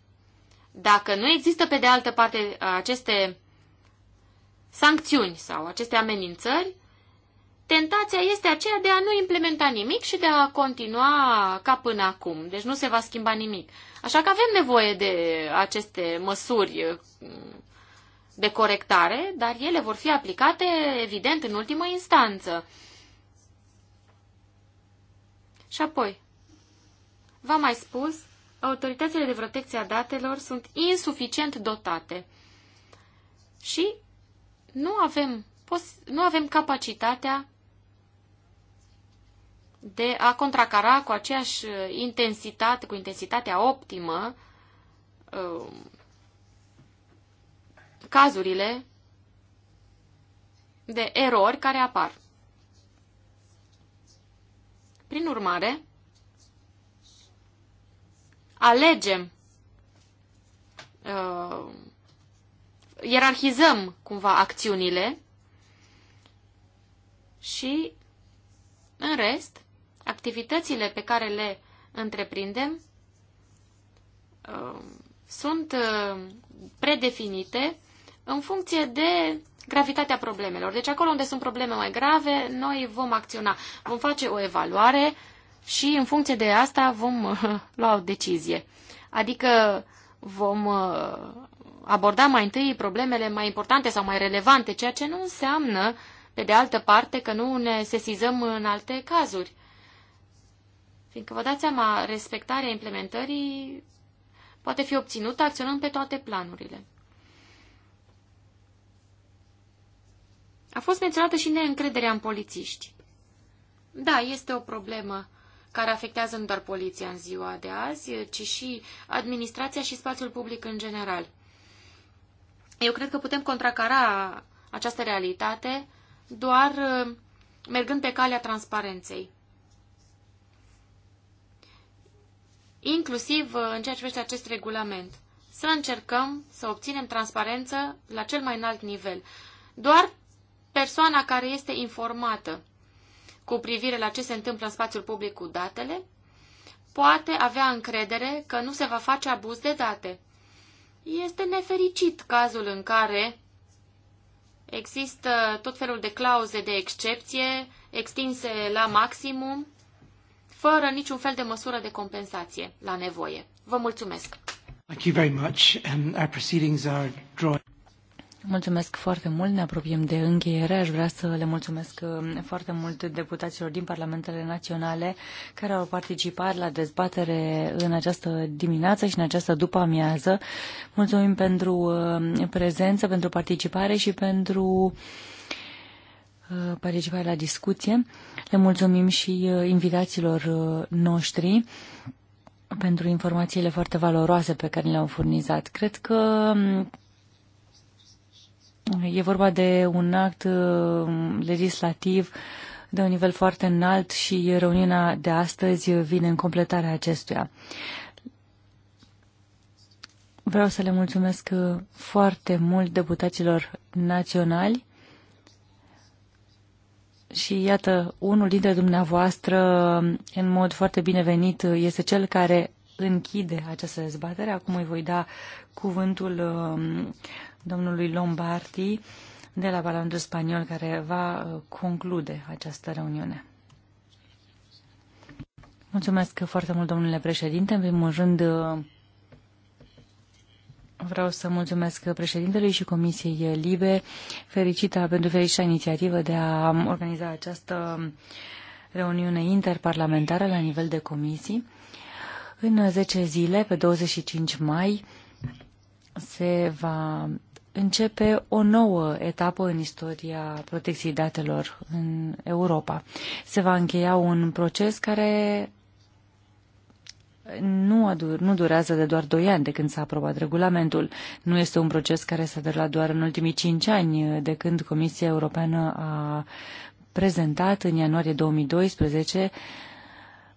Dacă nu există, pe de altă parte, aceste sancțiuni sau aceste amenințări, tentația este aceea de a nu implementa nimic și de a continua ca până acum. Deci nu se va schimba nimic. Așa că avem nevoie de aceste măsuri de corectare, dar ele vor fi aplicate, evident, în ultimă instanță. Și apoi, v-am mai spus, autoritățile de protecție a datelor sunt insuficient dotate și nu avem, nu avem capacitatea de a contracara cu aceeași uh, intensitate, cu intensitatea optimă, uh, cazurile de erori care apar. Prin urmare, alegem, uh, ierarhizăm cumva acțiunile și, în rest, activitățile pe care le întreprindem uh, sunt uh, predefinite în funcție de gravitatea problemelor. Deci acolo unde sunt probleme mai grave, noi vom acționa. Vom face o evaluare și în funcție de asta vom uh, lua o decizie. Adică vom uh, aborda mai întâi problemele mai importante sau mai relevante, ceea ce nu înseamnă, pe de altă parte, că nu ne sesizăm în alte cazuri. Fiindcă vă dați seama, respectarea implementării poate fi obținută acționând pe toate planurile. A fost menționată și neîncrederea în polițiști. Da, este o problemă care afectează nu doar poliția în ziua de azi, ci și administrația și spațiul public în general. Eu cred că putem contracara această realitate doar uh, mergând pe calea transparenței. Inclusiv uh, în ceea ce privește acest regulament. Să încercăm să obținem transparență la cel mai înalt nivel. Doar persoana care este informată cu privire la ce se întâmplă în spațiul public cu datele, poate avea încredere că nu se va face abuz de date. Este nefericit cazul în care există tot felul de clauze de excepție extinse la maximum, fără niciun fel de măsură de compensație la nevoie. Vă mulțumesc! Thank you very much. Um, our proceedings are drawing... Mulțumesc foarte mult, ne apropiem de încheiere. Aș vrea să le mulțumesc uh, foarte mult deputaților din Parlamentele Naționale care au participat la dezbatere în această dimineață și în această după amiază. Mulțumim pentru uh, prezență, pentru participare și pentru uh, participare la discuție. Le mulțumim și invitațiilor noștri pentru informațiile foarte valoroase pe care le-au furnizat. Cred că um, E vorba de un act uh, legislativ de un nivel foarte înalt și reuniunea de astăzi vine în completarea acestuia. Vreau să le mulțumesc uh, foarte mult deputaților naționali și iată, unul dintre dumneavoastră, în mod foarte binevenit, este cel care închide această dezbatere. Acum îi voi da cuvântul uh, domnului Lombardi de la Parlamentul Spaniol care va uh, conclude această reuniune. Mulțumesc foarte mult, domnule președinte. În primul rând, uh, vreau să mulțumesc președintelui și Comisiei Libe fericită pentru fericită inițiativă de a organiza această reuniune interparlamentară la nivel de comisii. În 10 zile, pe 25 mai, se va începe o nouă etapă în istoria protecției datelor în Europa. Se va încheia un proces care nu, adur, nu durează de doar 2 ani de când s-a aprobat regulamentul. Nu este un proces care s-a derulat doar în ultimii 5 ani, de când Comisia Europeană a prezentat în ianuarie 2012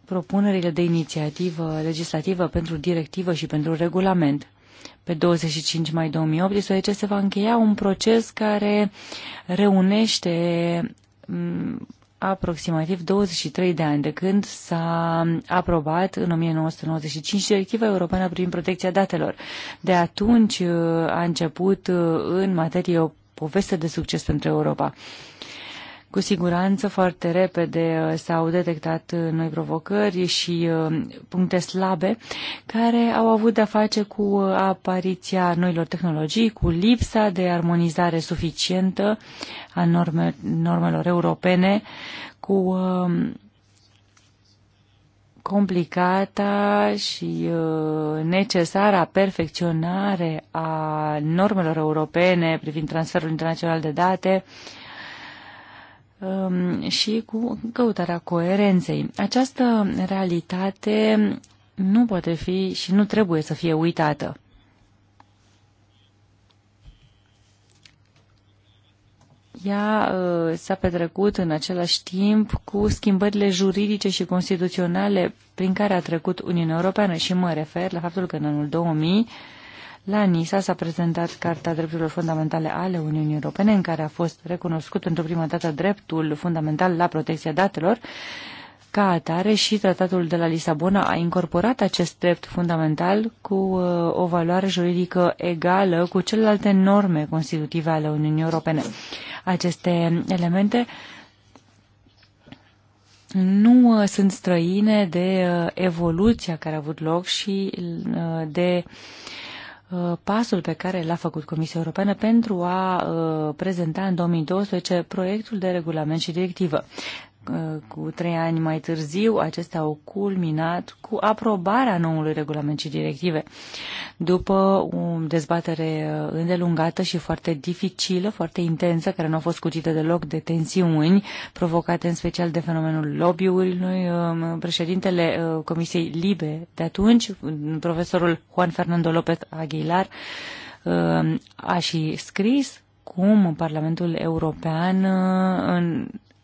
propunerile de inițiativă legislativă pentru directivă și pentru regulament pe 25 mai 2018 se va încheia un proces care reunește mm, aproximativ 23 de ani de când s-a aprobat în 1995 Directiva Europeană privind protecția datelor. De atunci uh, a început uh, în materie o poveste de succes pentru Europa. Cu siguranță, foarte repede uh, s-au detectat uh, noi provocări și uh, puncte slabe care au avut de-a face cu apariția noilor tehnologii, cu lipsa de armonizare suficientă a norme, normelor europene, cu um, complicata și necesara perfecționare a normelor europene privind transferul internațional de date, Um, și cu căutarea coerenței. Această realitate nu poate fi și nu trebuie să fie uitată. Ea uh, s-a petrecut în același timp cu schimbările juridice și constituționale prin care a trecut Uniunea Europeană și mă refer la faptul că în anul 2000 la Nisa s-a prezentat Carta Drepturilor Fundamentale ale Uniunii Europene, în care a fost recunoscut pentru prima dată dreptul fundamental la protecția datelor. Ca atare și tratatul de la Lisabona a incorporat acest drept fundamental cu uh, o valoare juridică egală cu celelalte norme constitutive ale Uniunii Europene. Aceste elemente nu uh, sunt străine de uh, evoluția care a avut loc și de uh, Uh, pasul pe care l-a făcut Comisia Europeană pentru a uh, prezenta în 2012 proiectul de regulament și directivă. Uh, cu trei ani mai târziu, acestea au culminat cu aprobarea noului regulament și directive. După o dezbatere uh, îndelungată și foarte dificilă, foarte intensă, care nu a fost scutită deloc de tensiuni provocate în special de fenomenul lobby-urilor, um, președintele uh, Comisiei Libe de atunci, um, profesorul Juan Fernando López Aguilar, um, a și scris cum Parlamentul European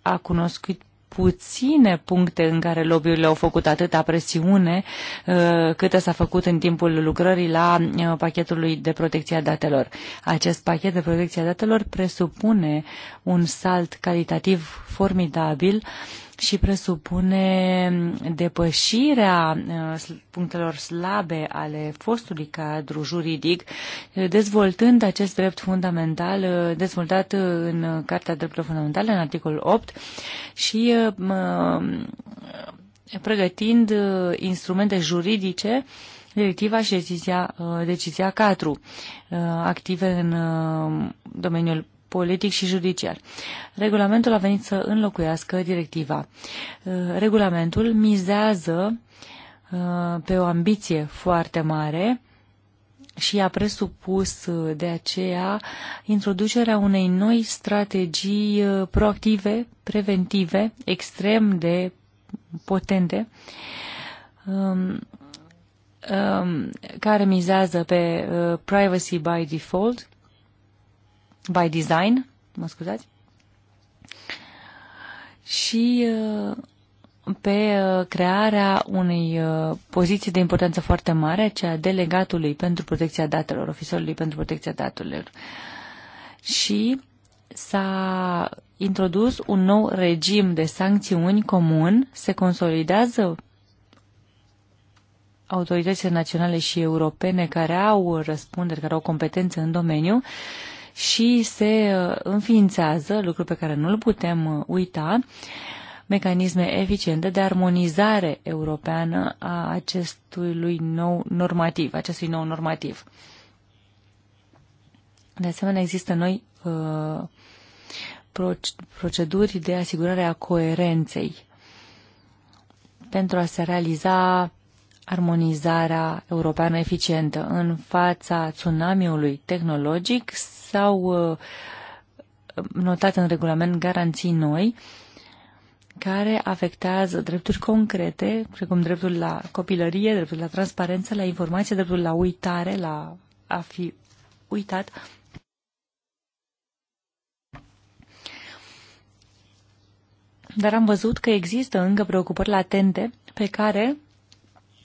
a cunoscut puține puncte în care lobby-urile au făcut atâta presiune uh, câtă s-a făcut în timpul lucrării la uh, pachetului de protecție a datelor. Acest pachet de protecție a datelor presupune un salt calitativ formidabil și presupune depășirea uh, punctelor slabe ale fostului cadru juridic, uh, dezvoltând acest drept fundamental uh, dezvoltat în Carta Drepturilor Fundamentale, în articolul 8, și pregătind instrumente juridice directiva și decizia, decizia 4, active în domeniul politic și judiciar. Regulamentul a venit să înlocuiască directiva. Uh, regulamentul mizează uh, pe o ambiție foarte mare și a presupus uh, de aceea introducerea unei noi strategii proactive, preventive, extrem de potente, um, um, care mizează pe privacy by default, by design, mă scuzați, și uh, pe uh, crearea unei uh, poziții de importanță foarte mare, cea delegatului pentru protecția datelor, ofițerului pentru protecția datelor. Și s-a introdus un nou regim de sancțiuni comun, se consolidează autoritățile naționale și europene care au răspunderi, care au competențe în domeniu și se uh, înființează, lucru pe care nu îl putem uh, uita, mecanisme eficiente de armonizare europeană a acestui nou normativ, acestui nou normativ. De asemenea, există noi uh, proceduri de asigurare a coerenței pentru a se realiza armonizarea europeană eficientă în fața tsunamiului tehnologic sau uh, notat în regulament garanții noi care afectează drepturi concrete, precum dreptul la copilărie, dreptul la transparență, la informație, dreptul la uitare, la a fi uitat. Dar am văzut că există încă preocupări latente pe care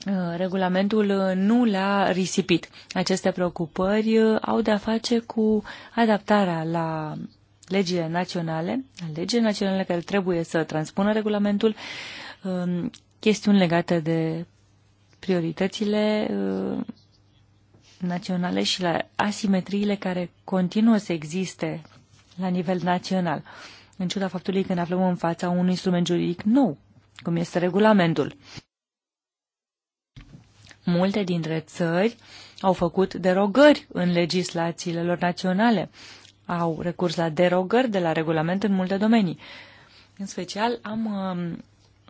Uh, regulamentul uh, nu le-a risipit. Aceste preocupări uh, au de-a face cu adaptarea la legile naționale, legile naționale care trebuie să transpună regulamentul, um, chestiuni legate de prioritățile naționale și la asimetriile care continuă să existe la nivel național, în ciuda faptului că ne aflăm în fața unui instrument juridic nou, cum este regulamentul. Multe dintre țări au făcut derogări în legislațiile lor naționale, au recurs la derogări de la regulament în multe domenii. În special am um,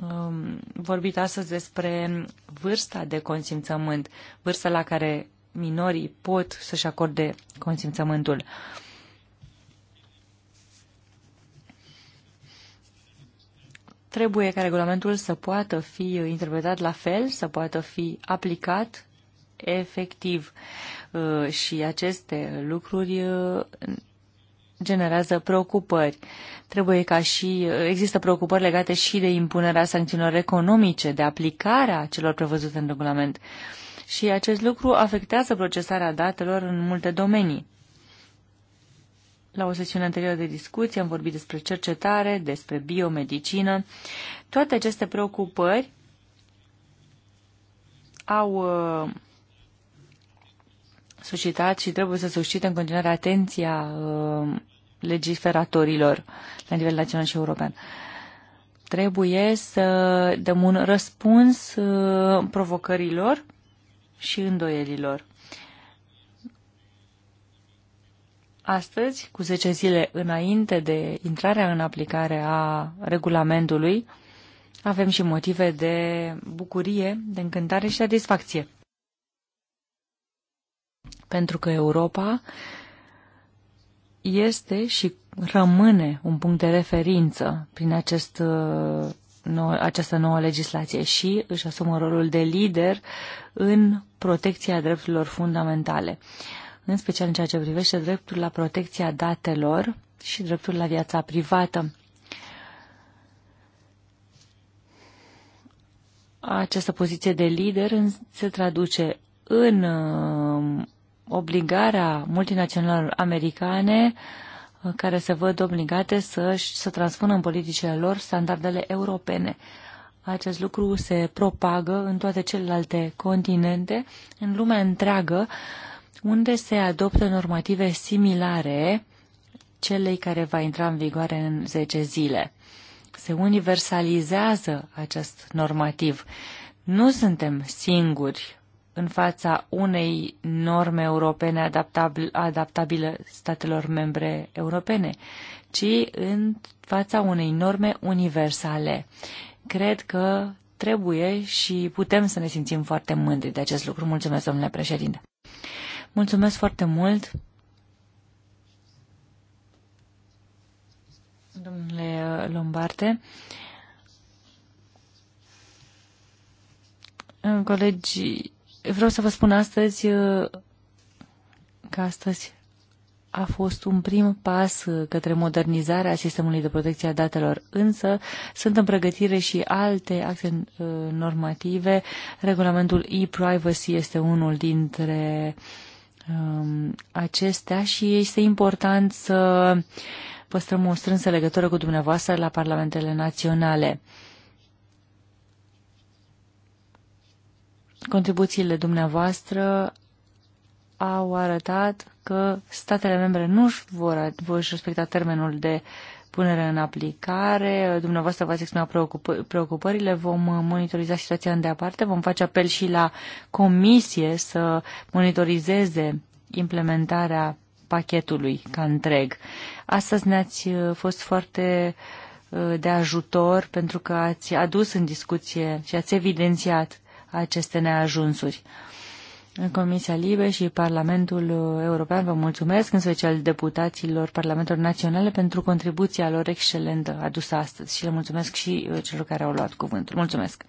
um vorbit astăzi despre vârsta de consimțământ, vârsta la care minorii pot să-și acorde consimțământul. Uh, Trebuie ca regulamentul să poată fi interpretat la fel, să poată fi aplicat efectiv uh, și aceste lucruri uh, generează preocupări. Trebuie ca și uh, există preocupări legate și de impunerea sancțiunilor economice, de aplicarea celor prevăzute în regulament. Și acest lucru afectează procesarea datelor în multe domenii. La o sesiune anterioară de discuție am vorbit despre cercetare, despre biomedicină. Toate aceste preocupări au uh, suscitat și trebuie să suscite în continuare atenția uh, legiferatorilor la nivel național și european. Trebuie să dăm un răspuns uh, provocărilor și îndoielilor. Astăzi, cu 10 zile înainte de intrarea în aplicare a regulamentului, avem și motive de bucurie, de încântare și satisfacție. Pentru că Europa este și rămâne un punct de referință prin acest, uh, nou, această nouă legislație și își asumă rolul de lider în protecția drepturilor fundamentale. Uh, în special în ceea ce privește dreptul la protecția datelor și dreptul la viața privată. Această poziție de lider se traduce în uh, obligarea multinaționalelor americane uh, care se văd obligate să, să transpună în politicile lor standardele europene. Acest lucru se propagă în toate celelalte continente, în lumea întreagă, uh, unde se adoptă normative similare celei care va intra în vigoare în 10 zile. Se universalizează acest normativ. Nu suntem singuri în fața unei norme europene adaptabil, adaptabile statelor membre europene, ci în fața unei norme universale. Cred că trebuie și putem să ne simțim foarte mândri de acest lucru. Mulțumesc, domnule președinte. Mulțumesc foarte mult. Domnule Lombarte. colegi, vreau să vă spun astăzi uh, că astăzi a fost un prim pas către modernizarea sistemului de protecție a datelor, însă sunt în pregătire și alte acte uh, normative. Regulamentul e-privacy este unul dintre uh, Um, acestea și este important să păstrăm o strânsă legătură cu dumneavoastră la parlamentele naționale. Contribuțiile dumneavoastră au arătat că statele membre nu își vor, vor respecta termenul de uh, punere în aplicare. Dumneavoastră v-ați exprimat preocupările, vom monitoriza situația îndeaparte, vom face apel și la comisie să monitorizeze implementarea pachetului ca întreg. Astăzi ne-ați uh, fost foarte uh, de ajutor pentru că ați adus în discuție și ați evidențiat aceste neajunsuri. Comisia Libe și Parlamentul European vă mulțumesc, în special deputaților Parlamentelor Naționale, pentru contribuția lor excelentă adusă astăzi și le mulțumesc și celor care au luat cuvântul. Mulțumesc!